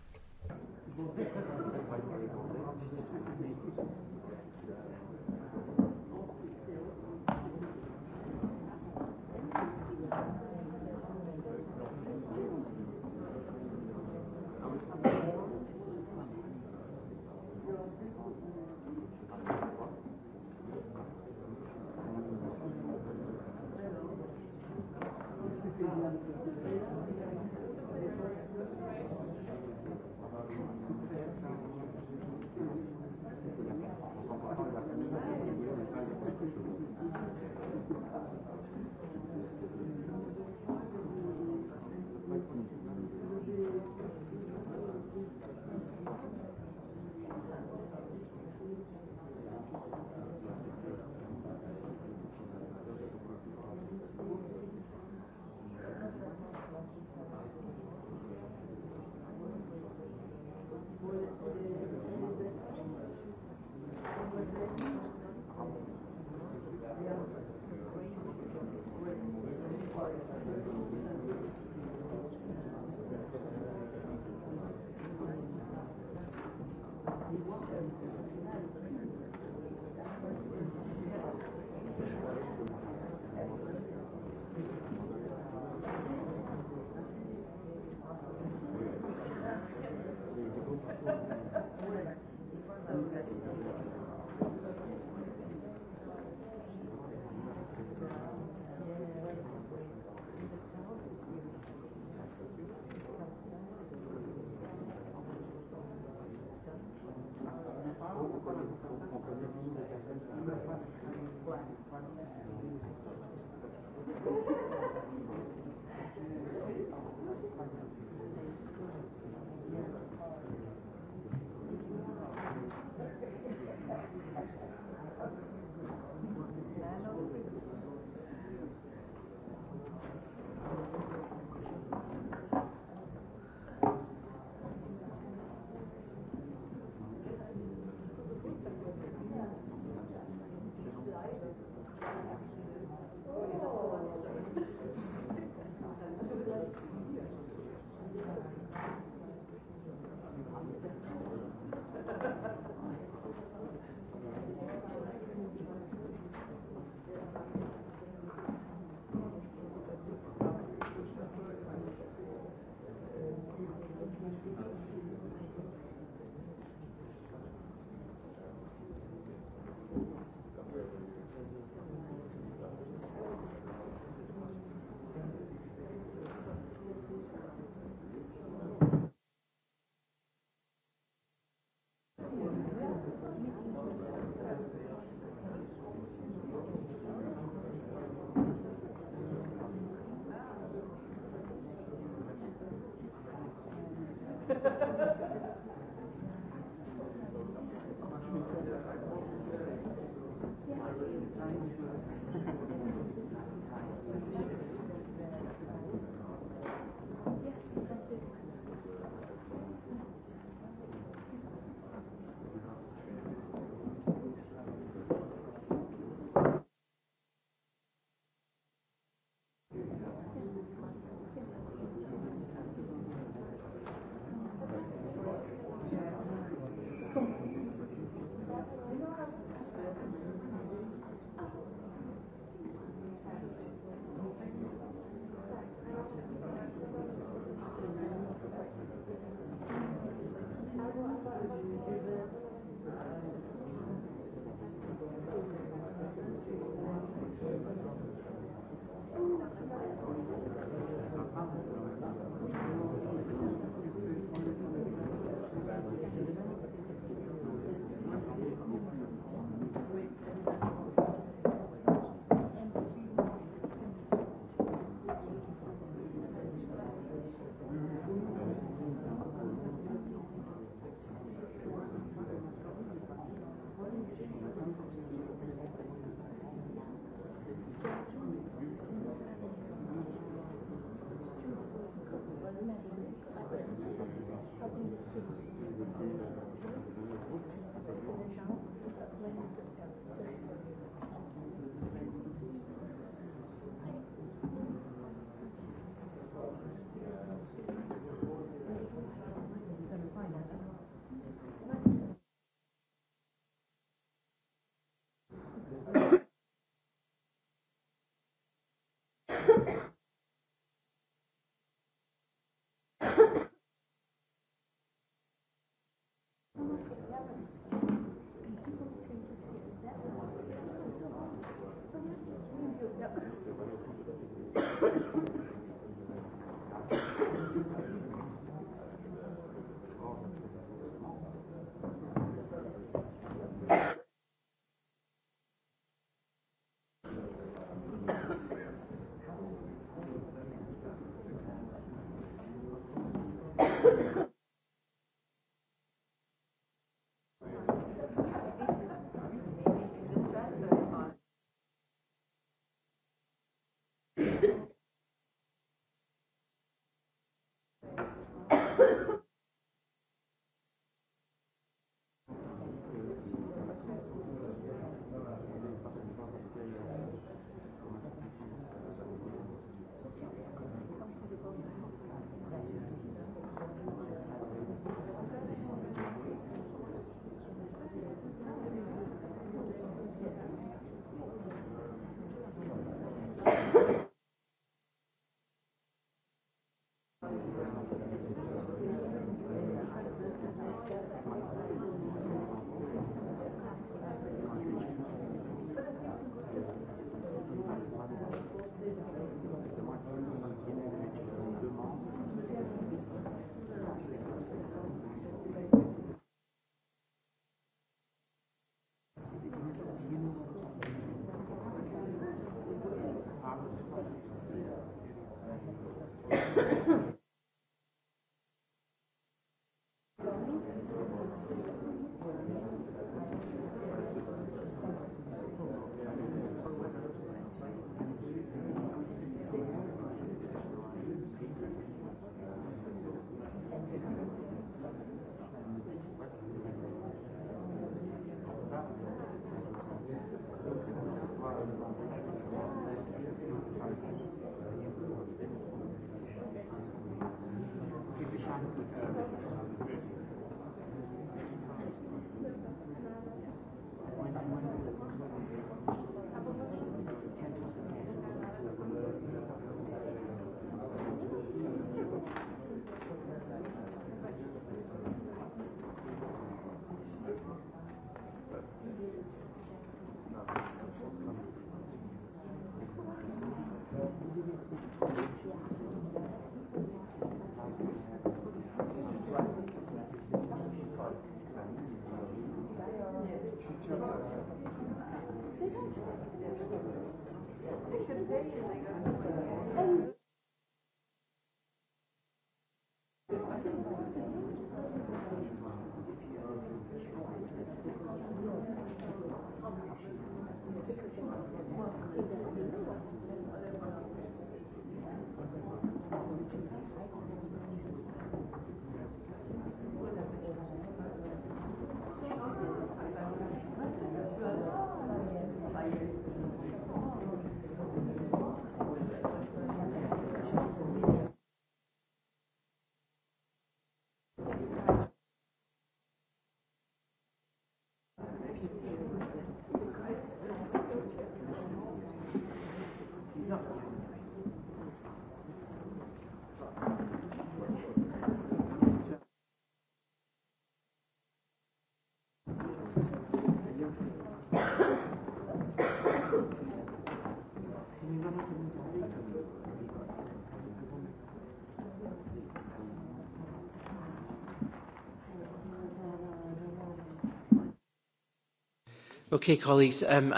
Um,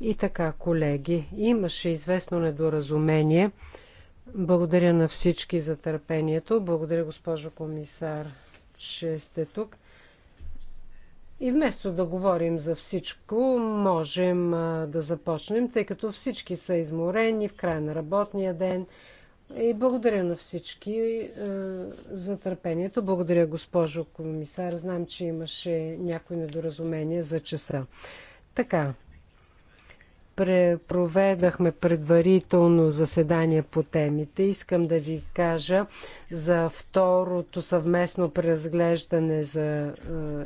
И така, колеги, имаше известно недоразумение. Благодаря на всички за търпението. Благодаря, госпожо комисар, че сте тук. И вместо да говорим за всичко, можем да започнем, тъй като всички са изморени в края на работния ден. И благодаря на всички е, за търпението. Благодаря, госпожо комисар. Знам, че имаше някои недоразумения за часа. Така, проведахме предварително заседание по темите. Искам да ви кажа за второто съвместно преразглеждане за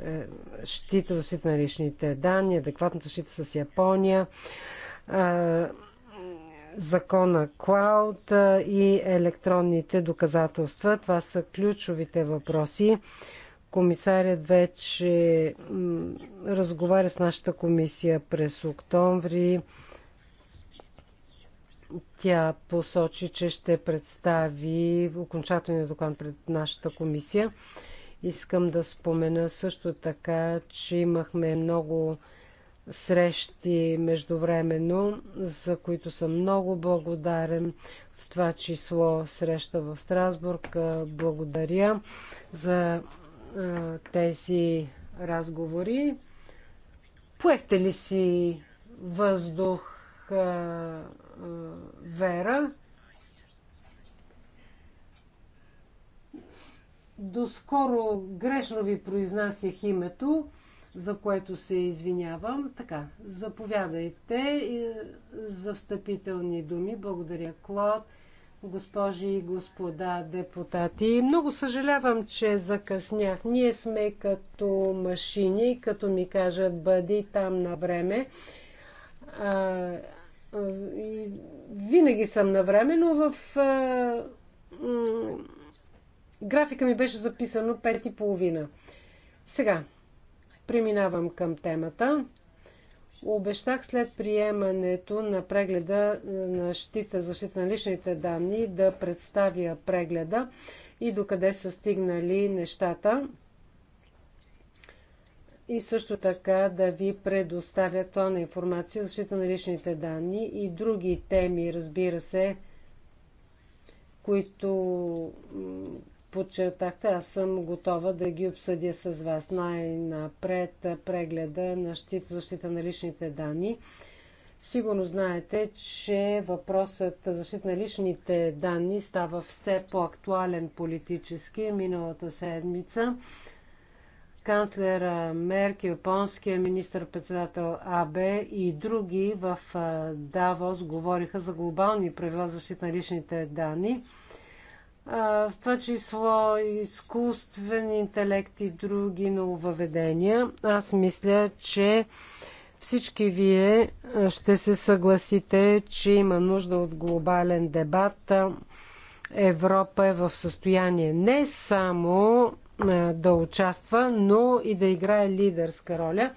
е, щита за на личните данни, адекватната защита с Япония. Е, закона Клауд и електронните доказателства. Това са ключовите въпроси. Комисарят вече разговаря с нашата комисия през октомври. Тя посочи, че ще представи окончателния доклад пред нашата комисия. Искам да спомена също така, че имахме много срещи междувременно, за които съм много благодарен, в това число среща в Страсбург. Благодаря за тези разговори. Поехте ли си въздух, Вера? Доскоро грешно ви произнасях името за което се извинявам. Така, заповядайте е, за встъпителни думи. Благодаря, Клод, госпожи и господа депутати. Много съжалявам, че закъснях. Ние сме като машини, като ми кажат бъди там на време. А, и винаги съм на време, но в а, е, графика ми беше записано 5 и половина. Сега, Преминавам към темата. Обещах след приемането на прегледа е, на щита защита на личните данни да представя прегледа и докъде са стигнали нещата. И също така да ви предоставя актуална информация за защита на личните данни и други теми, разбира се, които подчертахте, аз съм готова да ги обсъдя с вас. Най-напред прегледа на щит защита на личните данни. Сигурно знаете, че въпросът за защита на личните данни става все по-актуален политически. Миналата седмица канцлера Мерк, японския министр-председател АБ и други в Давос говориха за глобални правила за защита на личните данни в това число изкуствен интелект и други нововведения. Аз мисля, че всички вие ще се съгласите, че има нужда от глобален дебат. Европа е в състояние не само да участва, но и да играе лидерска роля.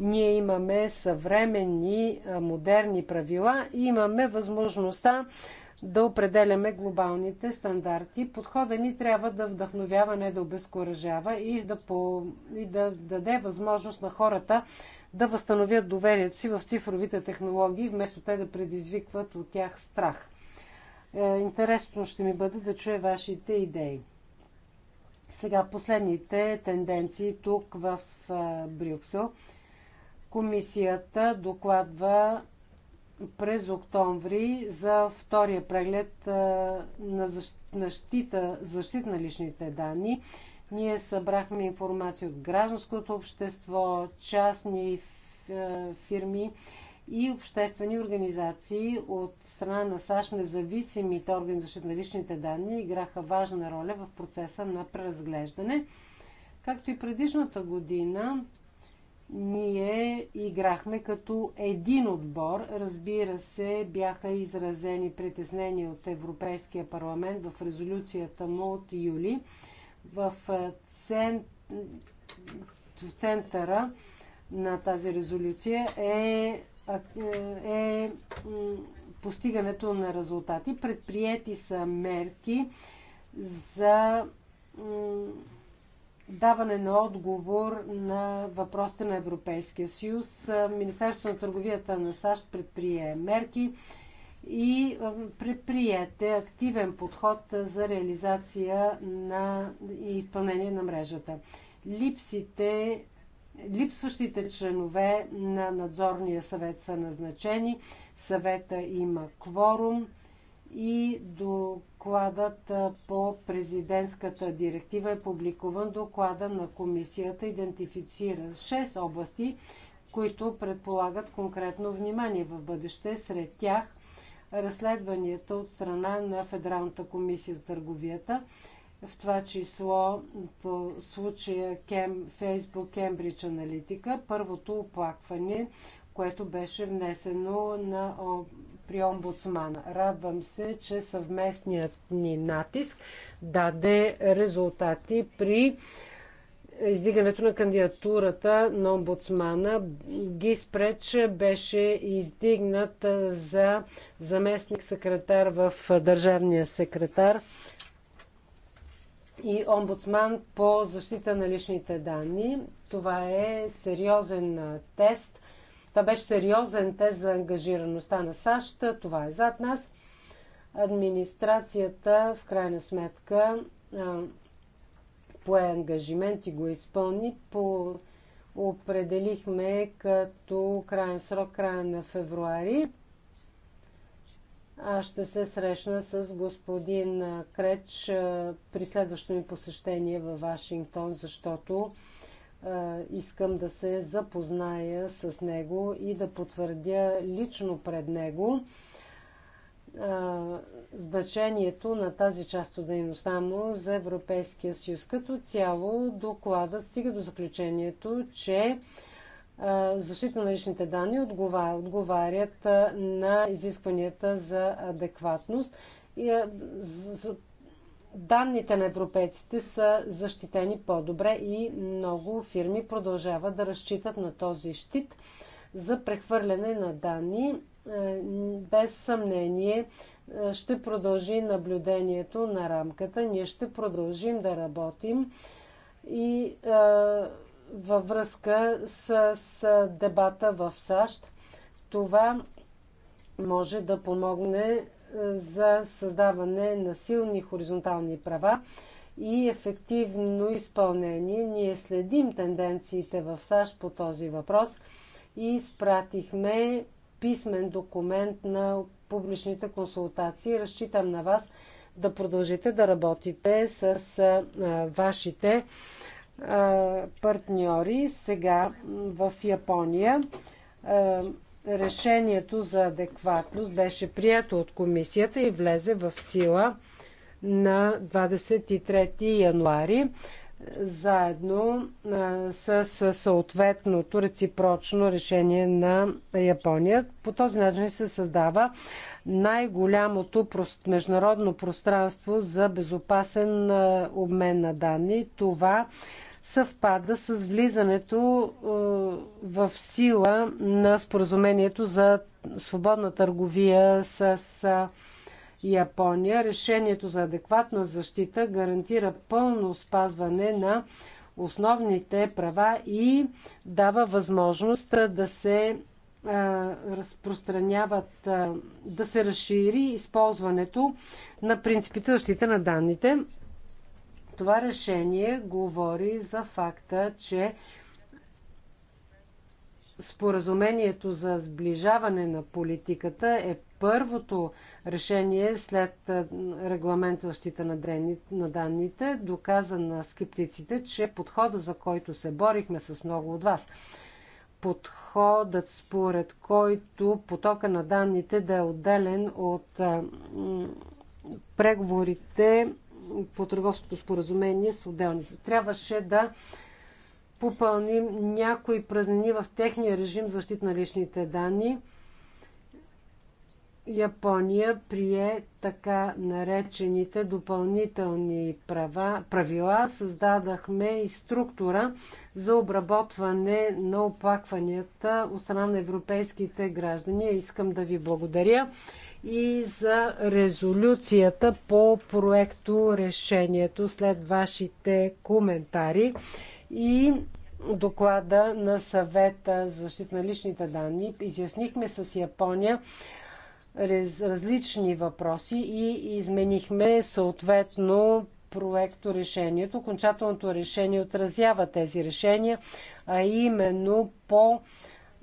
Ние имаме съвременни, модерни правила и имаме възможността да определяме глобалните стандарти. Подхода ни трябва да вдъхновява, не да обезкуражава и да, по, и да даде възможност на хората да възстановят доверието си в цифровите технологии, вместо те да предизвикват от тях страх. Е, интересно ще ми бъде да чуя вашите идеи. Сега последните тенденции тук в е, Брюксел. Комисията докладва през октомври за втория преглед на защита, защита на личните данни. Ние събрахме информация от гражданското общество, частни фирми и обществени организации от страна на САЩ, независимите органи за защита на личните данни, играха важна роля в процеса на преразглеждане. Както и предишната година, ние играхме като един отбор. Разбира се, бяха изразени притеснения от Европейския парламент в резолюцията му от юли. В, цен... в центъра на тази резолюция е е постигането на резултати. Предприяти са мерки за даване на отговор на въпросите на Европейския съюз. Министерството на търговията на САЩ предприе мерки и предприете активен подход за реализация на и изпълнение на мрежата. Липсите, липсващите членове на надзорния съвет са назначени, съвета има кворум и до Докладът по президентската директива е публикуван. Доклада на комисията идентифицира 6 области, които предполагат конкретно внимание в бъдеще. Сред тях разследванията от страна на Федералната комисия за търговията, в това число по случая Facebook Cambridge Analytica, първото оплакване което беше внесено на, при омбудсмана. Радвам се, че съвместният ни натиск даде резултати при издигането на кандидатурата на омбудсмана. Гис Преч беше издигнат за заместник секретар в Държавния секретар и омбудсман по защита на личните данни. Това е сериозен тест – това беше сериозен тест за ангажираността на САЩ. Това е зад нас. Администрацията, в крайна сметка, пое ангажимент и го изпълни. По... Определихме като крайен срок края на февруари. Аз ще се срещна с господин Креч при следващото ми посещение във Вашингтон, защото искам да се запозная с него и да потвърдя лично пред него значението на тази част от дейността му за Европейския съюз. Като цяло доклада, стига до заключението, че защита на личните данни отговарят на изискванията за адекватност данните на европейците са защитени по-добре и много фирми продължават да разчитат на този щит за прехвърляне на данни. Е, без съмнение е, ще продължи наблюдението на рамката. Ние ще продължим да работим и е, във връзка с, с дебата в САЩ. Това може да помогне за създаване на силни хоризонтални права и ефективно изпълнение. Ние следим тенденциите в САЩ по този въпрос и спратихме писмен документ на публичните консултации. Разчитам на вас да продължите да работите с а, вашите а, партньори сега в Япония. А, решението за адекватност беше прието от комисията и влезе в сила на 23 януари заедно с съответното реципрочно решение на Япония. По този начин се създава най-голямото международно пространство за безопасен обмен на данни. Това съвпада с влизането е, в сила на споразумението за свободна търговия с Япония. Решението за адекватна защита гарантира пълно спазване на основните права и дава възможност да се е, разпространяват, е, да се разшири използването на принципите защита на данните. Това решение говори за факта, че споразумението за сближаване на политиката е първото решение след регламент за защита на, дрени, на данните, доказа на скептиците, че подхода, за който се борихме с много от вас, подходът според който потока на данните да е отделен от преговорите по търговското споразумение с отделници. Трябваше да попълним някои празнини в техния режим защита на личните данни. Япония прие така наречените допълнителни права, правила. Създадахме и структура за обработване на оплакванията от страна на европейските граждани. Искам да ви благодаря и за резолюцията по проекто решението след вашите коментари и доклада на съвета за защита на личните данни. Изяснихме с Япония различни въпроси и изменихме съответно проекто решението. Окончателното решение отразява тези решения, а именно по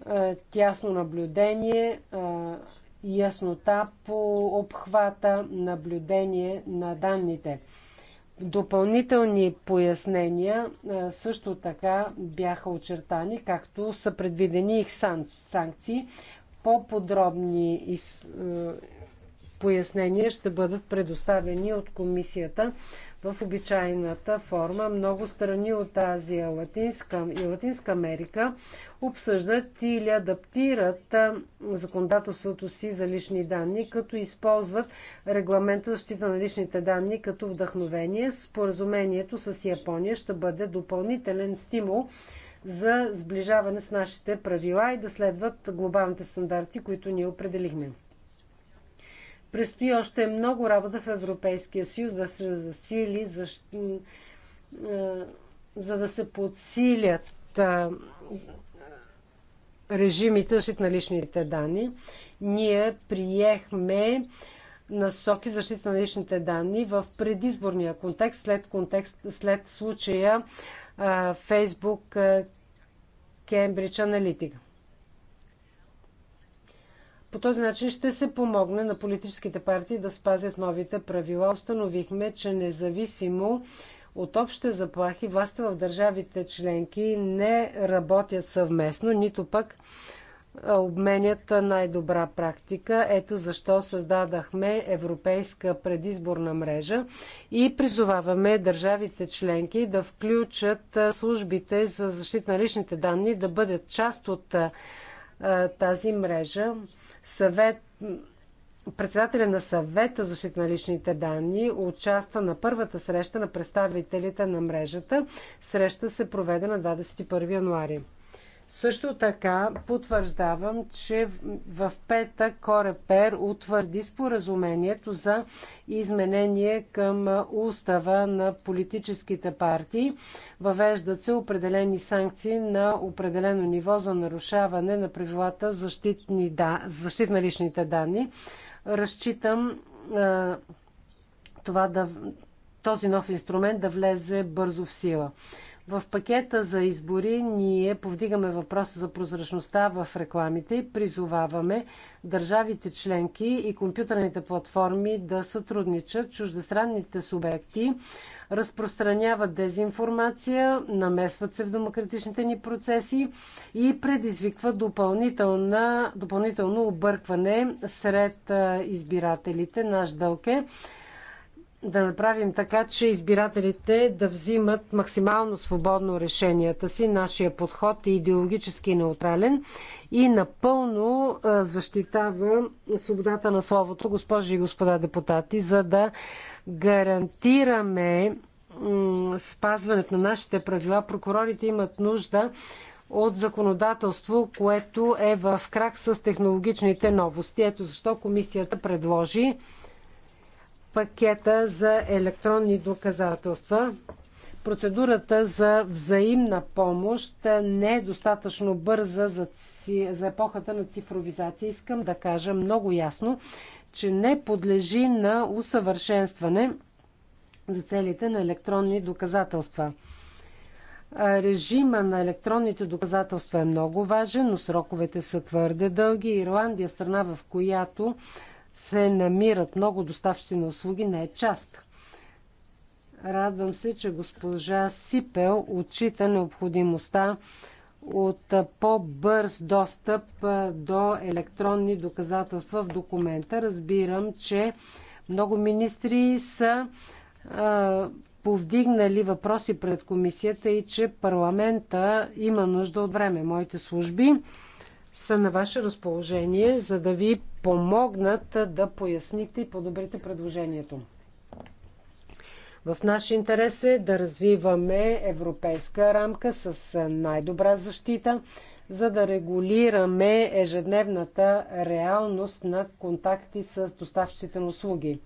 е, тясно наблюдение, е, яснота по обхвата, наблюдение на данните. Допълнителни пояснения също така бяха очертани, както са предвидени и санкции. По-подробни пояснения ще бъдат предоставени от комисията в обичайната форма. Много страни от Азия Латинска и Латинска Америка обсъждат или адаптират законодателството си за лични данни, като използват регламента за защита на личните данни като вдъхновение. Споразумението с Япония ще бъде допълнителен стимул за сближаване с нашите правила и да следват глобалните стандарти, които ние определихме. Предстои още много работа в Европейския съюз да се засили, за, за да се подсилят режимите защита на личните данни. Ние приехме насоки защита на личните данни в предизборния контекст, след, контекст, след случая Facebook Cambridge Analytica. По този начин ще се помогне на политическите партии да спазят новите правила. Установихме, че независимо от общите заплахи, властта в държавите членки не работят съвместно, нито пък обменят най-добра практика. Ето защо създадахме европейска предизборна мрежа и призоваваме държавите членки да включат службите за защита на личните данни да бъдат част от тази мрежа. Съвет, председателя на съвета за защита на личните данни участва на първата среща на представителите на мрежата. Среща се проведе на 21 януари. Също така потвърждавам, че в петък Корепер утвърди споразумението за изменение към устава на политическите партии. Въвеждат се определени санкции на определено ниво за нарушаване на правилата защитни, да, защит на личните данни. Разчитам а, това да, този нов инструмент да влезе бързо в сила. В пакета за избори ние повдигаме въпроса за прозрачността в рекламите и призоваваме държавите членки и компютърните платформи да сътрудничат. Чуждестранните субекти разпространяват дезинформация, намесват се в демократичните ни процеси и предизвикват допълнително объркване сред избирателите. Наш дълг е да направим така, че избирателите да взимат максимално свободно решенията си. Нашия подход е идеологически неутрален и напълно защитава свободата на словото, госпожи и господа депутати, за да гарантираме спазването на нашите правила. Прокурорите имат нужда от законодателство, което е в крак с технологичните новости. Ето защо комисията предложи пакета за електронни доказателства. Процедурата за взаимна помощ не е достатъчно бърза за, за епохата на цифровизация. Искам да кажа много ясно, че не подлежи на усъвършенстване за целите на електронни доказателства. Режима на електронните доказателства е много важен, но сроковете са твърде дълги. Ирландия е страна, в която се намират много доставчици на услуги, не е част. Радвам се, че госпожа Сипел отчита необходимостта от по-бърз достъп до електронни доказателства в документа. Разбирам, че много министри са а, повдигнали въпроси пред комисията и че парламента има нужда от време. Моите служби са на ваше разположение, за да ви помогнат да поясните и подобрите предложението. В наш интерес е да развиваме европейска рамка с най-добра защита, за да регулираме ежедневната реалност на контакти с доставчите на услуги.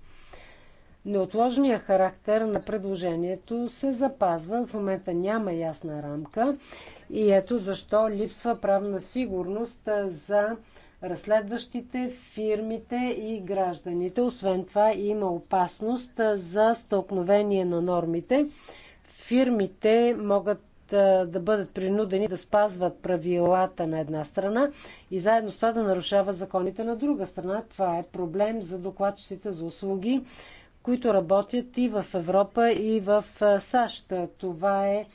Неотложният характер на предложението се запазва. В момента няма ясна рамка и ето защо липсва правна сигурност за разследващите, фирмите и гражданите. Освен това има опасност за стълкновение на нормите. Фирмите могат да бъдат принудени да спазват правилата на една страна и заедно с това да нарушават законите на друга страна. Това е проблем за докладчиците за услуги, които работят и в Европа, и в САЩ. Това е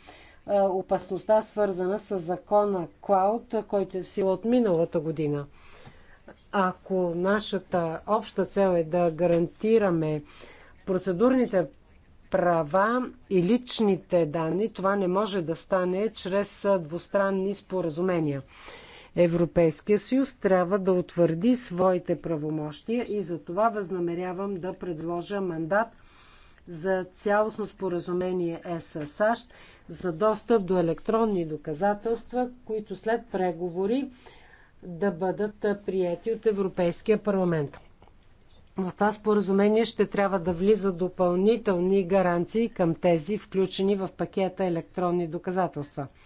опасността, свързана с закона Клауд, който е в сила от миналата година. Ако нашата обща цел е да гарантираме процедурните права и личните данни, това не може да стане чрез двустранни споразумения. Европейския съюз трябва да утвърди своите правомощия и за това възнамерявам да предложа мандат за цялостно споразумение ЕС САЩ за достъп до електронни доказателства, които след преговори да бъдат прияти от Европейския парламент. В това споразумение ще трябва да влиза допълнителни гаранции към тези, включени в пакета електронни доказателства –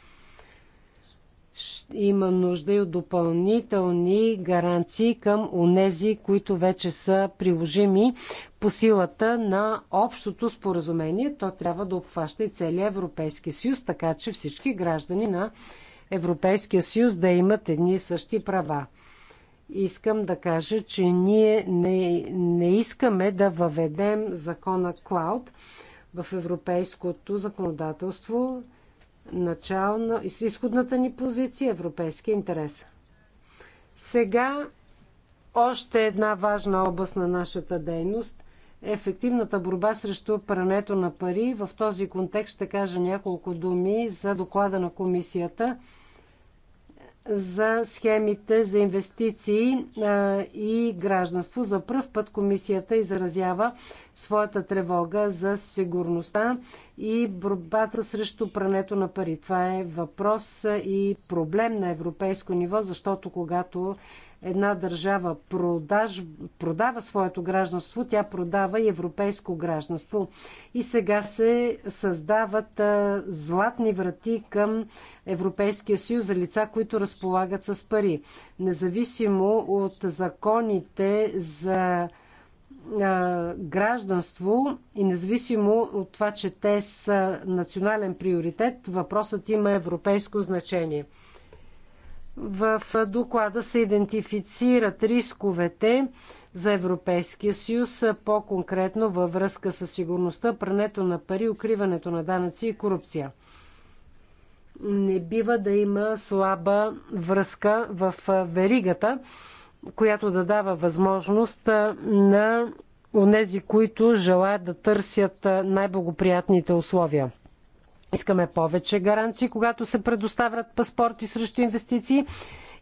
има нужда и от допълнителни гаранции към онези, които вече са приложими по силата на общото споразумение. То трябва да обхваща и целия Европейски съюз, така че всички граждани на Европейския съюз да имат едни и същи права. Искам да кажа, че ние не, не искаме да въведем закона Клауд в европейското законодателство начална, изходната ни позиция, европейския интерес. Сега още една важна област на нашата дейност е ефективната борба срещу прането на пари. В този контекст ще кажа няколко думи за доклада на комисията за схемите за инвестиции и гражданство. За първ път комисията изразява своята тревога за сигурността и борбата срещу прането на пари. Това е въпрос и проблем на европейско ниво, защото когато една държава продаж, продава своето гражданство, тя продава и европейско гражданство. И сега се създават а, златни врати към Европейския съюз за лица, които разполагат с пари. Независимо от законите за гражданство и независимо от това, че те са национален приоритет, въпросът има европейско значение. В доклада се идентифицират рисковете за Европейския съюз, по-конкретно във връзка с сигурността, прането на пари, укриването на данъци и корупция. Не бива да има слаба връзка в веригата която да дава възможност на онези, които желаят да търсят най-благоприятните условия. Искаме повече гаранции, когато се предоставят паспорти срещу инвестиции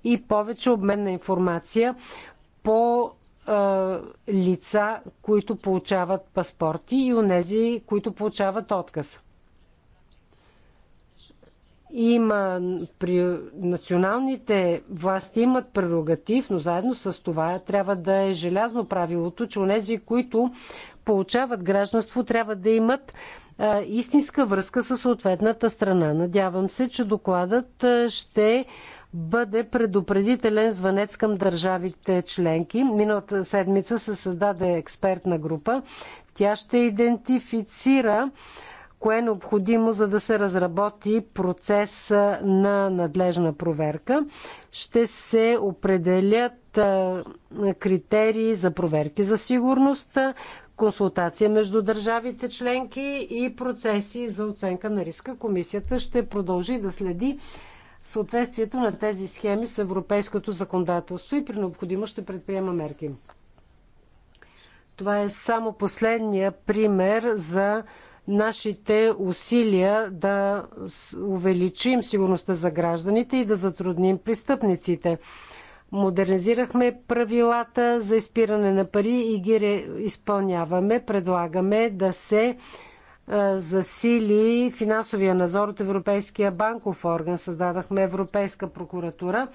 и повече обмен на информация по е, лица, които получават паспорти и онези, които получават отказ има при националните власти имат прерогатив, но заедно с това трябва да е желязно правилото, че онези, които получават гражданство, трябва да имат а, истинска връзка с съответната страна. Надявам се, че докладът ще бъде предупредителен звънец към държавите членки. Миналата седмица се създаде експертна група. Тя ще идентифицира кое е необходимо, за да се разработи процес на надлежна проверка. Ще се определят критерии за проверки за сигурност, консултация между държавите членки и процеси за оценка на риска. Комисията ще продължи да следи съответствието на тези схеми с европейското законодателство и при необходимо ще предприема мерки. Това е само последния пример за нашите усилия да увеличим сигурността за гражданите и да затрудним престъпниците. Модернизирахме правилата за изпиране на пари и ги изпълняваме. Предлагаме да се е, засили финансовия назор от Европейския банков орган. Създадахме Европейска прокуратура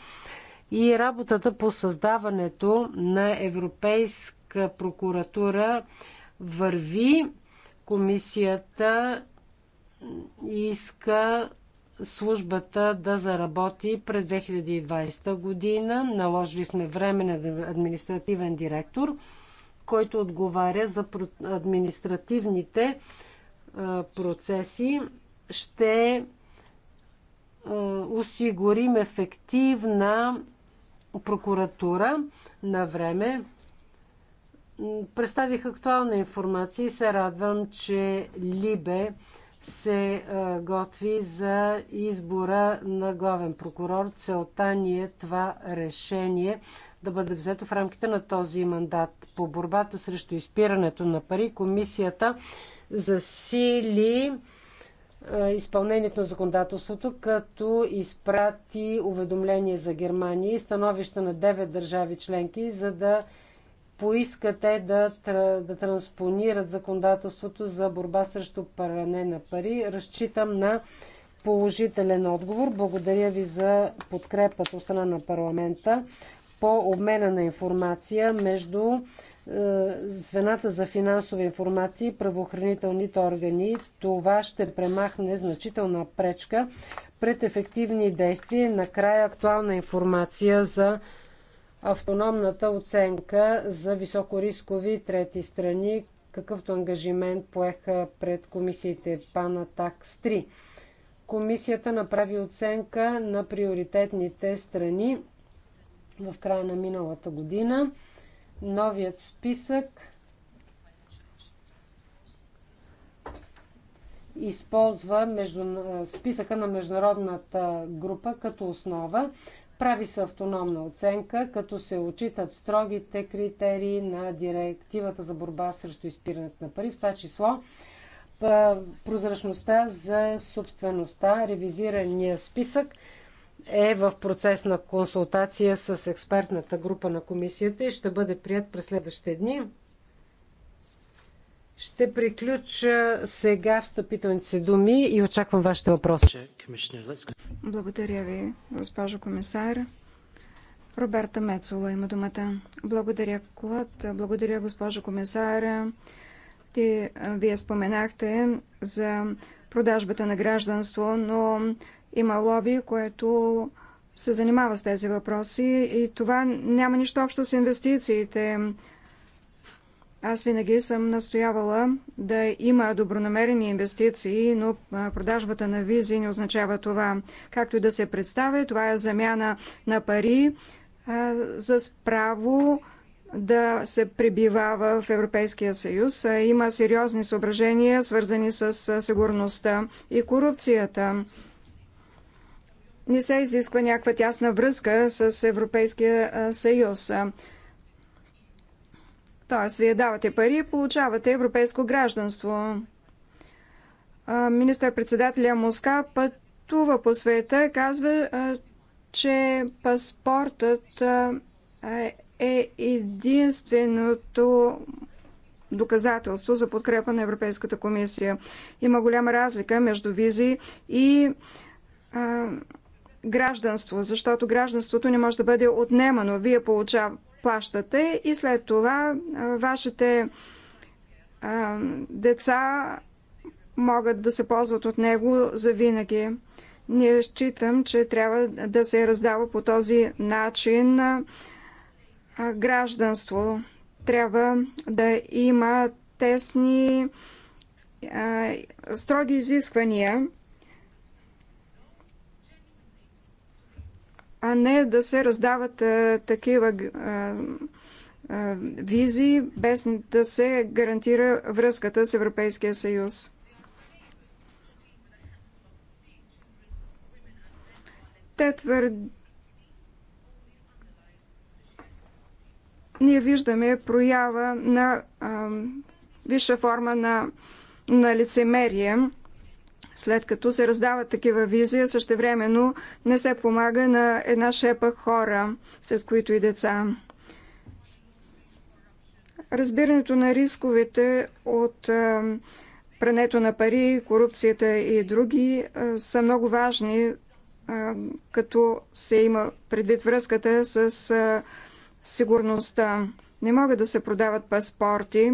и работата по създаването на Европейска прокуратура върви Комисията иска службата да заработи през 2020 година. Наложили сме временен административен директор, който отговаря за административните процеси. Ще осигурим ефективна прокуратура на време представих актуална информация и се радвам, че Либе се е, готви за избора на главен прокурор. Целта ни е това решение да бъде взето в рамките на този мандат. По борбата срещу изпирането на пари комисията засили е, изпълнението на законодателството, като изпрати уведомление за Германия и становище на 9 държави членки, за да поискате да, да транспонират законодателството за борба срещу паране на пари. Разчитам на положителен отговор. Благодаря ви за подкрепата от страна на парламента по обмена на информация между е, звената за финансова информация и правоохранителните органи. Това ще премахне значителна пречка пред ефективни действия накрая актуална информация за автономната оценка за високорискови трети страни, какъвто ангажимент поеха пред комисиите ПАНАТАКС 3. Комисията направи оценка на приоритетните страни в края на миналата година. Новият списък използва списъка на международната група като основа. Прави се автономна оценка, като се очитат строгите критерии на директивата за борба срещу изпирането на пари, в това число прозрачността за собствеността, ревизирания списък е в процес на консултация с експертната група на комисията и ще бъде прият през следващите дни. Ще приключа сега встъпителните си думи и очаквам вашите въпроси. Благодаря ви, госпожо комисар. Роберта Мецола има думата. Благодаря, Клод. Благодаря, госпожо комисар. Ти, вие споменахте за продажбата на гражданство, но има лоби, което се занимава с тези въпроси и това няма нищо общо с инвестициите. Аз винаги съм настоявала да има добронамерени инвестиции, но продажбата на визи не означава това. Както и да се представя, това е замяна на пари за справо да се пребивава в Европейския съюз. Има сериозни съображения, свързани с сигурността и корупцията. Не се изисква някаква тясна връзка с Европейския съюз. Тоест, вие давате пари и получавате европейско гражданство. Министър-председателя Моска пътува по света и казва, че паспортът е единственото доказателство за подкрепа на Европейската комисия. Има голяма разлика между визи и а, гражданство, защото гражданството не може да бъде отнемано. Вие получав плащате и след това вашите деца могат да се ползват от него за винаги. Ние считам, че трябва да се раздава по този начин гражданство. Трябва да има тесни, строги изисквания а не да се раздават а, такива а, а, визи, без да се гарантира връзката с Европейския съюз. Те твърд... Ние виждаме проява на а, висша форма на, на лицемерие след като се раздават такива също времено не се помага на една шепа хора, след които и деца. Разбирането на рисковете от прането на пари, корупцията и други са много важни, като се има предвид връзката с сигурността. Не могат да се продават паспорти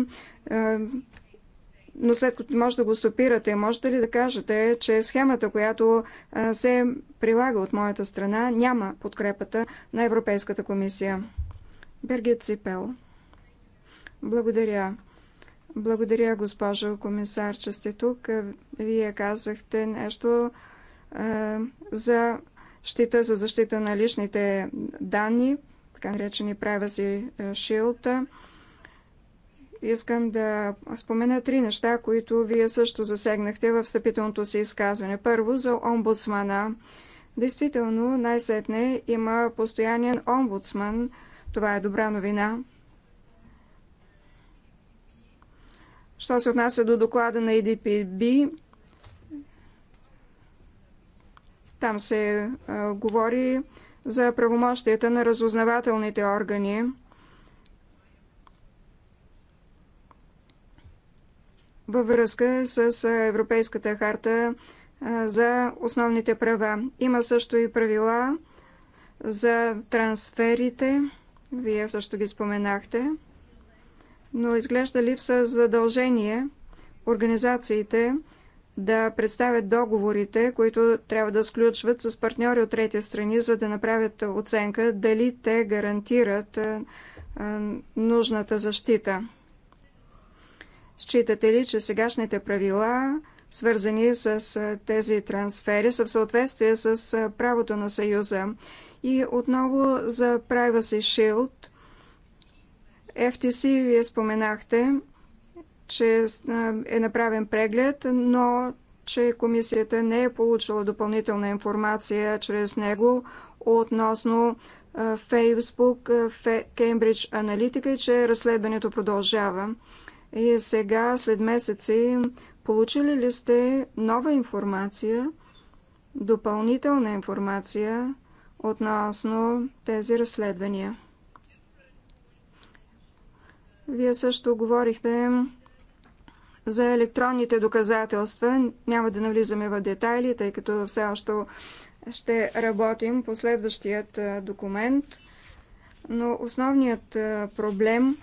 но след като може да го стопирате, можете ли да кажете, че схемата, която се прилага от моята страна, няма подкрепата на Европейската комисия? Бергет Ципел. Благодаря. Благодаря, госпожо комисар, че сте тук. Вие казахте нещо е, за щита, за защита на личните данни, така наречени privacy shield. Искам да спомена три неща, които вие също засегнахте в встъпителното си изказване. Първо, за омбудсмана. Действително, най-сетне има постоянен омбудсман. Това е добра новина. Що се отнася до доклада на EDPB, там се а, говори за правомощията на разузнавателните органи. във връзка с Европейската харта за основните права. Има също и правила за трансферите. Вие също ги споменахте. Но изглежда липса задължение организациите да представят договорите, които трябва да сключват с партньори от трети страни, за да направят оценка дали те гарантират нужната защита. Считате ли, че сегашните правила, свързани с тези трансфери, са в съответствие с правото на Съюза? И отново за Privacy Shield. FTC, вие споменахте, че е направен преглед, но че комисията не е получила допълнителна информация чрез него относно Facebook, Cambridge Analytica и че разследването продължава. И сега, след месеци, получили ли сте нова информация, допълнителна информация относно тези разследвания? Вие също говорихте за електронните доказателства. Няма да навлизаме в детайли, тъй като все още ще работим по следващият документ. Но основният проблем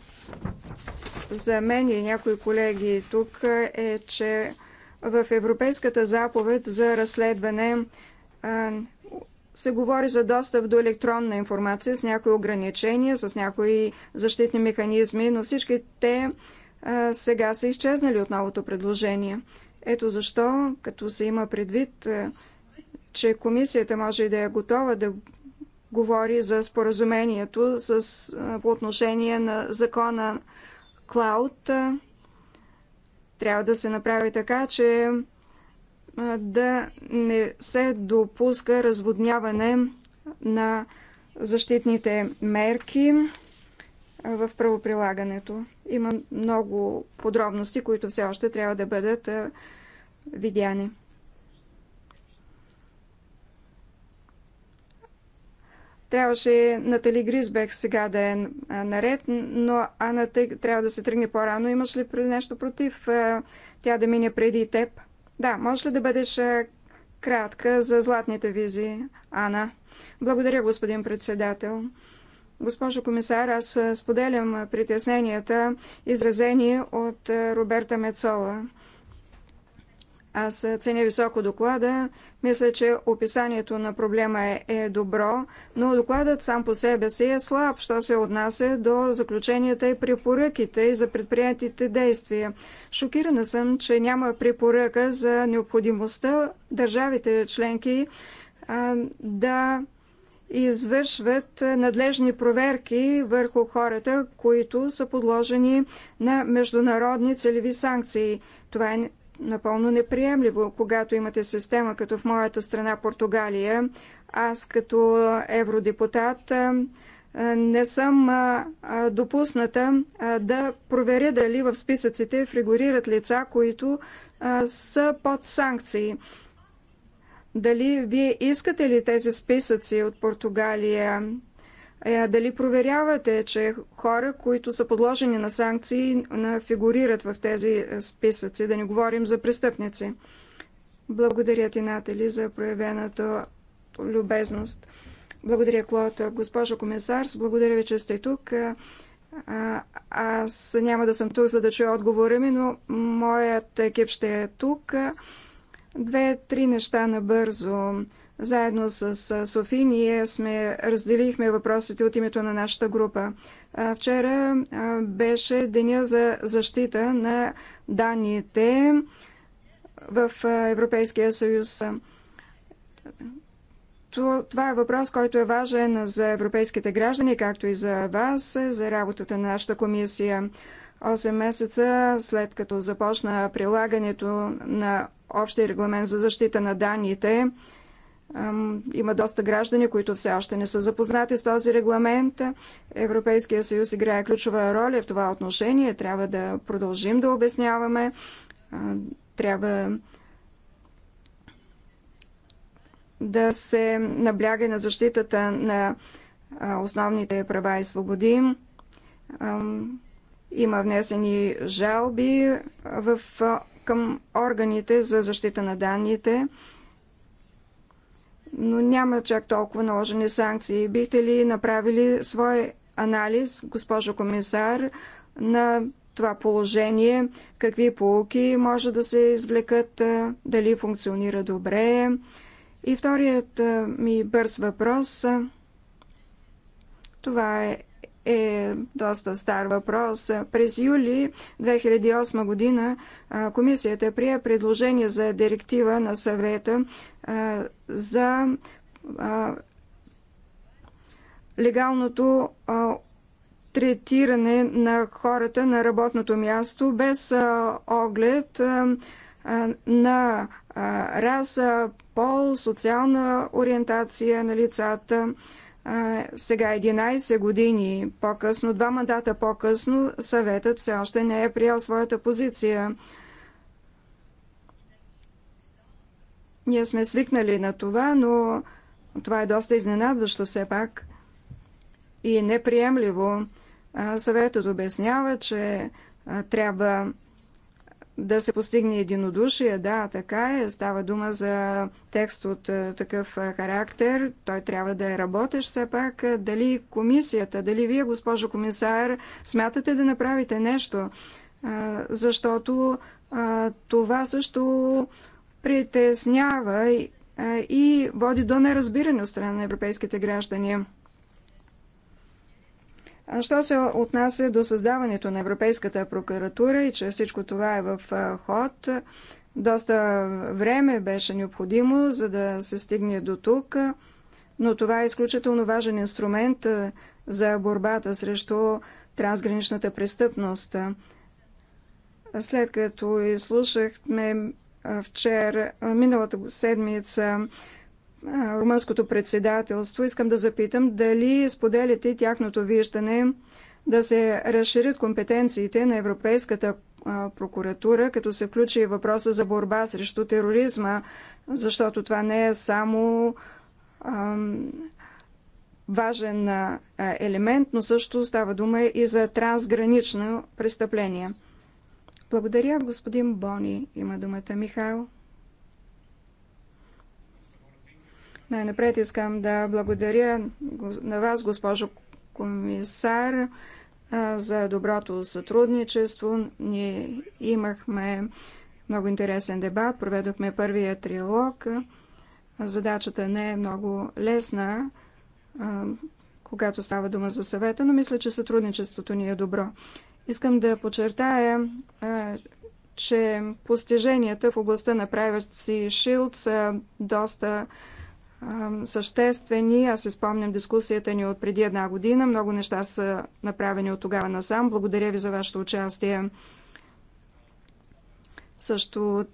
за мен и някои колеги тук е, че в Европейската заповед за разследване се говори за достъп до електронна информация с някои ограничения, с някои защитни механизми, но всички те сега са изчезнали от новото предложение. Ето защо, като се има предвид, че комисията може и да е готова да говори за споразумението с, по отношение на закона Клауд. Трябва да се направи така, че да не се допуска разводняване на защитните мерки в правоприлагането. Има много подробности, които все още трябва да бъдат видяни. Трябваше Натали Гризбек сега да е наред, но Ана трябва да се тръгне по-рано. Имаш ли нещо против тя да мине преди теб? Да, можеш ли да бъдеш кратка за златните визи, Ана? Благодаря, господин председател. Госпожо комисар, аз споделям притесненията, изразени от Роберта Мецола. Аз ценя високо доклада. Мисля, че описанието на проблема е, е добро, но докладът сам по себе си е слаб, що се отнася до заключенията и препоръките и за предприятите действия. Шокирана съм, че няма препоръка за необходимостта държавите членки а, да извършват надлежни проверки върху хората, които са подложени на международни целеви санкции. Това е напълно неприемливо, когато имате система като в моята страна Португалия. Аз като евродепутат не съм допусната да проверя дали в списъците фигурират лица, които са под санкции. Дали вие искате ли тези списъци от Португалия? е, дали проверявате, че хора, които са подложени на санкции, фигурират в тези е, списъци, да не говорим за престъпници. Благодаря ти, Натали, за проявената любезност. Благодаря, Клод. Госпожо комисар, благодаря ви, че сте тук. Е, аз няма да съм тук, за да чуя отговора ми, но моят екип ще е тук. Две-три неща набързо. Заедно с Софи ние сме разделихме въпросите от името на нашата група. Вчера беше деня за защита на данните в Европейския съюз. Това е въпрос, който е важен за европейските граждани, както и за вас, за работата на нашата комисия. 8 месеца след като започна прилагането на общия регламент за защита на данните, има доста граждани, които все още не са запознати с този регламент. Европейския съюз играе ключова роля в това отношение. Трябва да продължим да обясняваме. Трябва да се набляга на защитата на основните права и свободи. Има внесени жалби в, към органите за защита на данните но няма чак толкова наложени санкции. Бихте ли направили свой анализ, госпожо комисар, на това положение, какви полуки може да се извлекат, дали функционира добре. И вторият ми бърз въпрос. Това е е доста стар въпрос. През юли 2008 година комисията прие предложение за директива на съвета за легалното третиране на хората на работното място без оглед на раса, пол, социална ориентация на лицата сега 11 е години по-късно, два мандата по-късно, съветът все още не е приял своята позиция. Ние сме свикнали на това, но това е доста изненадващо все пак и неприемливо. Съветът обяснява, че трябва да се постигне единодушие. Да, така е. Става дума за текст от е, такъв е, характер. Той трябва да е работещ все пак. Дали комисията, дали вие, госпожо комисар, смятате да направите нещо? Е, защото това също притеснява и води до неразбиране от страна на европейските граждани. Що се отнася до създаването на Европейската прокуратура и че всичко това е в ход, доста време беше необходимо, за да се стигне до тук, но това е изключително важен инструмент за борбата срещу трансграничната престъпност. След като изслушахме вчера, миналата седмица, румънското председателство, искам да запитам дали споделите тяхното виждане да се разширят компетенциите на Европейската прокуратура, като се включи и въпроса за борба срещу тероризма, защото това не е само ам, важен елемент, но също става дума и за трансгранично престъпление. Благодаря, господин Бони. Има думата Михайло. Най-напред искам да благодаря на вас, госпожо комисар, за доброто сътрудничество. Ние имахме много интересен дебат, проведохме първия триалог. Задачата не е много лесна, когато става дума за съвета, но мисля, че сътрудничеството ни е добро. Искам да подчертая, че постиженията в областта на Privacy Shield са доста съществени. Аз се спомням дискусията ни от преди една година. Много неща са направени от тогава насам. Благодаря ви за вашето участие. Също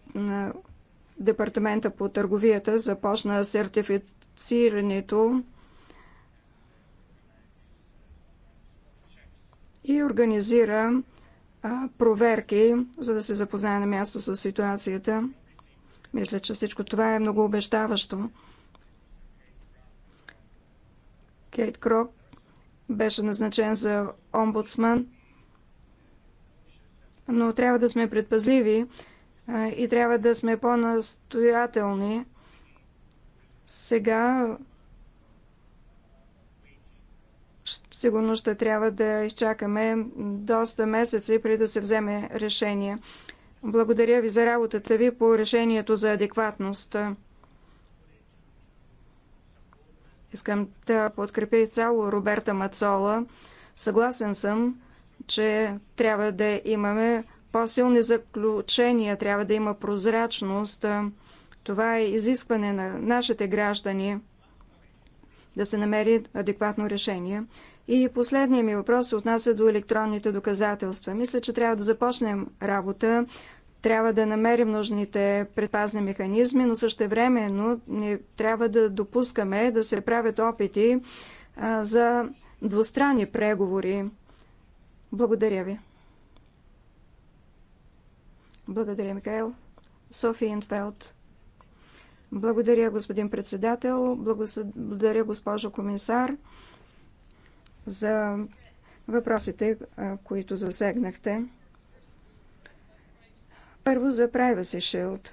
Департамента по търговията започна сертифицирането и организира проверки, за да се запознае на място с ситуацията. Мисля, че всичко това е много обещаващо. Кейт Крок беше назначен за омбудсман, но трябва да сме предпазливи и трябва да сме по-настоятелни. Сега сигурно ще трябва да изчакаме доста месеци преди да се вземе решение. Благодаря ви за работата ви по решението за адекватност. Искам да подкрепя и цяло Роберта Мацола. Съгласен съм, че трябва да имаме по-силни заключения, трябва да има прозрачност. Това е изискване на нашите граждани да се намери адекватно решение. И последният ми въпрос се отнася до електронните доказателства. Мисля, че трябва да започнем работа трябва да намерим нужните предпазни механизми, но също времено не трябва да допускаме да се правят опити за двустранни преговори. Благодаря ви. Благодаря, Микаел. Софи Интфелд. Благодаря, господин председател. Благодаря, госпожо комисар, за въпросите, които засегнахте. Първо за Privacy Shield.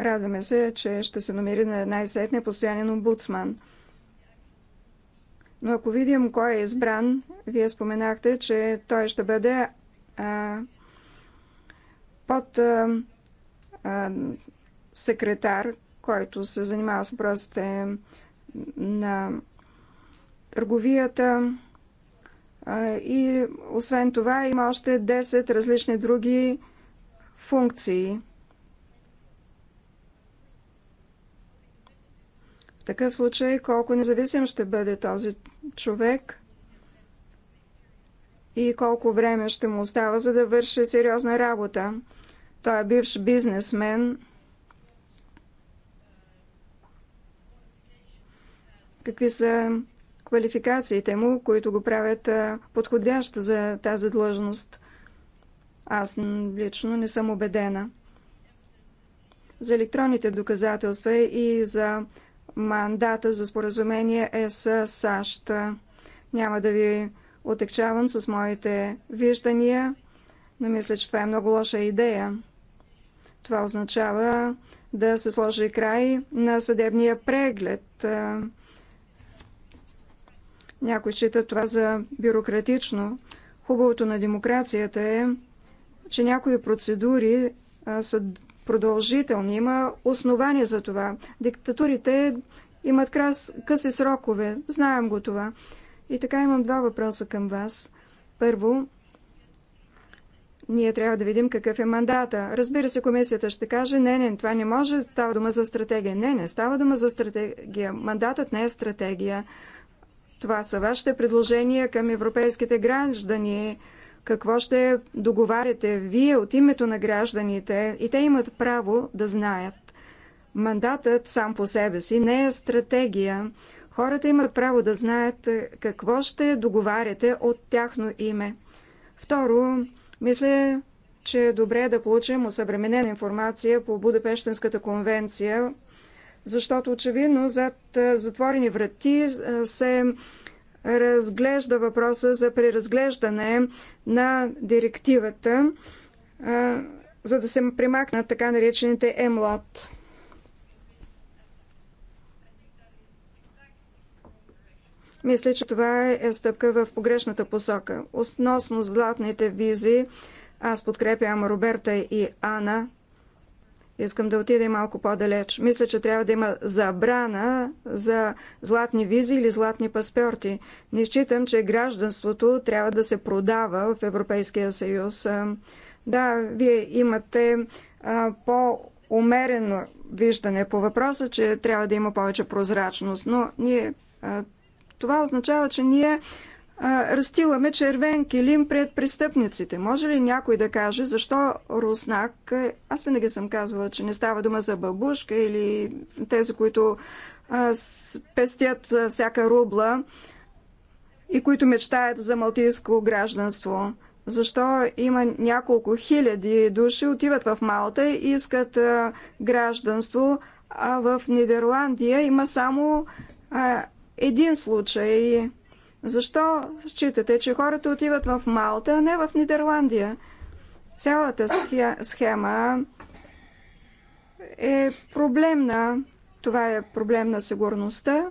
Радваме се, че ще се намери на една и сетне постоянен омбудсман. Но ако видим кой е избран, вие споменахте, че той ще бъде а, под а, а, секретар, който се занимава с въпросите на търговията, и освен това има още 10 различни други функции. В такъв случай, колко независим ще бъде този човек и колко време ще му остава, за да върши сериозна работа. Той е бивш бизнесмен. Какви са квалификациите му, които го правят подходящ за тази длъжност. Аз лично не съм убедена. За електронните доказателства и за мандата за споразумение е с САЩ. Няма да ви отекчавам с моите виждания, но мисля, че това е много лоша идея. Това означава да се сложи край на съдебния преглед. Някои считат това за бюрократично. Хубавото на демокрацията е, че някои процедури а, са продължителни. Има основания за това. Диктатурите имат крас, къси срокове. Знаем го това. И така имам два въпроса към вас. Първо, ние трябва да видим какъв е мандата. Разбира се, комисията ще каже, не, не, това не може, става дума за стратегия. Не, не, става дума за стратегия. Мандатът не е стратегия. Това са вашите предложения към европейските граждани. Какво ще договаряте вие от името на гражданите и те имат право да знаят. Мандатът сам по себе си не е стратегия. Хората имат право да знаят е, какво ще договаряте от тяхно име. Второ, мисля, че е добре да получим осъвременена информация по Будапештенската конвенция защото очевидно зад е, затворени врати е, се разглежда въпроса за преразглеждане на директивата, е, за да се примакнат така наречените Млот. Мисля, че това е стъпка в погрешната посока. Относно златните визи, аз подкрепям Роберта и Ана. Искам да отида и малко по-далеч. Мисля, че трябва да има забрана за златни визи или златни паспорти. Не считам, че гражданството трябва да се продава в Европейския съюз. Да, вие имате по-умерено виждане по въпроса, че трябва да има повече прозрачност, но ние, това означава, че ние разтиламе червен килим пред престъпниците. Може ли някой да каже защо Руснак, е, аз винаги съм казвала, че не става дума за бабушка или тези, които пестят всяка рубла и които мечтаят за малтийско гражданство. Защо има няколко хиляди души отиват в Малта и искат гражданство, а в Нидерландия има само един случай защо считате, че хората отиват в Малта, а не в Нидерландия? Цялата схема е проблемна. Това е проблем на сигурността,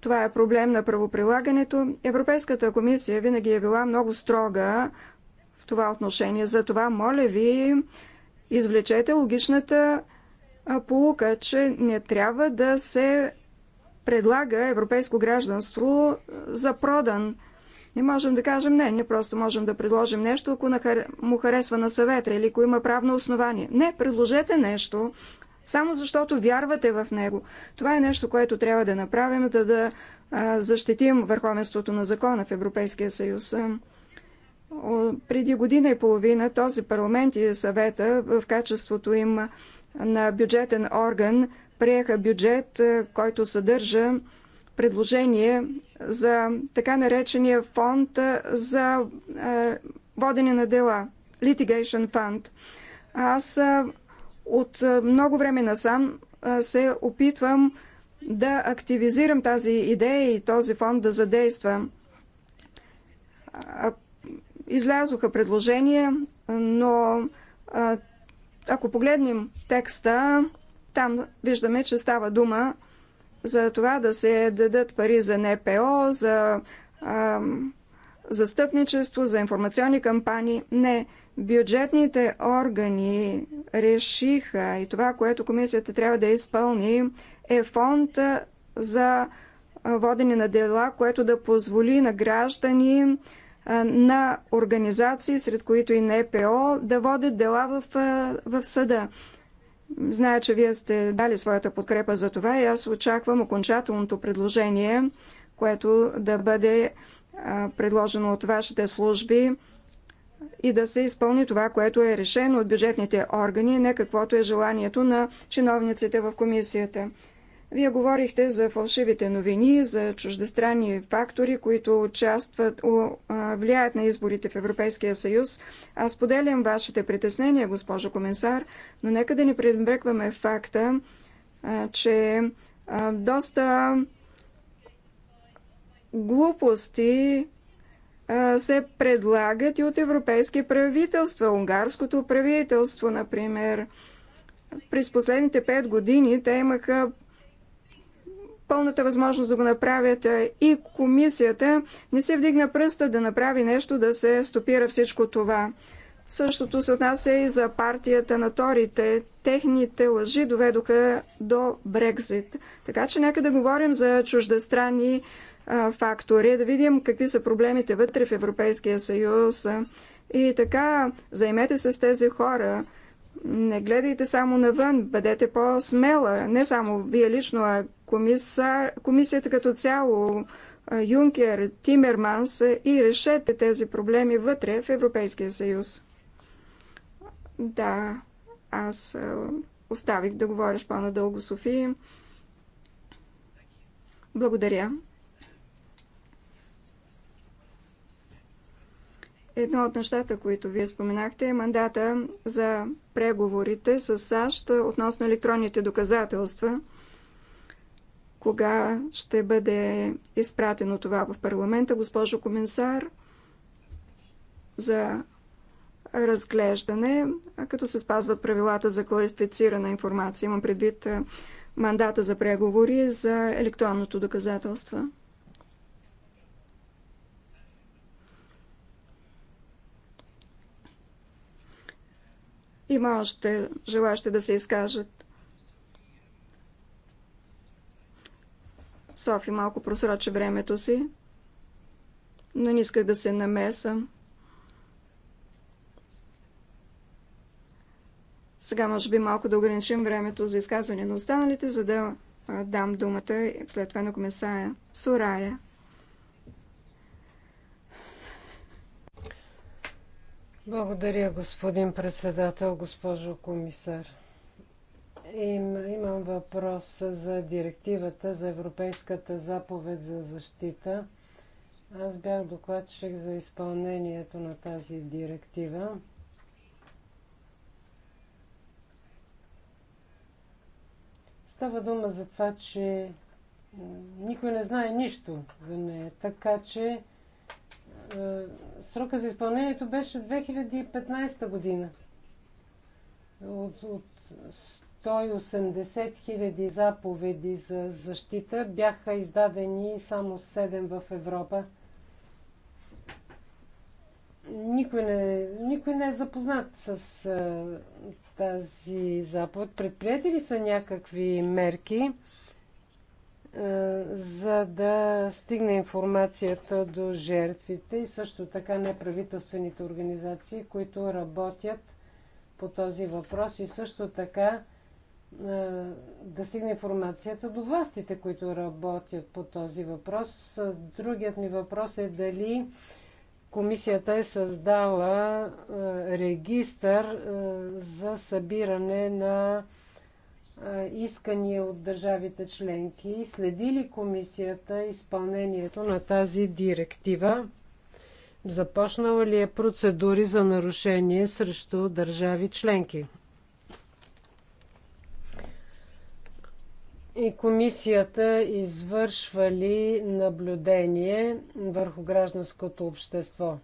това е проблем на правоприлагането. Европейската комисия винаги е била много строга в това отношение. Затова, моля ви, извлечете логичната полука, че не трябва да се предлага европейско гражданство е, за продан. Не можем да кажем не, ние просто можем да предложим нещо, ако му харесва на съвета или ако има правно основание. Не, предложете нещо, само защото вярвате в него. Това е нещо, което трябва да направим, да, да защитим върховенството на закона в Европейския съюз. Е, преди година и половина този парламент и съвета в качеството им на бюджетен орган приеха бюджет, е, който съдържа предложение за така наречения фонд е, за е, водене на дела, Litigation Fund. Аз от много време насам се опитвам да активизирам тази идея и този фонд да задейства. Излязоха предложения, но ако погледнем текста, там виждаме, че става дума за това да се дадат пари за НПО, за застъпничество, за информационни кампании. Не, бюджетните органи решиха и това, което комисията трябва да изпълни, е фонд за водене на дела, което да позволи на граждани на организации, сред които и НПО, да водят дела в, в съда. Зная, че вие сте дали своята подкрепа за това и аз очаквам окончателното предложение, което да бъде предложено от вашите служби и да се изпълни това, което е решено от бюджетните органи, не каквото е желанието на чиновниците в комисията. Вие говорихте за фалшивите новини, за чуждестранни фактори, които участват, влияят на изборите в Европейския съюз. Аз поделям вашите притеснения, госпожо комисар, но нека да не пренебрегваме факта, че доста глупости се предлагат и от европейски правителства. Унгарското правителство, например, през последните пет години те имаха пълната възможност да го направят и комисията не се вдигна пръста да направи нещо да се стопира всичко това. Същото се отнася и за партията на торите. Техните лъжи доведоха до Брекзит. Така че нека да говорим за чуждестранни фактори, да видим какви са проблемите вътре в Европейския съюз. И така, займете се с тези хора. Не гледайте само навън, бъдете по-смела. Не само вие лично, а комисар, комисията като цяло, Юнкер, Тимерманс и решете тези проблеми вътре в Европейския съюз. Да, аз оставих да говориш по-надълго, Софи. Благодаря. Едно от нещата, които вие споменахте, е мандата за преговорите с САЩ относно електронните доказателства – кога ще бъде изпратено това в парламента, госпожо комисар, за разглеждане, като се спазват правилата за квалифицирана информация. Имам предвид мандата за преговори за електронното доказателство. Има още желащи да се изкажат. Софи малко просрочи времето си, но не исках да се намесвам. Сега може би малко да ограничим времето за изказване на останалите, за да дам думата и след това на комисая Сурая. Благодаря, господин председател, госпожо комисар. Им, имам въпрос за директивата за Европейската заповед за защита. Аз бях докладчик за изпълнението на тази директива. Става дума за това, че никой не знае нищо за нея, така че е, срока за изпълнението беше 2015 година. От, от 180 000 заповеди за защита бяха издадени само 7 в Европа. Никой не, никой не е запознат с а, тази заповед. Предприяти ли са някакви мерки, а, за да стигне информацията до жертвите и също така неправителствените организации, които работят по този въпрос и също така е, да стигне информацията до властите, които работят по този въпрос. Другият ми въпрос е дали комисията е създала е, регистър е, за събиране на искания от държавите членки. Следи ли комисията изпълнението на тази директива? Започнала ли е процедури за нарушение срещу държави членки? и комисията извършвали наблюдение върху гражданското общество.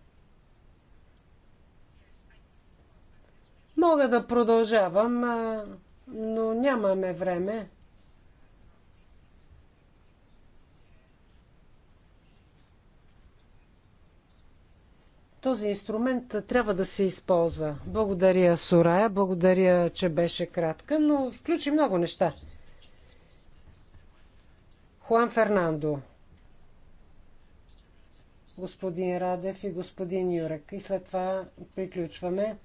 Мога да продължавам, но нямаме време. Този инструмент трябва да се използва. Благодаря, Сурая, благодаря, че беше кратка, но включи много неща. Хуан Фернандо, господин Радев и господин Юрек. И след това приключваме.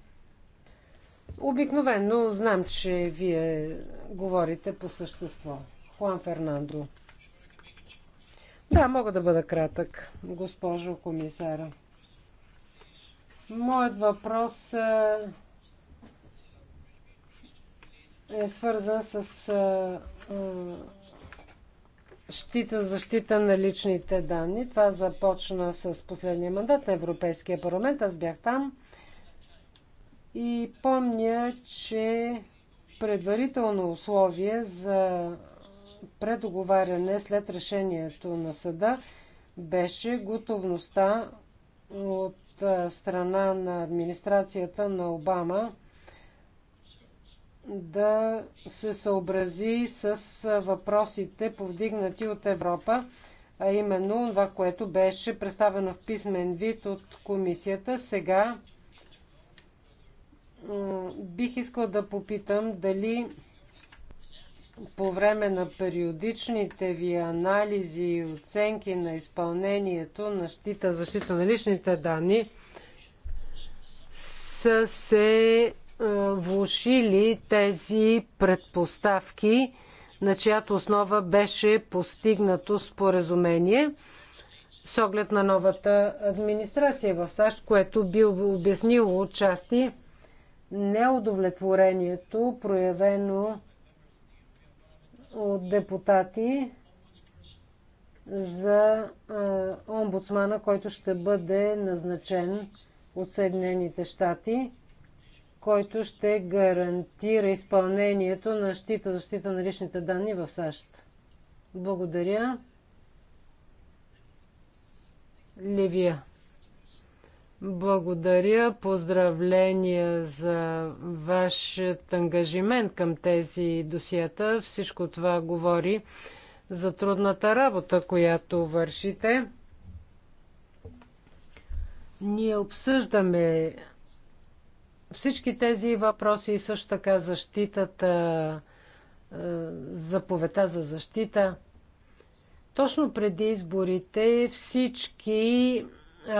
Обикновено знам, че вие говорите по същество. Хуан Фернандо. Да, мога да бъда кратък, госпожо комисара. Моят въпрос е свързан с щита защита на личните данни. Това започна с последния мандат на Европейския парламент. Аз бях там и помня, че предварително условие за предоговаряне след решението на съда беше готовността от страна на администрацията на Обама да се съобрази с въпросите, повдигнати от Европа, а именно това, което беше представено в писмен вид от комисията. Сега бих искал да попитам дали по време на периодичните ви анализи и оценки на изпълнението на щита защита на личните данни са се е, влушили тези предпоставки, на чиято основа беше постигнато споразумение с оглед на новата администрация в САЩ, което би обяснило отчасти неудовлетворението, проявено от депутати за е, омбудсмана, който ще бъде назначен от Съединените щати който ще гарантира изпълнението на щита защита на личните данни в САЩ. Благодаря. Ливия. Благодаря. Поздравления за вашият ангажимент към тези досията. Всичко това говори за трудната работа, която вършите. Ние обсъждаме всички тези въпроси и също така защитата, е, заповета за защита. Точно преди изборите всички е,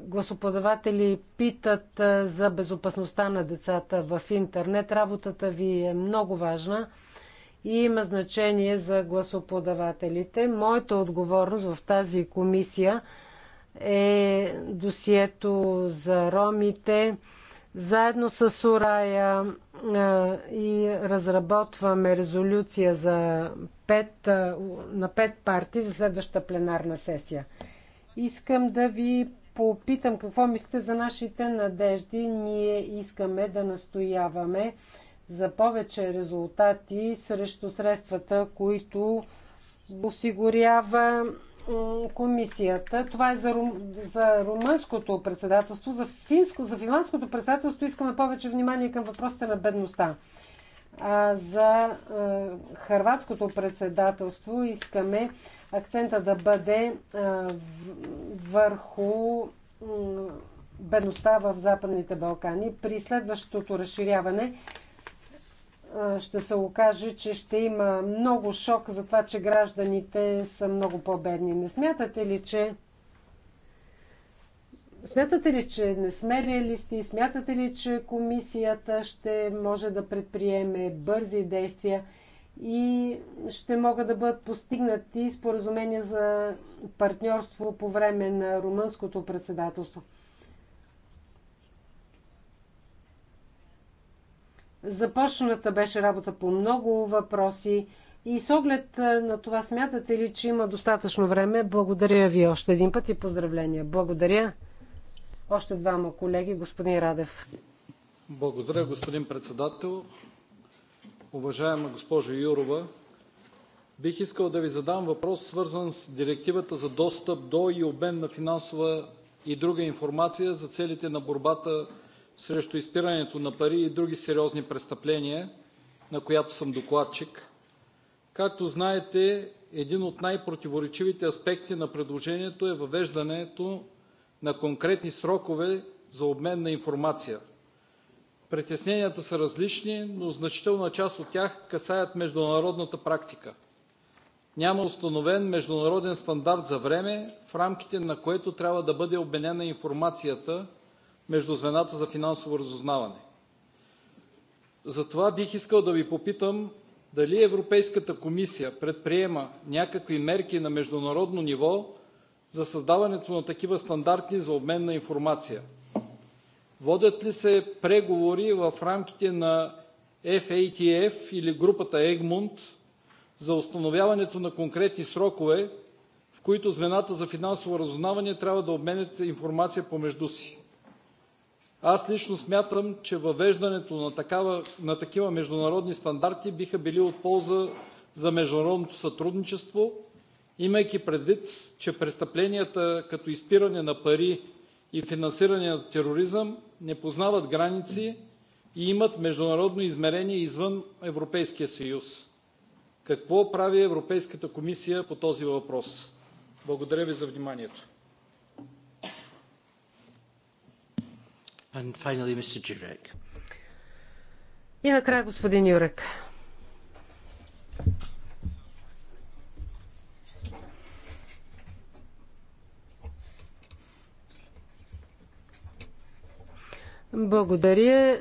гласоподаватели питат е, за безопасността на децата в интернет. Работата ви е много важна и има значение за гласоподавателите. Моята отговорност в тази комисия е досието за ромите, заедно с Урая и разработваме резолюция за пет, на пет партии за следващата пленарна сесия. Искам да ви попитам какво мислите за нашите надежди. Ние искаме да настояваме за повече резултати срещу средствата, които осигурява комисията. Това е за, рум, за румънското председателство. За, финско, за финландското председателство искаме повече внимание към въпросите на бедността. А за а, хърватското председателство искаме акцента да бъде е, върху а, бедността в Западните Балкани. При следващото разширяване ще се окаже, че ще има много шок за това, че гражданите са много по-бедни. Не смятате ли, че Смятате ли, че не сме реалисти? Смятате ли, че комисията ще може да предприеме бързи действия и ще могат да бъдат постигнати споразумения за партньорство по време на румънското председателство? Започната беше работа по много въпроси. И с оглед на това смятате ли, че има достатъчно време? Благодаря ви още един път и поздравления. Благодаря. Още двама колеги. Господин Радев. Благодаря, господин председател. Уважаема госпожа Юрова, бих искал да ви задам въпрос, свързан с Директивата за достъп до и обмен на финансова и друга информация за целите на борбата срещу изпирането на пари и други сериозни престъпления, на която съм докладчик. Както знаете, един от най-противоречивите аспекти на предложението е въвеждането на конкретни срокове за обмен на информация. Притесненията са различни, но значителна част от тях касаят международната практика. Няма установен международен стандарт за време, в рамките на което трябва да бъде обменена информацията между звената за финансово разузнаване. Затова бих искал да Ви попитам дали Европейската комисия предприема някакви мерки на международно ниво за създаването на такива стандарти за обмен на информация? Водят ли се преговори в рамките на FATF или групата Egmont за установяването на конкретни срокове, в които звената за финансово разузнаване трябва да обменят информация помежду си? Аз лично смятам, че въвеждането на такива международни стандарти биха били от полза за международното сътрудничество, имайки предвид, че престъпленията като изпиране на пари и финансиране на тероризъм не познават граници и имат международно измерение извън Европейския съюз. Какво прави Европейската комисия по този въпрос? Благодаря Ви за вниманието. И накрая господин Юрек. Благодаря.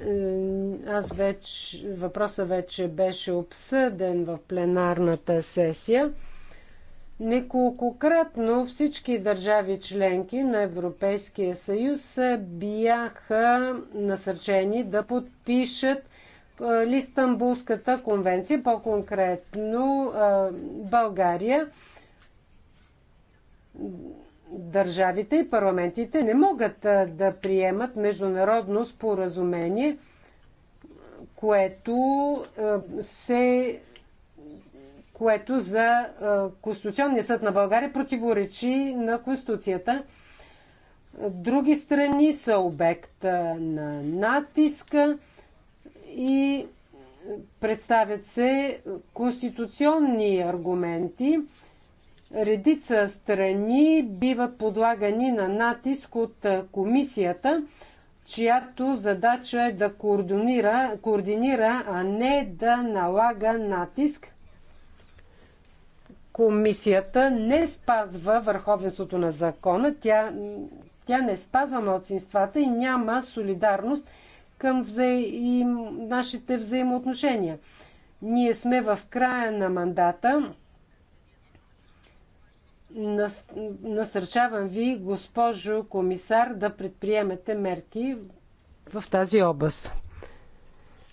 Аз вече, въпросът вече беше обсъден в пленарната сесия. Неколкократно всички държави членки на Европейския съюз бяха насърчени да подпишат Листанбулската конвенция, по-конкретно България. Държавите и парламентите не могат да приемат международно споразумение, което се което за е, Конституционния съд на България противоречи на Конституцията. Други страни са обект е, на натиска и представят се конституционни аргументи. Редица страни биват подлагани на натиск от е, комисията, чиято задача е да координира, координира а не да налага натиск комисията не спазва върховенството на закона, тя, тя не спазва младсинствата и няма солидарност към и нашите взаимоотношения. Ние сме в края на мандата. Нас, насърчавам ви, госпожо комисар, да предприемете мерки в тази област.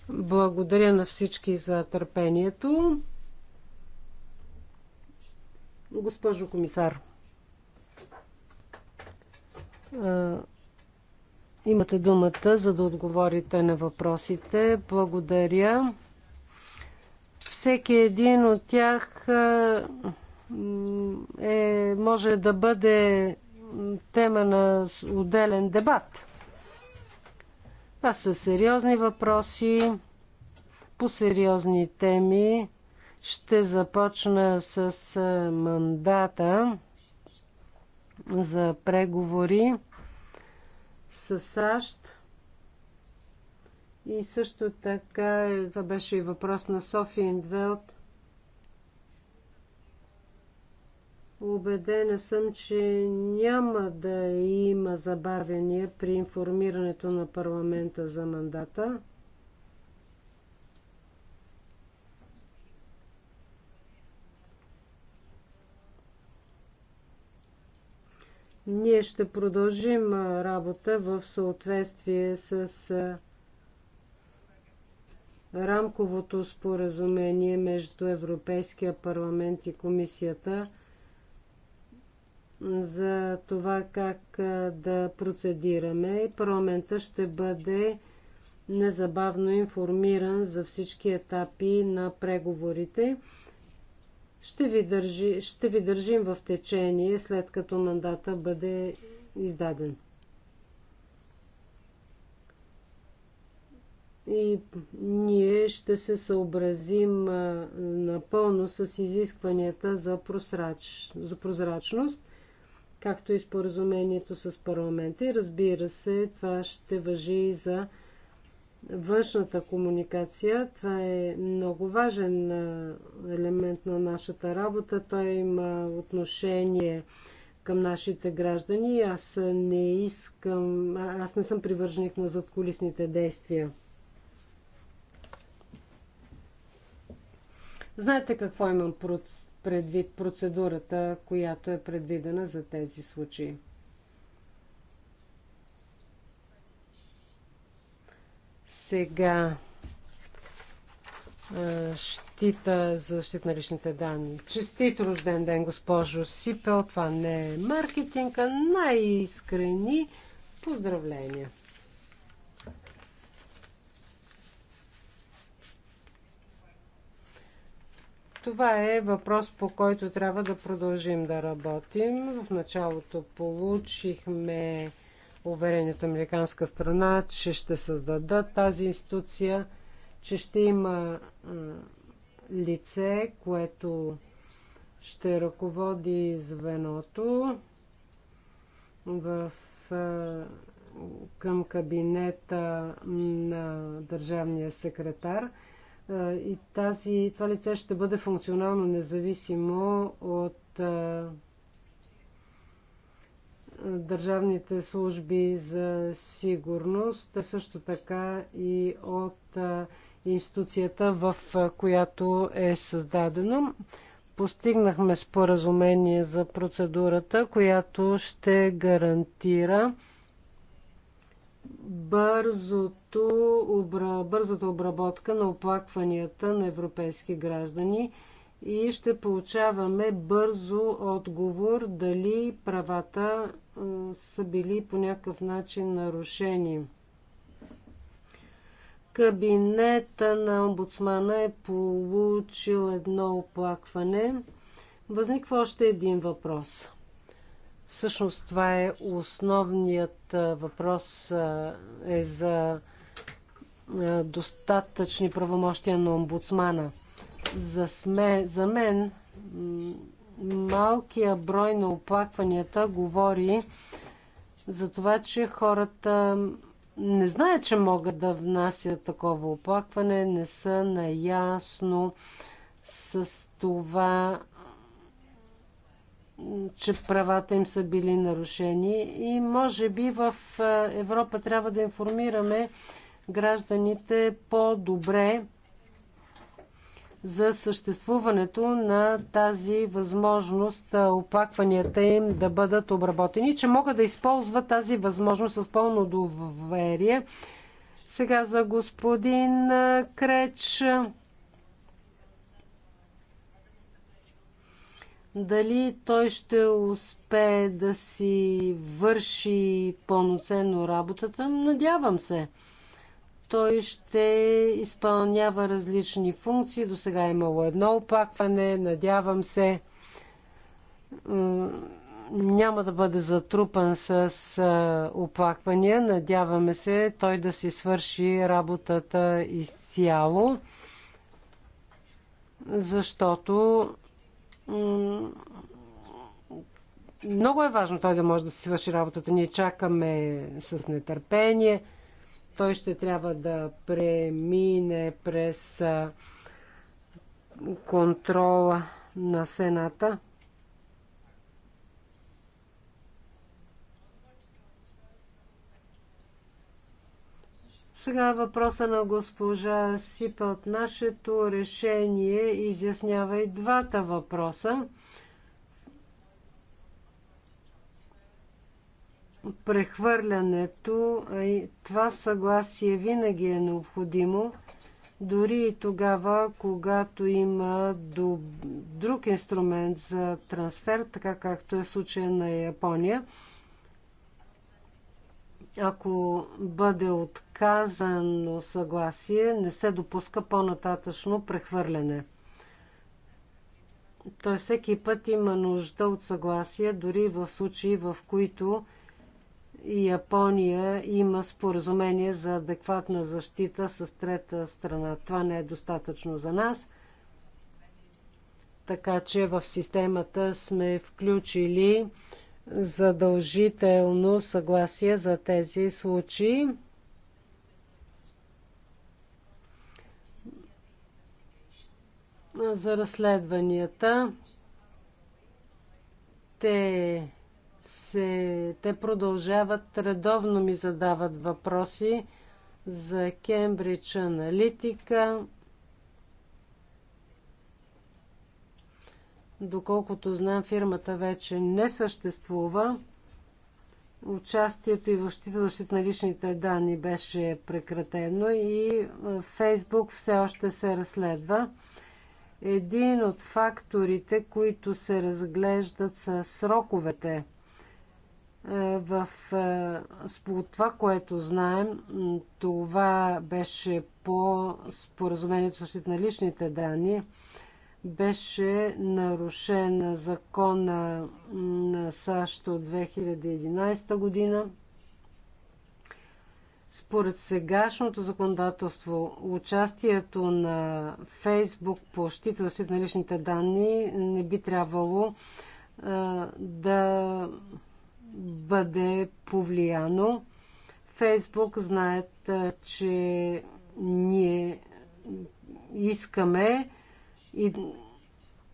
Благодаря на всички за търпението. Госпожо комисар, имате думата, за да отговорите на въпросите. Благодаря. Всеки един от тях е, може да бъде тема на отделен дебат. Това са сериозни въпроси по сериозни теми. Ще започна с мандата за преговори с САЩ. И също така, е, това беше и въпрос на Софи Индвелт. Обедена съм, че няма да има забавяния при информирането на парламента за мандата. Ние ще продължим работа в съответствие с рамковото споразумение между Европейския парламент и комисията за това как да процедираме. Парламента ще бъде незабавно информиран за всички етапи на преговорите. Ще ви, държи, ще ви държим в течение, след като мандата бъде издаден. И ние ще се съобразим напълно с изискванията за, просрач, за прозрачност, както и споразумението с парламента. И разбира се, това ще въжи и за външната комуникация. Това е много важен елемент на нашата работа. Той има отношение към нашите граждани. Аз не искам, аз не съм привърженик на задколисните действия. Знаете какво имам предвид процедурата, която е предвидена за тези случаи. Сега щита за защита на личните данни. Честит рожден ден, госпожо Сипел. Това не е маркетинг, а най-искрени поздравления. Това е въпрос, по който трябва да продължим да работим. В началото получихме уверението американска страна, че ще създадат тази институция, че ще има лице, което ще ръководи звеното в, към кабинета на държавния секретар. И тази, това лице ще бъде функционално независимо от държавните служби за сигурност, а също така и от институцията, в която е създадено. Постигнахме споразумение за процедурата, която ще гарантира бързото, бързата обработка на оплакванията на европейски граждани и ще получаваме бързо отговор дали правата са били по някакъв начин нарушени. Кабинета на омбудсмана е получил едно оплакване. Възниква още един въпрос. Всъщност това е основният въпрос е за достатъчни правомощия на омбудсмана. За, сме, за мен малкия брой на оплакванията говори за това, че хората не знаят, че могат да внасят такова оплакване, не са наясно с това, че правата им са били нарушени. И може би в е, Европа трябва да информираме гражданите по-добре за съществуването на тази възможност опакванията им да бъдат обработени, че могат да използват тази възможност с пълно доверие. Сега за господин Креч. Дали той ще успее да си върши пълноценно работата? Надявам се. Той ще изпълнява различни функции. До сега е имало едно опакване. Надявам се, няма да бъде затрупан с оплаквания. Надяваме се той да си свърши работата изцяло, защото много е важно той да може да си свърши работата. Ние чакаме с нетърпение. Той ще трябва да премине през контрола на Сената. Сега въпроса на госпожа Сипа от нашето решение изяснява и двата въпроса. прехвърлянето, това съгласие винаги е необходимо, дори и тогава, когато има друг инструмент за трансфер, така както е в случая на Япония. Ако бъде отказано съгласие, не се допуска по-нататъчно прехвърляне. Той всеки път има нужда от съгласие, дори в случаи, в които и Япония има споразумение за адекватна защита с трета страна. Това не е достатъчно за нас. Така че в системата сме включили задължително съгласие за тези случаи. За разследванията те се, те продължават редовно ми задават въпроси за Кембридж аналитика. Доколкото знам, фирмата вече не съществува. Участието и в защита на личните данни беше прекратено и е, Фейсбук все още се разследва. Един от факторите, които се разглеждат са сроковете – е, в, е, според това, което знаем, това беше по споразумението защита на личните данни, беше нарушен закона на САЩ от 2011 година. Според сегашното законодателство, участието на Фейсбук по щита защита на личните данни не би трябвало а, е, да бъде повлияно. Фейсбук знаят, че ние искаме и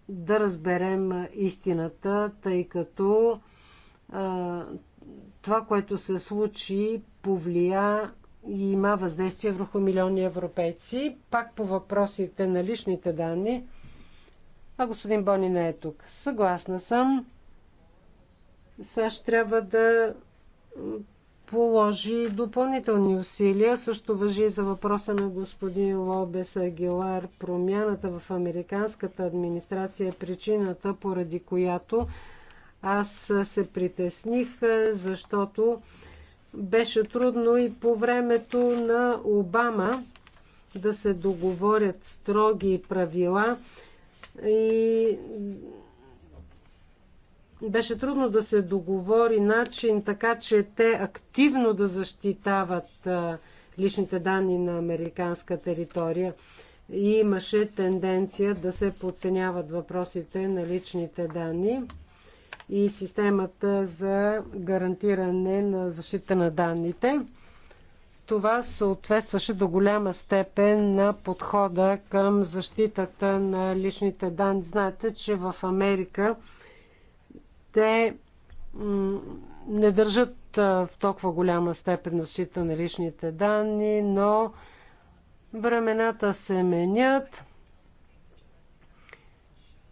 да разберем истината, тъй като а, това, което се случи, повлия и има въздействие върху милиони европейци. Пак по въпросите на личните данни, а господин Бони не е тук. Съгласна съм САЩ трябва да положи допълнителни усилия. Също въжи за въпроса на господин Лобес Агилар. Промяната в американската администрация е причината, поради която аз се притесних, защото беше трудно и по времето на Обама да се договорят строги правила и беше трудно да се договори начин така, че те активно да защитават личните данни на американска територия. И имаше тенденция да се подценяват въпросите на личните данни и системата за гарантиране на защита на данните. Това съответстваше до голяма степен на подхода към защитата на личните данни. Знаете, че в Америка те не държат в толкова голяма степен на защита на личните данни, но времената се менят.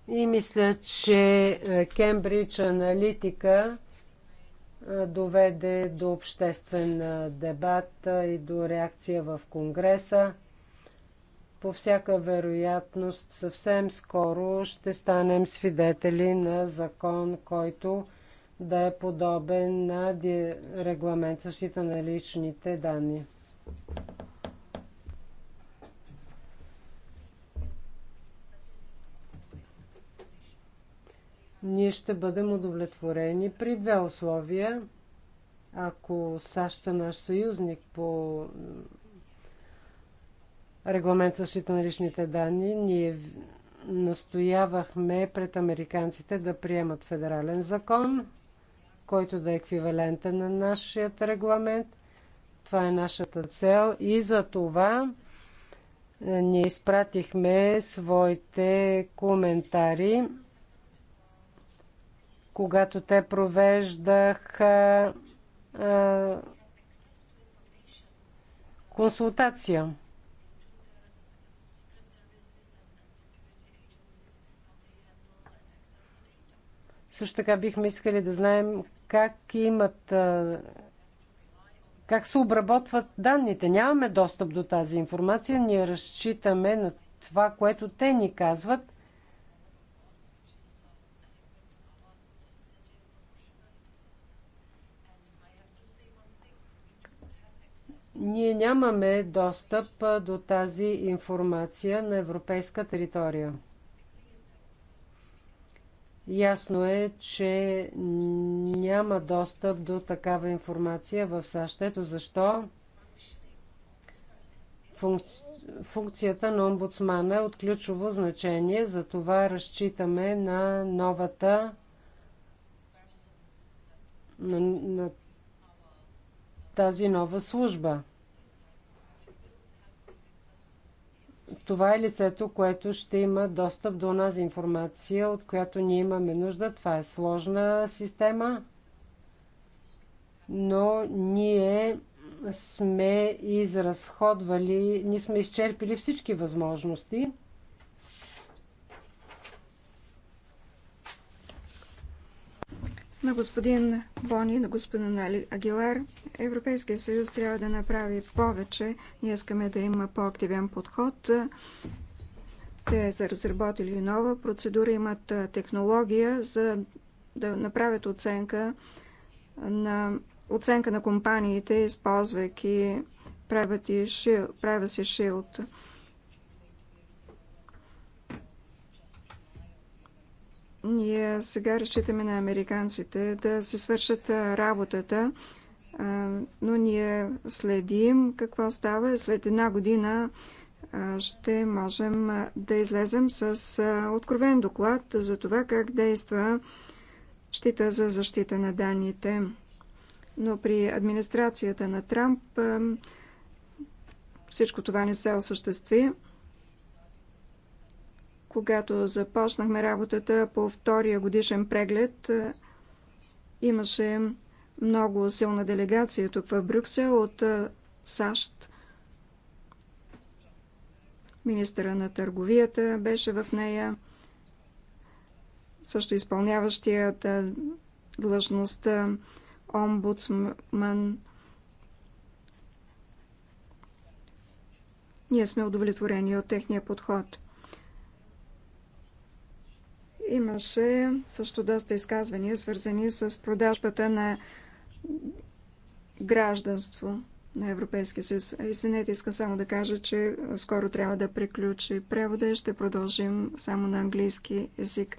И мисля, че Кембридж аналитика доведе до обществен дебат и до реакция в Конгреса по всяка вероятност съвсем скоро ще станем свидетели на закон, който да е подобен на регламент защита на личните данни. Ние ще бъдем удовлетворени при две условия. Ако САЩ са наш съюзник по регламент защита на личните данни, ние настоявахме пред американците да приемат федерален закон, който да е еквивалентен на нашия регламент. Това е нашата цел и за това е, ние изпратихме своите коментари, когато те провеждаха е, консултация. Също така бихме искали да знаем как имат как се обработват данните. Нямаме достъп до тази информация. Ние разчитаме на това, което те ни казват. Ние нямаме достъп до тази информация на европейска територия. Ясно е, че няма достъп до такава информация в САЩ. Ето защо функцията на омбудсмана е от ключово значение. Затова разчитаме на новата на, на тази нова служба. Това е лицето, което ще има достъп до нас информация, от която ние имаме нужда. Това е сложна система, но ние сме изразходвали, ние сме изчерпили всички възможности. На господин Бони, на господин Агилар, Европейския съюз трябва да направи повече. Ние искаме да има по-активен подход. Те са разработили нова процедура, имат технология за да направят оценка на оценка на компаниите, използвайки правя си шилд. Ние сега разчитаме на американците да се свършат работата но ние следим какво става. След една година ще можем да излезем с откровен доклад за това как действа щита за защита на данните. Но при администрацията на Трамп всичко това не се осъществи. Когато започнахме работата по втория годишен преглед, имаше много силна делегация тук в Брюксел от САЩ. Министъра на търговията беше в нея, също изпълняващият длъжността омбудсман. Ние сме удовлетворени от техния подход. Имаше също доста изказвания, свързани с продажбата на гражданство на Европейския съюз. Извинете, искам само да кажа, че скоро трябва да приключи превода и ще продължим само на английски език.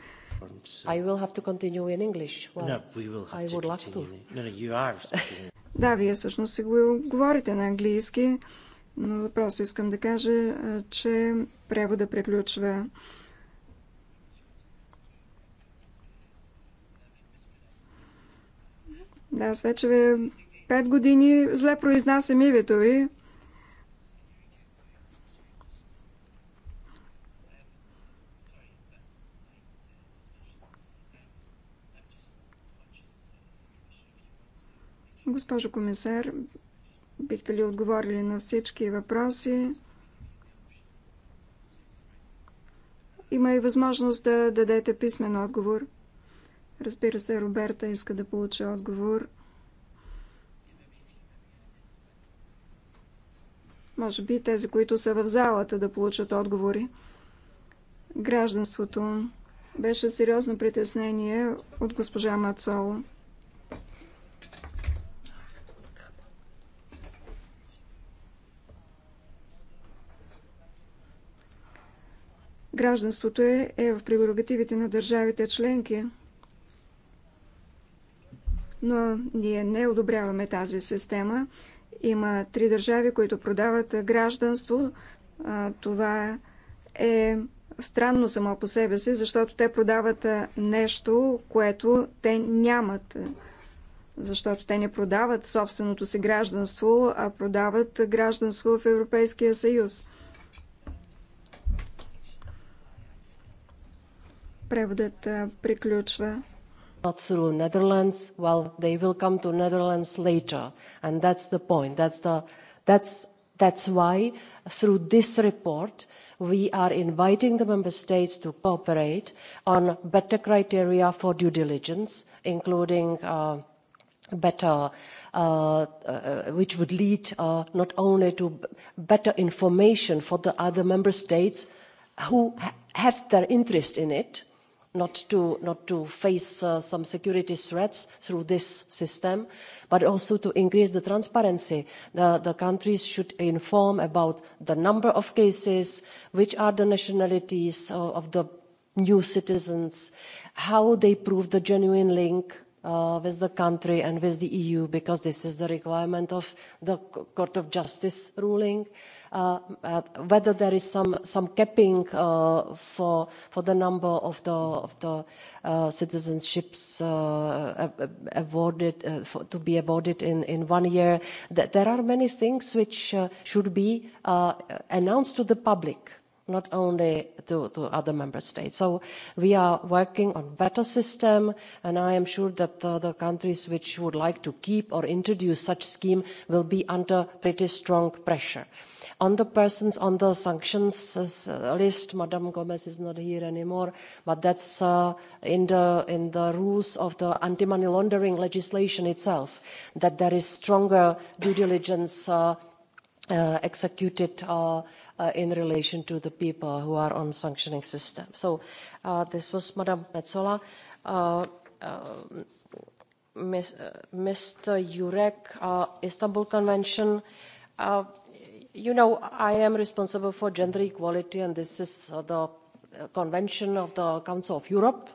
I will have to continue in English. Well, no, we will have I to would like to. No, no, you are да, вие всъщност си го говорите на английски, но просто искам да кажа, че превода приключва Да, аз вече пет години зле произнасям името ви. Госпожо комисар, бихте ли отговорили на всички въпроси? Има и възможност да дадете писмен отговор. Разбира се, Роберта иска да получи отговор. Може би тези, които са в залата, да получат отговори. Гражданството беше сериозно притеснение от госпожа Мацоло. Гражданството е, е в прерогативите на държавите членки но ние не одобряваме тази система. Има три държави, които продават гражданство. Това е странно само по себе си, защото те продават нещо, което те нямат. Защото те не продават собственото си гражданство, а продават гражданство в Европейския съюз. Преводът приключва not through the netherlands well they will come to the netherlands later and that's the point that's why through this report we are inviting the member states to cooperate on better criteria for due diligence including better which would lead not only to better information for the other member states who have their interest in it not to face some security threats through this system but also to increase the transparency. the countries should inform about the number of cases which are the nationalities of the new citizens how they prove the genuine link with the country and with the eu because this is the requirement of the court of justice ruling and whether there is some capping for the number of the citizenships to be awarded in one year there are many things which should be announced to the public not only to other member states. so we are working on a better system and i am sure that the countries which would like to keep or introduce such a scheme will be under pretty strong pressure on the persons on the sanctions list ms gomes is not here anymore but that's in the rules of the anti money laundering legislation itself that there is stronger due diligence executed in relation to the people who are on the sanctioning system. so this was ms metsola. mr jurek istanbul convention you know i am responsible for gender equality and this is the convention of the council of europe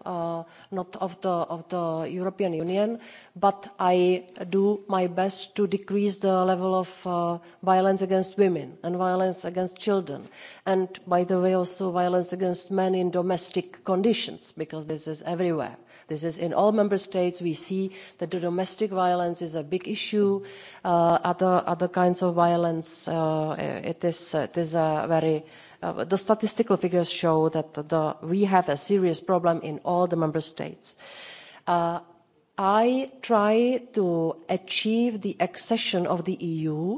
not of the european union but i do my best to decrease the level of violence against women and violence against children and by the way also violence against men in domestic conditions because this is everywhere this is in all member states we see that domestic violence is a big issue other kinds of violence it is a very the statistical figures show that we have a serious problem in all the member states. i try to achieve the accession of the eu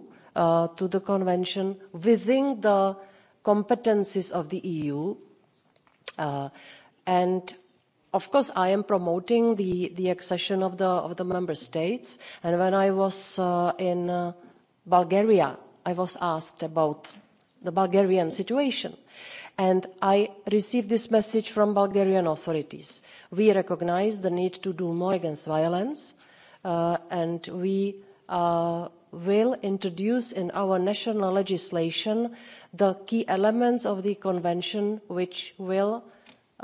to the convention within the competences of the eu and of course i am promoting the accession of the member states and when i was in bulgaria i was asked about the bulgarian situation and i received this message from the bulgarian authorities we recognise the need to do more against violence and we will introduce in our national legislation the key elements of the convention which will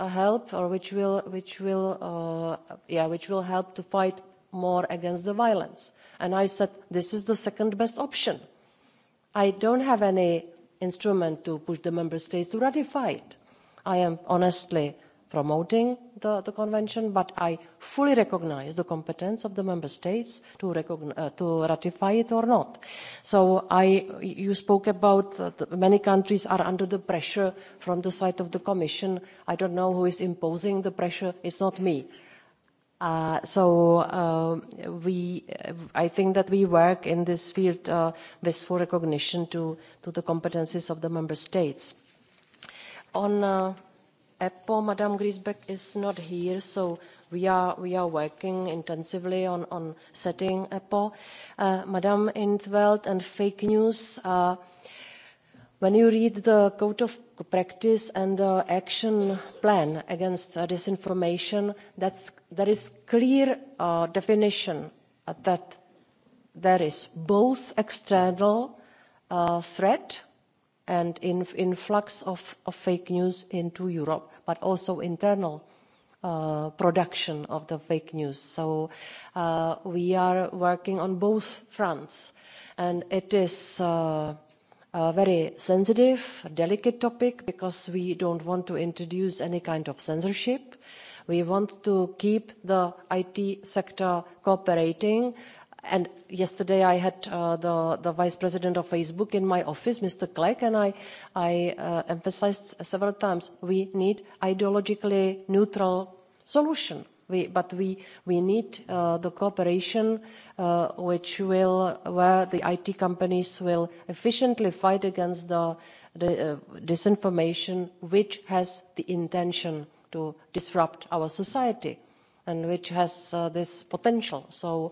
help or which will help to fight more against the violence and i said this is the second best option. i don't have any instrument to push the member states to ratify it i am honestly promoting the convention but i fully recognise the competence of the member states to ratify it or not. you spoke about many countries are under pressure from the side of the commission. i don't know who is imposing the pressure it's not me. so i think that we work in this field with full recognition of the competences of the member states eppo ms griesbeck is not here so we are working intensively on setting eppo. ms in 't veld and fake news when you read the code of practice and the action plan against disinformation there is a clear definition that there is both an external threat and influx of fake news into europe but also internal production of the fake news. so we are working on both fronts and it is a very sensitive delicate topic because we don't want to introduce any kind of censorship. we want to keep the it sector cooperating and yesterday i had the vice president of facebook in my office mr clegg and i emphasised several times we need an ideologically neutral solution but we need the cooperation where the it companies will efficiently fight against the disinformation which has the intention to disrupt our society and which has this potential. so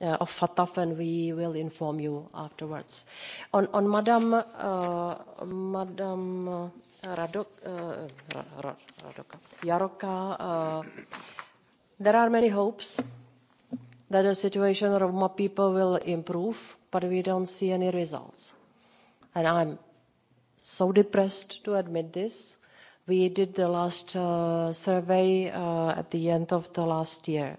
of fatf and we will inform you afterwards. on madam jrka there are many hopes that the situation of roma people will improve but we don't see any results and i'm so depressed to admit this. we did the last survey at the end of last year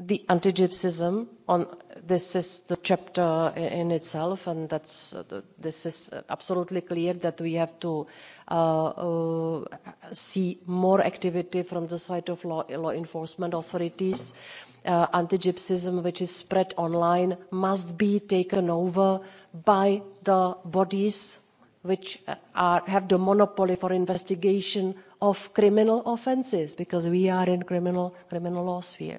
the anti gypsyism this is the chapter in itself and this is absolutely clear that we have to see more activity from the side of law enforcement authorities. anti gypsyism which is spread online must be taken over by the bodies which are have the monopoly for investigation of criminal offences because we are in the criminal law sphere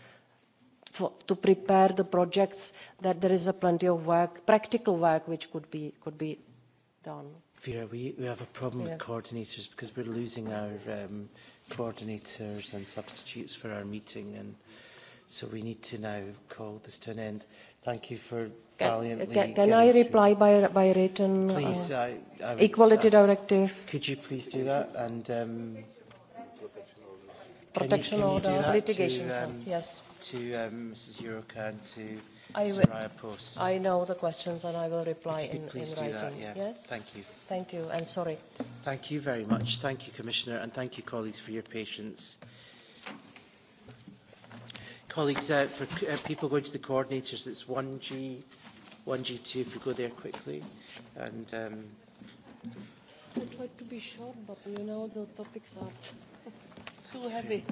to prepare the projects that there is plenty of work practical work which could be could be done. Vera, we, we have a problem with coordinators because we're losing our um, coordinators and substitutes for our meeting and so we need to now call this to an end. Thank you for valiantly Can, can I reply by, by written? Please. Uh, I, I Equality ask, Directive. Could you please do that? And um, Protection Order, litigation, to, um, yes to um, Mrs. Yuruka and to I Soraya Post. I know the questions and I will reply in, in writing. Do that, yeah. Yes? Thank you. Thank you and sorry. Thank you very much. Thank you, Commissioner, and thank you, colleagues, for your patience. Colleagues, uh, for uh, people going to the coordinators, it's 1G, 1G2, if we go there quickly. And, um, I tried to be short, but you know the topics are too heavy.